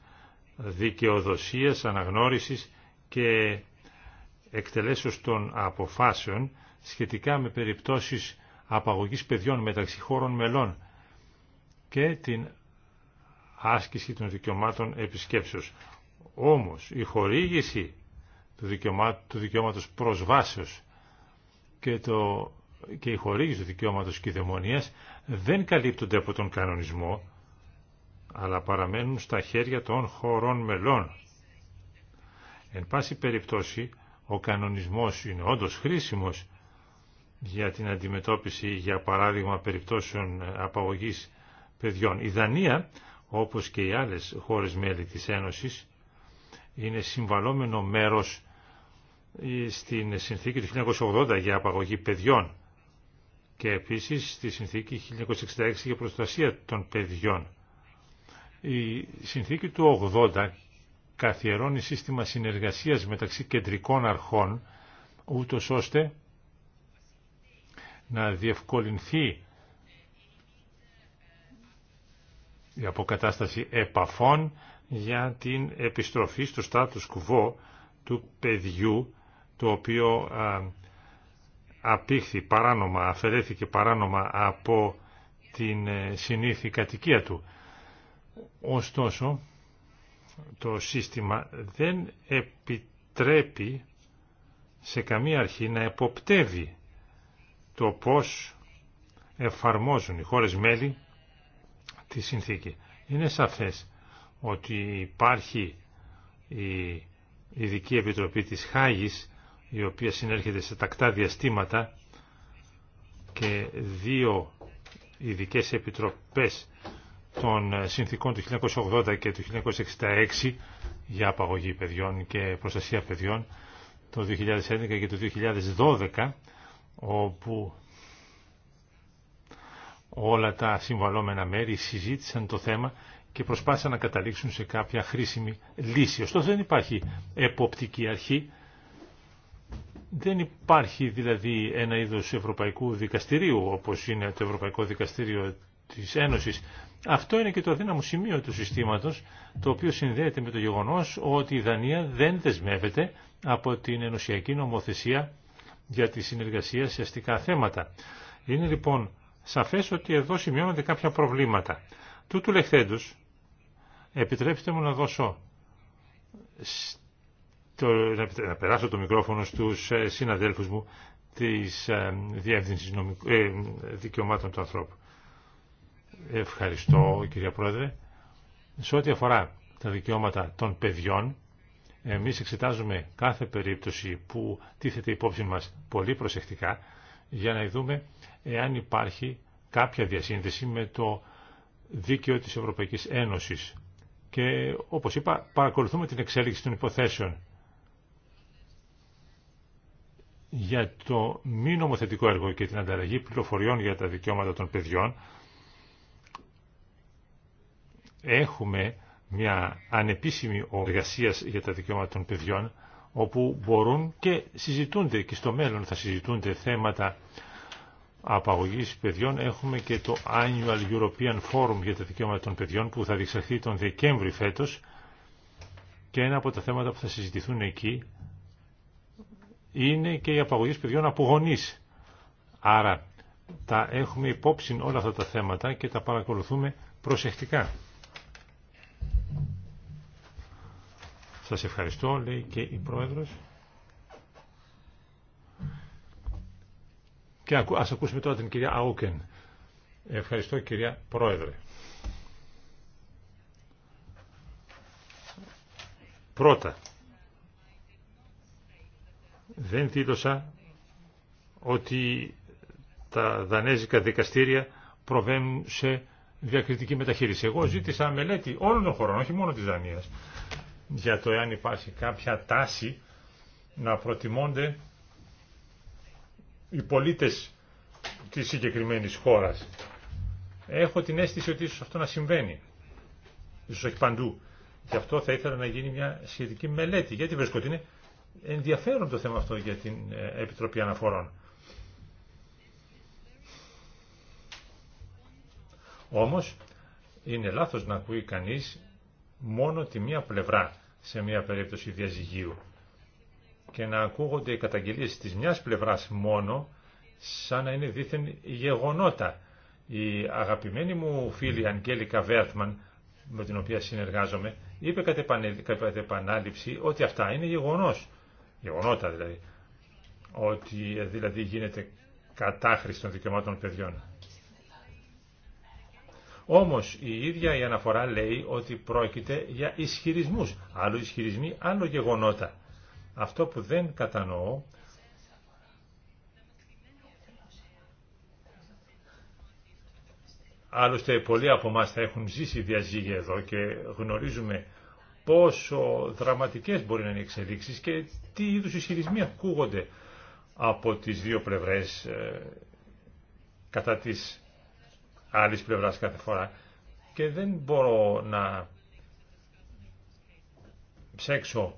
Speaker 3: δικαιοδοσίας, αναγνώρισης και εκτελέσεως των αποφάσεων σχετικά με περιπτώσεις απαγωγής παιδιών μεταξύ χώρων μελών και την άσκηση των δικαιωμάτων επισκέψεως. Όμως η χορήγηση του, δικαιωμά, του δικαιώματος προσβάσεως και, το, και η χορήγηση του δικαιώματος κυδαιμονίας δεν καλύπτονται από τον κανονισμό, αλλά παραμένουν στα χέρια των χωρών μελών. Εν πάση περιπτώσει, ο κανονισμός είναι όντως χρήσιμος για την αντιμετώπιση, για παράδειγμα, περιπτώσεων απαγωγής παιδιών. Η Δανία, όπως και οι άλλες χώρες μέλη της Ένωσης, είναι συμβαλόμενο μέρος ε, στην συνθήκη του 1980 για απαγωγή παιδιών και επίσης στη συνθήκη 1966 για προστασία των παιδιών. Η συνθήκη του 80 καθιερώνει σύστημα συνεργασίας μεταξύ κεντρικών αρχών ούτω ώστε να διευκολυνθεί η αποκατάσταση επαφών για την επιστροφή στο status κουβό του παιδιού το οποίο απήχθη παράνομα, αφαιρέθηκε παράνομα από την ε, συνήθη κατοικία του. Ωστόσο, το σύστημα δεν επιτρέπει σε καμία αρχή να εποπτεύει το πώς εφαρμόζουν οι χώρες μέλη τη συνθήκη. Είναι σαφές ότι υπάρχει η Ειδική Επιτροπή της Χάγης η οποία συνέρχεται σε τακτά διαστήματα και δύο ειδικέ επιτροπές των συνθήκων του 1980 και του 1966 για απαγωγή παιδιών και προστασία παιδιών το 2011 και το 2012 όπου όλα τα συμβαλόμενα μέρη συζήτησαν το θέμα και προσπάθησαν να καταλήξουν σε κάποια χρήσιμη λύση. Ωστόσο δεν υπάρχει εποπτική αρχή δεν υπάρχει δηλαδή ένα είδος ευρωπαϊκού δικαστηρίου όπως είναι το Ευρωπαϊκό Δικαστήριο της Ένωσης. Αυτό είναι και το αδύναμο σημείο του συστήματος το οποίο συνδέεται με το γεγονός ότι η Δανία δεν δεσμεύεται από την ενωσιακή νομοθεσία για τη συνεργασία σε αστικά θέματα. Είναι λοιπόν σαφές ότι εδώ σημειώνονται κάποια προβλήματα. Τούτου λεχθέντους επιτρέψτε μου να δώσω να περάσω το μικρόφωνο στους ε, συναδέλφους μου της ε, Διεύθυνσης ε, Δικαιωμάτων του Ανθρώπου. Ευχαριστώ κυρία Πρόεδρε. Σε ό,τι αφορά τα δικαιώματα των παιδιών, εμείς εξετάζουμε κάθε περίπτωση που τίθεται υπόψη μας πολύ προσεκτικά για να δούμε εάν υπάρχει κάποια διασύνδεση με το δίκαιο της Ευρωπαϊκής Ένωσης. Και όπως είπα παρακολουθούμε την εξέλιξη των υποθέσεων για το μη νομοθετικό έργο και την ανταλλαγή πληροφοριών για τα δικαιώματα των παιδιών έχουμε μια ανεπίσημη εργασία για τα δικαιώματα των παιδιών όπου μπορούν και συζητούνται και στο μέλλον θα συζητούνται θέματα απαγωγής παιδιών έχουμε και το Annual European Forum για τα δικαιώματα των παιδιών που θα διεξαχθεί τον Δεκέμβρη φέτος και ένα από τα θέματα που θα συζητηθούν εκεί είναι και η απαγωγή παιδιών από γονεί. Άρα τα έχουμε υπόψη όλα αυτά τα θέματα και τα παρακολουθούμε προσεκτικά. Σας ευχαριστώ, λέει και η Πρόεδρος. Και ας ακούσουμε τώρα την κυρία Αούκεν. Ευχαριστώ κυρία Πρόεδρε. Πρώτα, δεν δήλωσα ότι τα δανέζικα δικαστήρια προβαίνουν σε διακριτική μεταχείριση. Εγώ ζήτησα μελέτη όλων των χωρών, όχι μόνο της Δανίας, για το εάν υπάρχει κάποια τάση να προτιμώνται οι πολίτες της συγκεκριμένης χώρας. Έχω την αίσθηση ότι ίσως αυτό να συμβαίνει. Ίσως όχι παντού. Γι' αυτό θα ήθελα να γίνει μια σχετική μελέτη. Γιατί βρίσκω ότι είναι ενδιαφέρον το θέμα αυτό για την ε, Επιτροπή Αναφορών. Όμως είναι λάθος να ακούει κανείς μόνο τη μία πλευρά σε μία περίπτωση διαζυγίου και να ακούγονται οι καταγγελίες της μιας πλευράς μόνο σαν να είναι δίθεν γεγονότα. Η αγαπημένη μου φίλη Αγγέλικα Βέρτμαν με την οποία συνεργάζομαι είπε κατά επανάληψη ότι αυτά είναι γεγονός γεγονότα δηλαδή, ότι ε, δηλαδή γίνεται κατάχρηση των δικαιωμάτων παιδιών. Όμως η ίδια η αναφορά λέει ότι πρόκειται για ισχυρισμούς. Άλλο ισχυρισμοί, άλλο γεγονότα. Αυτό που δεν κατανοώ Άλλωστε πολλοί από εμά θα έχουν ζήσει διαζύγια εδώ και γνωρίζουμε πόσο δραματικές μπορεί να είναι οι εξελίξεις και τι είδους ισχυρισμοί ακούγονται από τις δύο πλευρές ε, κατά της άλλης πλευράς κάθε φορά και δεν μπορώ να ψέξω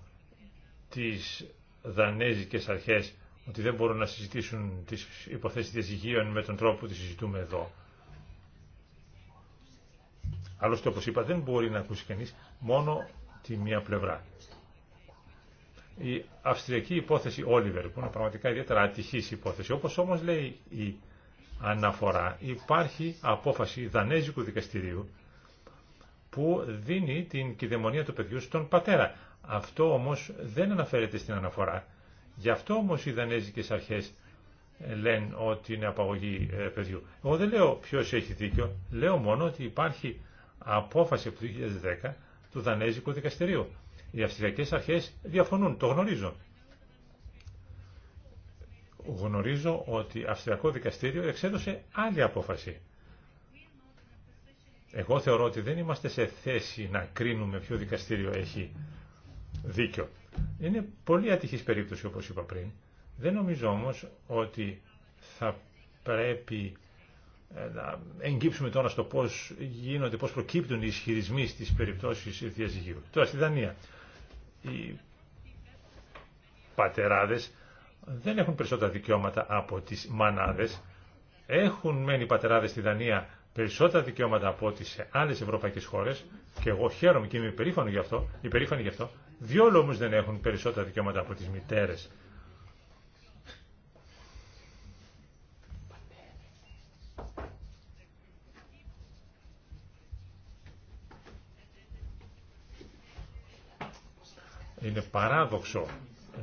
Speaker 3: τις δανέζικες αρχές ότι δεν μπορούν να συζητήσουν τις υποθέσεις διαζυγίων με τον τρόπο που τις συζητούμε εδώ. Άλλωστε, όπως είπα, δεν μπορεί να ακούσει κανείς μόνο τη μία πλευρά. Η αυστριακή υπόθεση Όλιβερ, που είναι πραγματικά ιδιαίτερα ατυχή υπόθεση, Όπω όμω λέει η αναφορά, υπάρχει απόφαση δανέζικου δικαστηρίου που δίνει την κυδαιμονία του παιδιού στον πατέρα. Αυτό όμω δεν αναφέρεται στην αναφορά. Γι' αυτό όμω οι δανέζικε αρχέ λένε ότι είναι απαγωγή ε, παιδιού. Εγώ δεν λέω ποιο έχει δίκιο, λέω μόνο ότι υπάρχει απόφαση από το 2010 του Δανέζικου Δικαστηρίου. Οι αυστριακές αρχές διαφωνούν, το γνωρίζω. Γνωρίζω ότι Αυστριακό Δικαστήριο εξέδωσε άλλη απόφαση. Εγώ θεωρώ ότι δεν είμαστε σε θέση να κρίνουμε ποιο δικαστήριο έχει δίκιο. Είναι πολύ ατυχής περίπτωση όπως είπα πριν. Δεν νομίζω όμως ότι θα πρέπει ε, να εγκύψουμε τώρα στο πώς γίνονται, πώς προκύπτουν οι ισχυρισμοί στις περιπτώσεις διαζυγίου. Τώρα στη Δανία, οι πατεράδες δεν έχουν περισσότερα δικαιώματα από τις μανάδες. Έχουν μένει οι πατεράδες στη Δανία περισσότερα δικαιώματα από ό,τι σε άλλες ευρωπαϊκές χώρες και εγώ χαίρομαι και είμαι υπερήφανο γι' αυτό, υπερήφανη γι' αυτό, διόλου δεν έχουν περισσότερα δικαιώματα από τι μητέρε. Είναι παράδοξο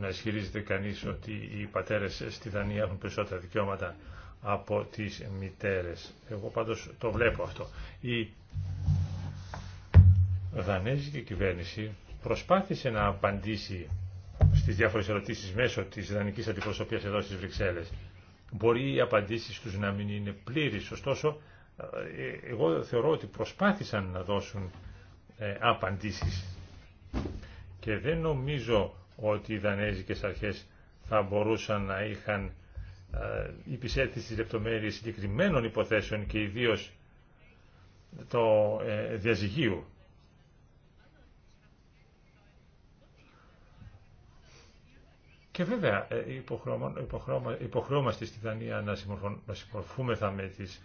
Speaker 3: να ισχυρίζεται κανείς ότι οι πατέρες στη Δανία έχουν περισσότερα δικαιώματα από τις μητέρες. Εγώ πάντως το βλέπω αυτό. Η δανέζικη κυβέρνηση προσπάθησε να απαντήσει στις διάφορες ερωτήσεις μέσω της Δανικής αντιπροσωπείας εδώ στις Βρυξέλλες. Μπορεί οι απαντήσεις τους να μην είναι πλήρεις, ωστόσο ε, εγώ θεωρώ ότι προσπάθησαν να δώσουν ε, απαντήσεις και δεν νομίζω ότι οι δανέζικες αρχές θα μπορούσαν να είχαν ε, υπησέτηση στις λεπτομέρειες συγκεκριμένων υποθέσεων και ιδίως το ε, διαζυγίου. Και βέβαια ε, υποχρεώμαστε στη Δανία να, να συμμορφούμεθα με τις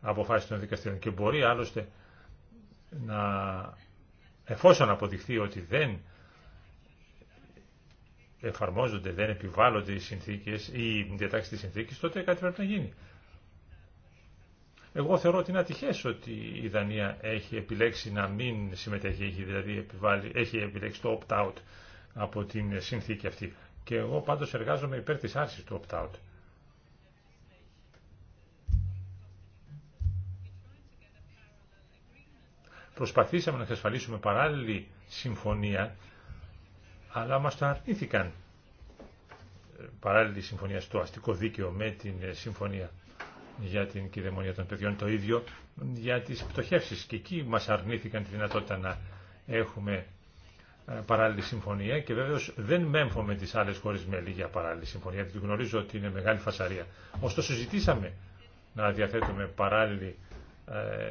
Speaker 3: αποφάσεις των δικαστήριων και μπορεί άλλωστε να εφόσον αποδειχθεί ότι δεν εφαρμόζονται, δεν επιβάλλονται οι συνθήκες ή οι διατάξεις της συνθήκης, τότε κάτι πρέπει να γίνει. Εγώ θεωρώ ότι είναι ατυχές ότι η Δανία έχει επιλέξει να μην συμμετέχει, έχει, δηλαδή επιβάλλει έχει επιλέξει το opt-out από την συνθήκη αυτή. Και εγώ πάντως εργάζομαι υπέρ της άρσης του opt-out. Προσπαθήσαμε να εξασφαλίσουμε παράλληλη συμφωνία αλλά μας το αρνήθηκαν. Ε, παράλληλη συμφωνία στο αστικό δίκαιο με την ε, συμφωνία για την κυδαιμονία των παιδιών, το ίδιο για τις πτωχεύσεις. Και εκεί μας αρνήθηκαν τη δυνατότητα να έχουμε ε, παράλληλη συμφωνία και βέβαια δεν μέμφω με τις άλλες χώρες με για παράλληλη συμφωνία, γιατί γνωρίζω ότι είναι μεγάλη φασαρία. Ωστόσο ζητήσαμε να διαθέτουμε παράλληλη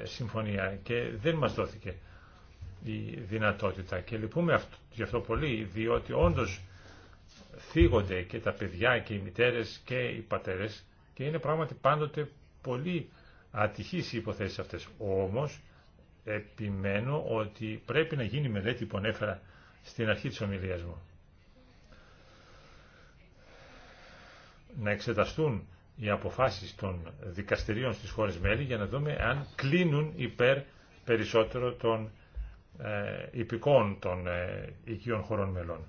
Speaker 3: συμφωνία και δεν μας δόθηκε η δυνατότητα. Και λυπούμε γι' αυτό πολύ, διότι όντως θίγονται και τα παιδιά και οι μητέρες και οι πατέρες και είναι πράγματι πάντοτε πολύ ατυχείς οι υποθέσεις αυτές. Όμως, επιμένω ότι πρέπει να γίνει μελέτη που ανέφερα στην αρχή της ομιλίας μου. Να εξεταστούν οι αποφάσεις των δικαστηρίων στις χώρες μέλη για να δούμε αν κλείνουν υπέρ περισσότερο των ε, υπηκών των ε, οικείων χωρών μελών.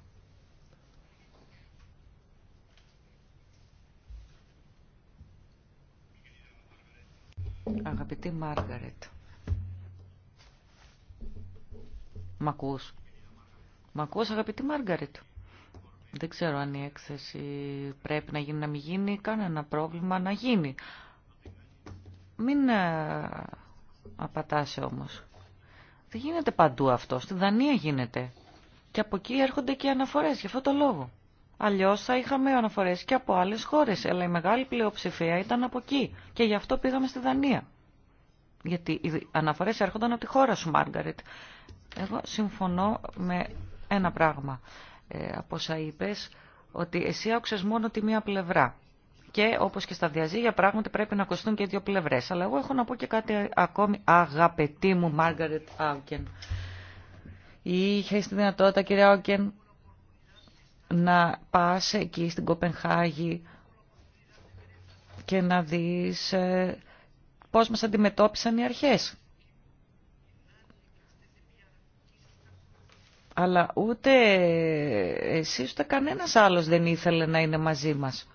Speaker 2: Αγαπητή Μάργαρετ, μ' ακούς. Μ' ακούς αγαπητή Μάργαρετ. Δεν ξέρω αν η έκθεση πρέπει να γίνει να μην γίνει, κανένα πρόβλημα να γίνει. Μην ε, απατάσαι όμως. Δεν γίνεται παντού αυτό. Στη Δανία γίνεται. Και από εκεί έρχονται και οι αναφορές, γι' αυτό το λόγο. Αλλιώς θα είχαμε αναφορές και από άλλες χώρες, αλλά η μεγάλη πλειοψηφία ήταν από εκεί. Και γι' αυτό πήγαμε στη Δανία. Γιατί οι αναφορές έρχονταν από τη χώρα σου, Μάργαρετ. Εγώ συμφωνώ με ένα πράγμα. Ε, από όσα είπες, ότι εσύ άκουσες μόνο τη μία πλευρά και όπως και στα διαζύγια πράγματι πρέπει να ακουστούν και οι δύο πλευρές. Αλλά εγώ έχω να πω και κάτι ακόμη αγαπητή μου Μάργαρετ Άουκεν. Είχε τη δυνατότητα κύριε Άουκεν να πά εκεί στην Κοπενχάγη και να δεις ε, πώς μας αντιμετώπισαν οι αρχές. Αλλά ούτε εσείς ούτε κανένας άλλος δεν ήθελε να είναι μαζί μας.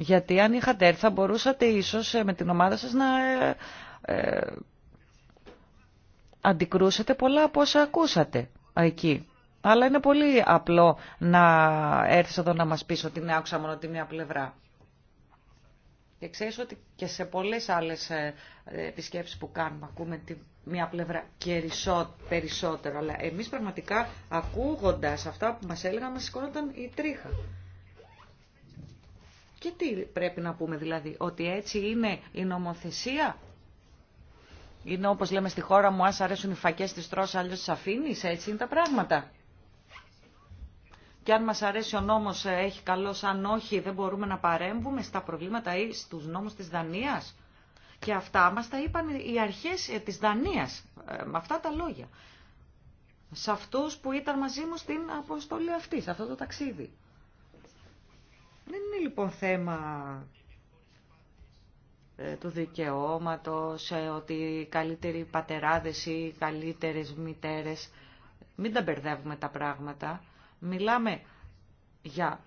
Speaker 2: Γιατί αν είχατε έρθει θα μπορούσατε ίσως ε, με την ομάδα σας να ε, ε πολλά από όσα ακούσατε εκεί. Αλλά είναι πολύ απλό να έρθεις εδώ να μας πεις ότι ναι, άκουσα μόνο τη μία πλευρά. Και ξέρεις ότι και σε πολλές άλλες ε, επισκέψεις που κάνουμε ακούμε τη μία πλευρά και περισσότερο. Αλλά εμείς πραγματικά ακούγοντας αυτά που μας έλεγαν μας σηκώνονταν η τρίχα. Και τι πρέπει να πούμε δηλαδή, ότι έτσι είναι η νομοθεσία. Είναι όπως λέμε στη χώρα μου, αν αρέσουν οι φακές της τρως, αλλιώς τις αφήνεις, έτσι είναι τα πράγματα. Και αν μας αρέσει ο νόμος ε, έχει καλό αν όχι δεν μπορούμε να παρέμβουμε στα προβλήματα ή στους νόμους της Δανίας. Και αυτά μας τα είπαν οι αρχές ε, της Δανίας, ε, με αυτά τα λόγια. Σε αυτούς που ήταν μαζί μου στην αποστολή αυτή, σε αυτό το ταξίδι. Δεν είναι λοιπόν θέμα ε, του δικαιώματος, ε, ότι οι καλύτεροι πατεράδες ή οι καλύτερες μητέρες, μην τα μπερδεύουμε τα πράγματα. Μιλάμε για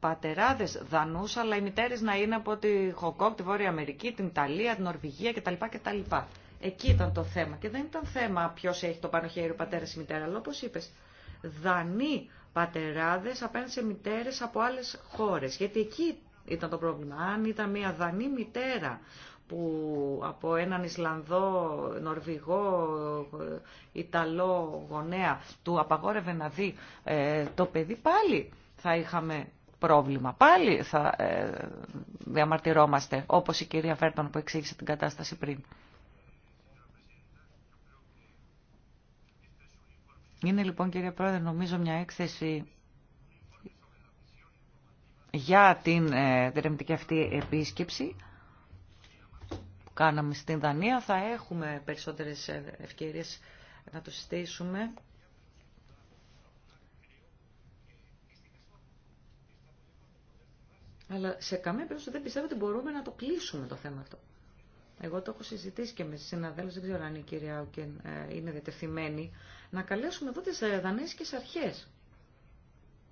Speaker 2: πατεράδες δανούς, αλλά οι μητέρες να είναι από τη Χοκόκ, τη Βόρεια Αμερική, την Ιταλία, την Νορβηγία κτλ. κτλ. Εκεί ήταν το θέμα. Και δεν ήταν θέμα ποιο έχει το πάνω χέρι ο πατέρα ή μητέρα, αλλά όπω είπε, δανεί πατεράδες απέναντι σε μητέρες από άλλες χώρες. Γιατί εκεί ήταν το πρόβλημα. Αν ήταν μια δανή μητέρα που από έναν Ισλανδό, Νορβηγό, Ιταλό γονέα του απαγόρευε να δει ε, το παιδί, πάλι θα είχαμε πρόβλημα. Πάλι θα ε, διαμαρτυρόμαστε, όπως η κυρία Φέρτον που εξήγησε την κατάσταση πριν. Είναι λοιπόν κύριε Πρόεδρε νομίζω μια έκθεση για την ε, διερευνητική αυτή επίσκεψη που κάναμε στην Δανία. Θα έχουμε περισσότερες ε, ευκαιρίες να το συστήσουμε. Αλλά σε καμία περίπτωση δεν πιστεύω ότι μπορούμε να το κλείσουμε το θέμα αυτό. Εγώ το έχω συζητήσει και με συναδέλφου, δεν ξέρω αν η κυρία Άουκεν ε, είναι διατεθειμένη να καλέσουμε εδώ τις ε, και αρχές.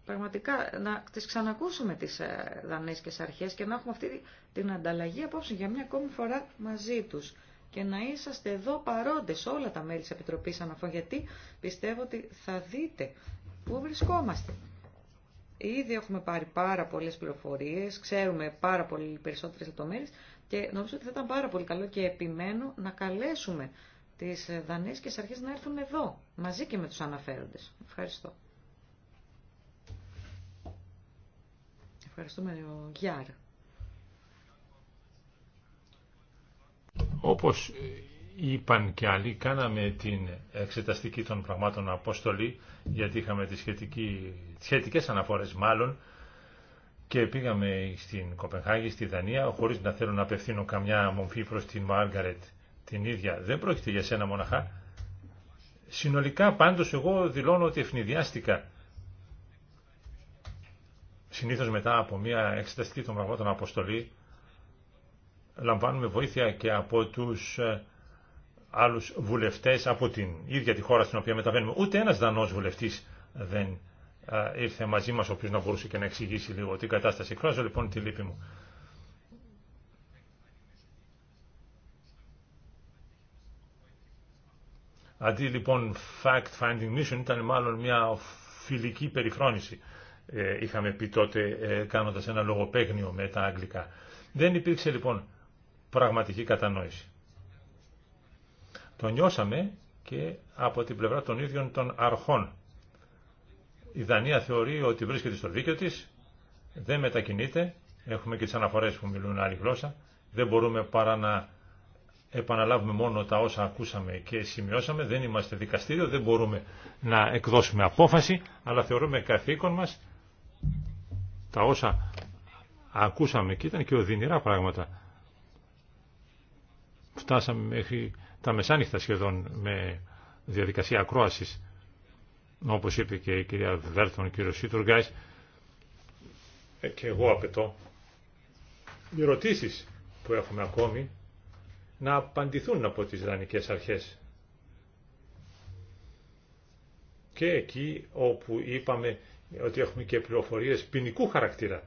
Speaker 2: Πραγματικά να τις ξανακούσουμε τις ε, δανέζικες αρχές και να έχουμε αυτή την ανταλλαγή απόψε για μια ακόμη φορά μαζί τους. Και να είσαστε εδώ παρόντες όλα τα μέλη της Επιτροπής Αναφών, γιατί πιστεύω ότι θα δείτε πού βρισκόμαστε. Ήδη έχουμε πάρει πάρα πολλές πληροφορίες, ξέρουμε πάρα πολύ περισσότερες λεπτομέρειε και νομίζω ότι θα ήταν πάρα πολύ καλό και επιμένω να καλέσουμε τις δανέζικες αρχέ να έρθουν εδώ, μαζί και με τους αναφέροντες. Ευχαριστώ. Ευχαριστούμε, ο Γιάρ.
Speaker 3: Όπως είπαν και άλλοι, κάναμε την εξεταστική των πραγμάτων απόστολη, γιατί είχαμε τις σχετικέ σχετικές αναφορές μάλλον, και πήγαμε στην Κοπενχάγη, στη Δανία, χωρίς να θέλω να απευθύνω καμιά μομφή προς την Μάργαρετ την ίδια. Δεν πρόκειται για σένα μοναχά. Συνολικά πάντως εγώ δηλώνω ότι ευνηδιάστηκα. Συνήθως μετά από μια εξεταστική των πραγμάτων αποστολή λαμβάνουμε βοήθεια και από τους ε, άλλους βουλευτές από την ίδια τη χώρα στην οποία μεταβαίνουμε. Ούτε ένας δανός βουλευτής δεν ε, ήρθε μαζί μας ο οποίος να μπορούσε και να εξηγήσει λίγο την κατάσταση. Εκφράζω λοιπόν τη λύπη μου. Αντί λοιπόν fact-finding mission ήταν μάλλον μια φιλική περιφρόνηση. Ε, είχαμε πει τότε ε, κάνοντας ένα λογοπαίγνιο με τα αγγλικά. Δεν υπήρξε λοιπόν πραγματική κατανόηση. Το νιώσαμε και από την πλευρά των ίδιων των αρχών. Η Δανία θεωρεί ότι βρίσκεται στο δίκαιο της, δεν μετακινείται, έχουμε και τις αναφορές που μιλούν άλλη γλώσσα, δεν μπορούμε παρά να επαναλάβουμε μόνο τα όσα ακούσαμε και σημειώσαμε. Δεν είμαστε δικαστήριο, δεν μπορούμε να εκδώσουμε απόφαση, αλλά θεωρούμε καθήκον μας τα όσα ακούσαμε και ήταν και οδυνηρά πράγματα. Φτάσαμε μέχρι τα μεσάνυχτα σχεδόν με διαδικασία ακρόασης, όπως είπε και η κυρία Βέρθον, ο κύριος Σίτουργκάης, ε, και εγώ απαιτώ οι ερωτήσεις που έχουμε ακόμη να απαντηθούν από τις δανεικές αρχές. Και εκεί όπου είπαμε ότι έχουμε και πληροφορίες ποινικού χαρακτήρα.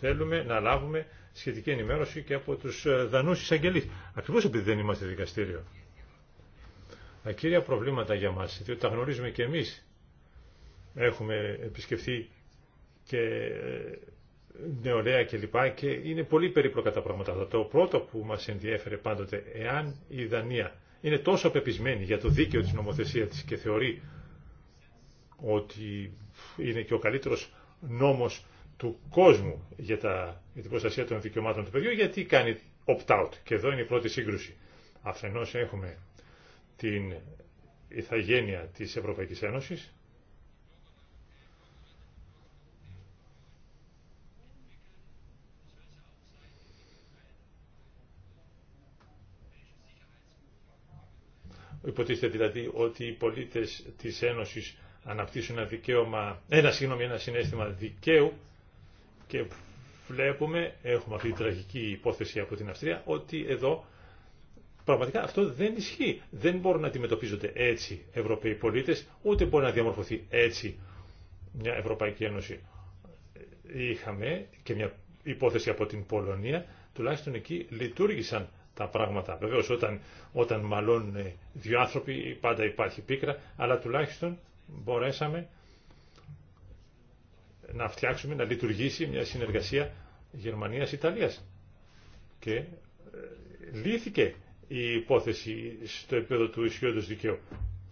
Speaker 3: Θέλουμε να λάβουμε σχετική ενημέρωση και από τους ε, δανούς εισαγγελείς. Ακριβώς επειδή δεν είμαστε δικαστήριο. Τα κύρια προβλήματα για μας, διότι τα γνωρίζουμε και εμείς, έχουμε επισκεφθεί και ε, νεολαία κλπ. Και είναι πολύ περίπλοκα τα πράγματα Το πρώτο που μας ενδιέφερε πάντοτε, εάν η Δανία είναι τόσο πεπισμένη για το δίκαιο της νομοθεσίας της και θεωρεί ότι είναι και ο καλύτερος νόμος του κόσμου για, τα, για την προστασία των δικαιωμάτων του παιδιού, γιατί κάνει opt-out. Και εδώ είναι η πρώτη σύγκρουση. Αφενός έχουμε την ηθαγένεια της Ευρωπαϊκής Ένωσης, Υποτίθεται δηλαδή ότι οι πολίτες της Ένωσης αναπτύσσουν ένα δικαίωμα, ένα σύνομο, ένα συνέστημα δικαίου και βλέπουμε, έχουμε αυτή τη τραγική υπόθεση από την Αυστρία, ότι εδώ πραγματικά αυτό δεν ισχύει. Δεν μπορούν να αντιμετωπίζονται έτσι Ευρωπαίοι πολίτες, ούτε μπορεί να διαμορφωθεί έτσι μια Ευρωπαϊκή Ένωση. Είχαμε και μια υπόθεση από την Πολωνία, τουλάχιστον εκεί λειτουργήσαν τα πράγματα. Βεβαίως όταν, όταν μαλώνουν δύο άνθρωποι πάντα υπάρχει πίκρα, αλλά τουλάχιστον μπορέσαμε να φτιάξουμε, να λειτουργήσει μια συνεργασία Γερμανίας-Ιταλίας. Και ε, λύθηκε η υπόθεση στο επίπεδο του ισχυόντος δικαίου.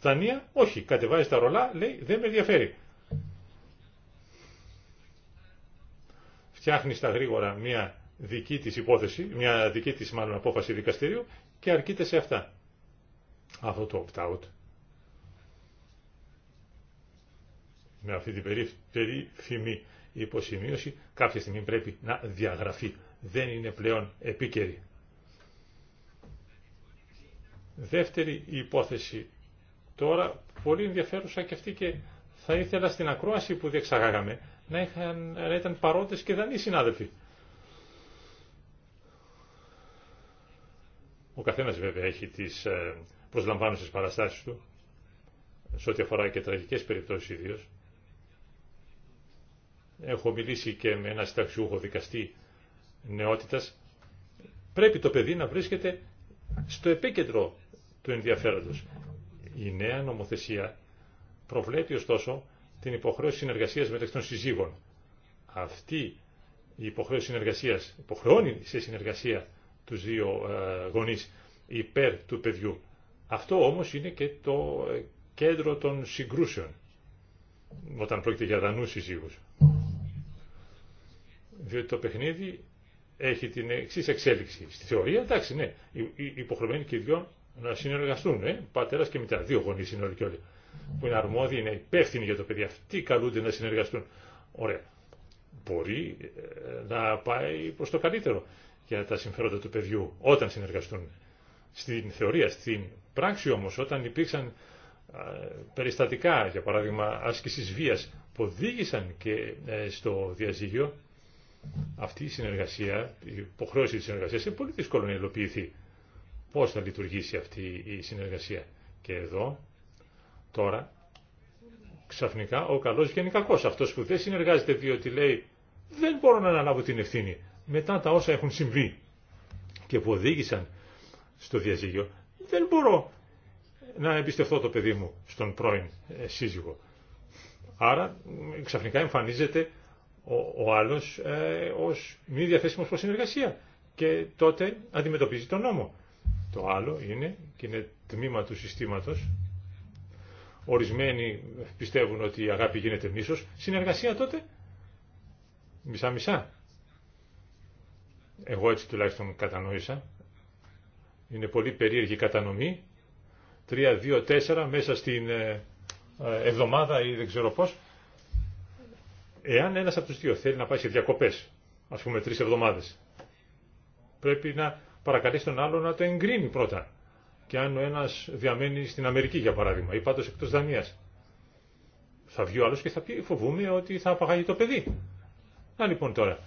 Speaker 3: Δανία, όχι, κατεβάζει τα ρολά, λέει, δεν με ενδιαφέρει. Φτιάχνει στα γρήγορα μια δική της υπόθεση, μια δική της μάλλον απόφαση δικαστηρίου και αρκείται σε αυτά. Αυτό το opt-out με αυτή την περίφημη υποσημείωση κάποια στιγμή πρέπει να διαγραφεί. Δεν είναι πλέον επίκαιρη. Δεύτερη υπόθεση τώρα, πολύ ενδιαφέρουσα και αυτή και θα ήθελα στην ακρόαση που διεξαγάγαμε να, είχαν, να ήταν παρόντες και δανείς συνάδελφοι. Ο καθένας βέβαια έχει τις ε, προσλαμβάνουσες παραστάσεις του, σε ό,τι αφορά και τραγικές περιπτώσεις ιδίω. Έχω μιλήσει και με ένα συνταξιούχο δικαστή νεότητας. Πρέπει το παιδί να βρίσκεται στο επίκεντρο του ενδιαφέροντος. Η νέα νομοθεσία προβλέπει ωστόσο την υποχρέωση συνεργασίας μεταξύ των συζύγων. Αυτή η υποχρέωση συνεργασίας υποχρεώνει σε συνεργασία τους δύο ε, γονείς υπέρ του παιδιού. Αυτό όμως είναι και το ε, κέντρο των συγκρούσεων όταν πρόκειται για δανούς συζύγους. Διότι το παιχνίδι έχει την εξή εξέλιξη. Στη θεωρία, εντάξει, ναι, υποχρεωμένοι και οι δυο να συνεργαστούν, ε, πατέρα και μητέρα, δύο γονεί είναι όλοι και όλοι, που είναι αρμόδιοι, είναι υπεύθυνοι για το παιδί. Αυτοί καλούνται να συνεργαστούν. Ωραία. Μπορεί ε, να πάει προ το καλύτερο για τα συμφέροντα του παιδιού όταν συνεργαστούν. Στην θεωρία, στην πράξη όμως, όταν υπήρξαν περιστατικά, για παράδειγμα άσκησης βίας, που οδήγησαν και ε, στο διαζύγιο, αυτή η συνεργασία, η υποχρέωση της συνεργασίας είναι πολύ δύσκολο να υλοποιηθεί. Πώς θα λειτουργήσει αυτή η συνεργασία. Και εδώ, τώρα, ξαφνικά ο καλός γενικακός, κακός. Αυτός που δεν συνεργάζεται διότι λέει δεν μπορώ να αναλάβω την ευθύνη μετά τα όσα έχουν συμβεί και που οδήγησαν στο διαζύγιο, δεν μπορώ να εμπιστευτώ το παιδί μου στον πρώην ε, σύζυγο. Άρα ξαφνικά εμφανίζεται ο, άλλος ε, ως μη διαθέσιμος προς συνεργασία και τότε αντιμετωπίζει τον νόμο. Το άλλο είναι, και είναι τμήμα του συστήματος, ορισμένοι πιστεύουν ότι η αγάπη γίνεται μίσος, συνεργασία τότε μισά-μισά εγώ έτσι τουλάχιστον κατανόησα, είναι πολύ περίεργη κατανομή, 3-2-4 μέσα στην ε, ε, εβδομάδα ή δεν ξέρω πώς, εάν ένας από τους δύο θέλει να πάει σε διακοπές, ας πούμε τρεις εβδομάδες, πρέπει να παρακαλέσει τον άλλο να το εγκρίνει πρώτα. Και αν ο ένας διαμένει στην Αμερική για παράδειγμα ή πάντως εκτός Δανίας, θα βγει ο άλλος και θα πει φοβούμαι ότι θα απαγάγει το παιδί. Να λοιπόν τώρα,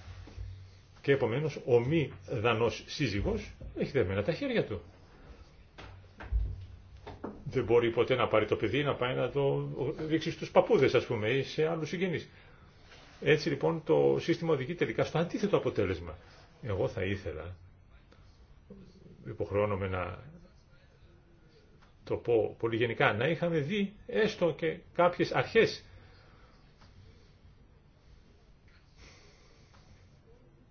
Speaker 3: και επομένω ο μη δανός σύζυγος έχει δεμένα τα χέρια του. Δεν μπορεί ποτέ να πάρει το παιδί να πάει να το ρίξει στου παππούδε, α πούμε ή σε άλλου συγγενεί. Έτσι λοιπόν το σύστημα οδηγεί τελικά στο αντίθετο αποτέλεσμα. Εγώ θα ήθελα, υποχρεώνομαι να το πω πολύ γενικά, να είχαμε δει έστω και κάποιες αρχές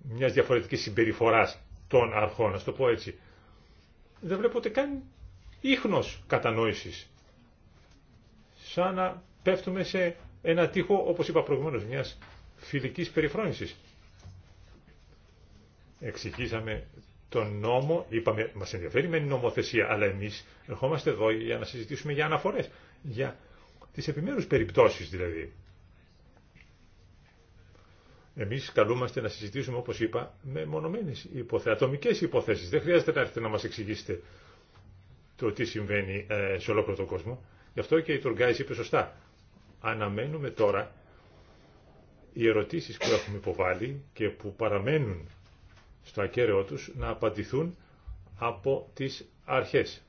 Speaker 3: Μια διαφορετική συμπεριφορά των αρχών, να το πω έτσι. Δεν βλέπω ούτε καν ίχνος κατανόησης. Σαν να πέφτουμε σε ένα τείχο, όπως είπα προηγουμένως, μια φιλική περιφρόνησης. Εξηγήσαμε τον νόμο, είπαμε, μα ενδιαφέρει με νομοθεσία, αλλά εμείς ερχόμαστε εδώ για να συζητήσουμε για αναφορές, για τις επιμέρους περιπτώσεις δηλαδή. Εμείς καλούμαστε να συζητήσουμε, όπως είπα, με μονομένες υποθέσεις, ατομικές υποθέσεις. Δεν χρειάζεται να έρθετε να μας εξηγήσετε το τι συμβαίνει ε, σε ολόκληρο τον κόσμο. Γι' αυτό και η Τουργκάης είπε σωστά. Αναμένουμε τώρα οι ερωτήσεις που έχουμε υποβάλει και που παραμένουν στο ακέραιο τους να απαντηθούν από τις αρχές.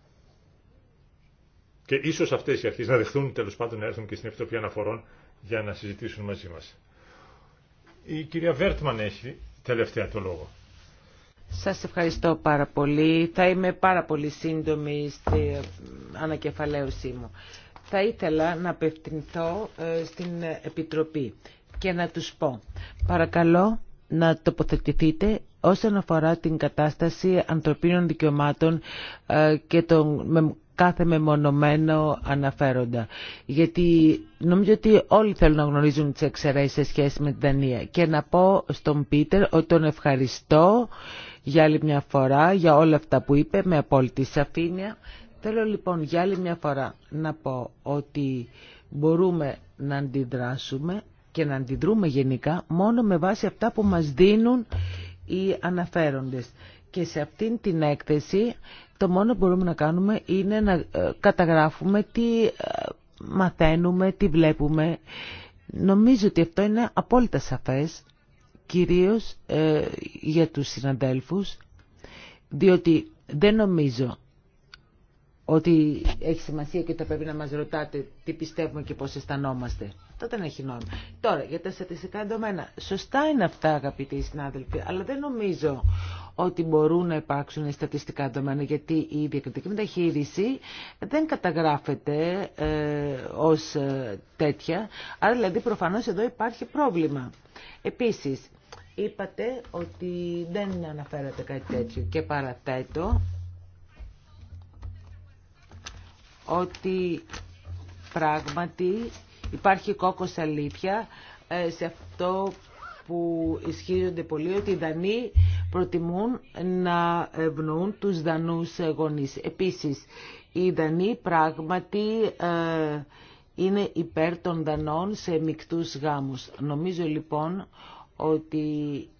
Speaker 3: Και ίσως αυτές οι αρχές να δεχθούν τέλος πάντων να έρθουν και στην Επιτροπή Αναφορών για να συζητήσουν μαζί μας. Η κυρία Βέρτμαν έχει τελευταία το λόγο.
Speaker 1: Σας ευχαριστώ πάρα πολύ. Θα είμαι πάρα πολύ σύντομη στην ανακεφαλαίωσή μου. Θα ήθελα να απευθυνθώ ε, στην Επιτροπή και να τους πω. Παρακαλώ να τοποθετηθείτε όσον αφορά την κατάσταση ανθρωπίνων δικαιωμάτων ε, και των κάθε μεμονωμένο αναφέροντα. Γιατί νομίζω ότι όλοι θέλουν να γνωρίζουν τις εξαιρέσεις σε σχέση με την Δανία. Και να πω στον Πίτερ ότι τον ευχαριστώ για άλλη μια φορά, για όλα αυτά που είπε, με απόλυτη σαφήνεια. Θέλω λοιπόν για άλλη μια φορά να πω ότι μπορούμε να αντιδράσουμε και να αντιδρούμε γενικά μόνο με βάση αυτά που μας δίνουν οι αναφέροντες. Και σε αυτήν την έκθεση το μόνο που μπορούμε να κάνουμε είναι να ε, καταγράφουμε τι ε, μαθαίνουμε, τι βλέπουμε. Νομίζω ότι αυτό είναι απόλυτα σαφές, κυρίως ε, για τους συναδέλφους, διότι δεν νομίζω ότι έχει σημασία και θα πρέπει να μας ρωτάτε τι πιστεύουμε και πώς αισθανόμαστε τότε δεν έχει νόημα. Τώρα, για τα στατιστικά δεδομένα. Σωστά είναι αυτά, αγαπητοί συνάδελφοι, αλλά δεν νομίζω ότι μπορούν να υπάρξουν στατιστικά δεδομένα, γιατί η διακριτική μεταχείριση δεν καταγράφεται ε, ως ε, τέτοια, άρα δηλαδή προφανώς εδώ υπάρχει πρόβλημα. Επίσης, είπατε ότι δεν αναφέρατε κάτι τέτοιο και παραθέτω ότι πράγματι Υπάρχει κόκκος αλήθεια ε, σε αυτό που ισχύονται πολύ ότι οι Δανείοι προτιμούν να ευνοούν τους Δανούς γονείς. Επίσης, οι Δανείοι πράγματι ε, είναι υπέρ των Δανών σε μικτούς γάμους. Νομίζω λοιπόν ότι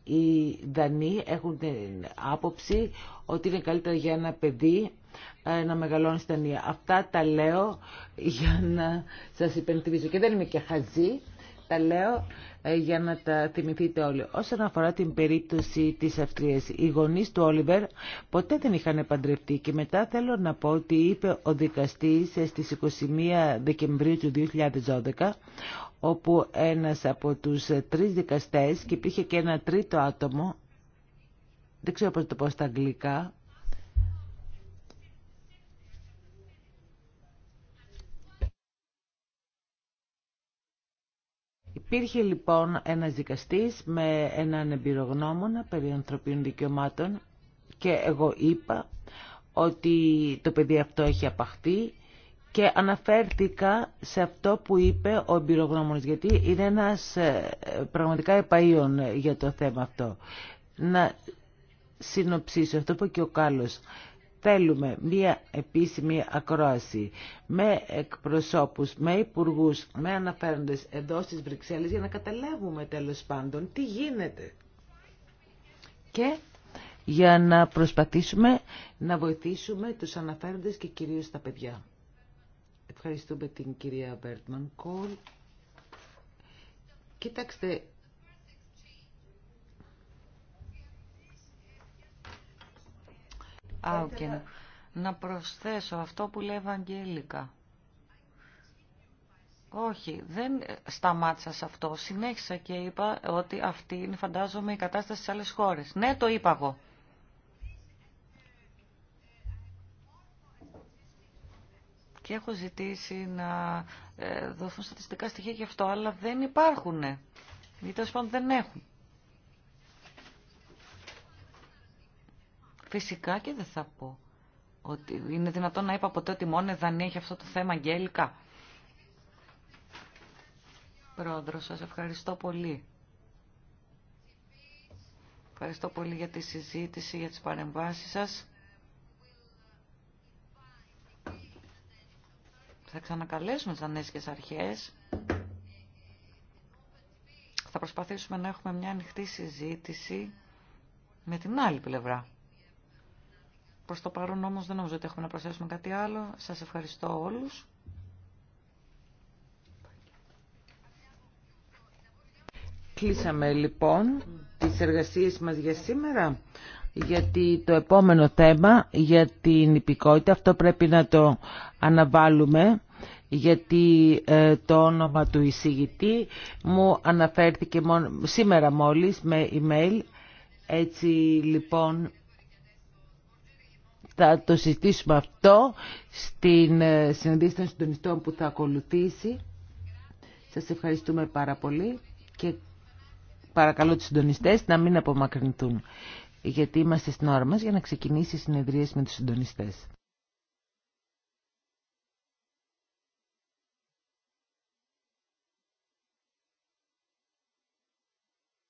Speaker 1: οι Δανείοι έχουν την άποψη ότι είναι καλύτερα για ένα παιδί ε, να μεγαλώνει στην ταινία. Αυτά τα λέω για να σας υπενθυμίζω. Και δεν είμαι και χαζή, τα λέω ε, για να τα θυμηθείτε όλοι. Όσον αφορά την περίπτωση της Αυστρίας, οι γονείς του Όλιβερ ποτέ δεν είχαν παντρευτεί και μετά θέλω να πω ότι είπε ο δικαστής ε, στις 21 Δεκεμβρίου του 2012 όπου ένας από τους τρεις δικαστές και υπήρχε και ένα τρίτο άτομο, δεν ξέρω πώς το πω στα αγγλικά, Υπήρχε λοιπόν ένας δικαστής με έναν εμπειρογνώμονα περί ανθρωπίνων δικαιωμάτων και εγώ είπα ότι το παιδί αυτό έχει απαχθεί και αναφέρθηκα σε αυτό που είπε ο εμπειρογνώμονας γιατί είναι ένας ε, πραγματικά επαΐων για το θέμα αυτό. Να συνοψίσω αυτό που και ο Κάλλος θέλουμε μία επίσημη ακρόαση με εκπροσώπους, με υπουργούς, με αναφέροντες εδώ στις Βρυξέλλες για να καταλάβουμε τέλος πάντων τι γίνεται. Και για να προσπαθήσουμε να βοηθήσουμε τους αναφέροντες και κυρίως τα παιδιά. Ευχαριστούμε την κυρία Βέρτμαν Κόλ. Κοίταξτε,
Speaker 2: Ναι. Να προσθέσω αυτό που λέει Ευαγγέλικα. Όχι, δεν σταμάτησα σε αυτό. Συνέχισα και είπα ότι αυτή είναι φαντάζομαι η κατάσταση στις άλλες χώρες. Ναι, το είπα εγώ. Και έχω ζητήσει να ε, δοθούν στατιστικά στοιχεία γι' αυτό, αλλά δεν υπάρχουν. Ή τέλο πάντων δεν έχουν. Φυσικά και δεν θα πω ότι είναι δυνατόν να είπα ποτέ ότι μόνο η Δανία έχει αυτό το θέμα αγγέλικα. Πρόεδρο, σας ευχαριστώ πολύ. Ευχαριστώ πολύ για τη συζήτηση, για τις παρεμβάσεις σας. Θα ξανακαλέσουμε τις ανέσικες αρχές. Θα προσπαθήσουμε να έχουμε μια ανοιχτή συζήτηση με την άλλη πλευρά. Προς το παρόν όμως δεν νομίζω ότι έχουμε να προσθέσουμε κάτι άλλο. Σας ευχαριστώ
Speaker 1: όλους. Κλείσαμε λοιπόν τις εργασίες μας για σήμερα γιατί το επόμενο θέμα για την υπηκότητα αυτό πρέπει να το αναβάλουμε γιατί ε, το όνομα του εισηγητή μου αναφέρθηκε σήμερα μόλις με email έτσι λοιπόν θα το συζητήσουμε αυτό στην ε, συναντήση των συντονιστών που θα ακολουθήσει. Σας ευχαριστούμε πάρα πολύ και παρακαλώ τους συντονιστές να μην απομακρυνθούν γιατί είμαστε στην ώρα μας για να ξεκινήσει η συνεδρίαση με τους συντονιστές.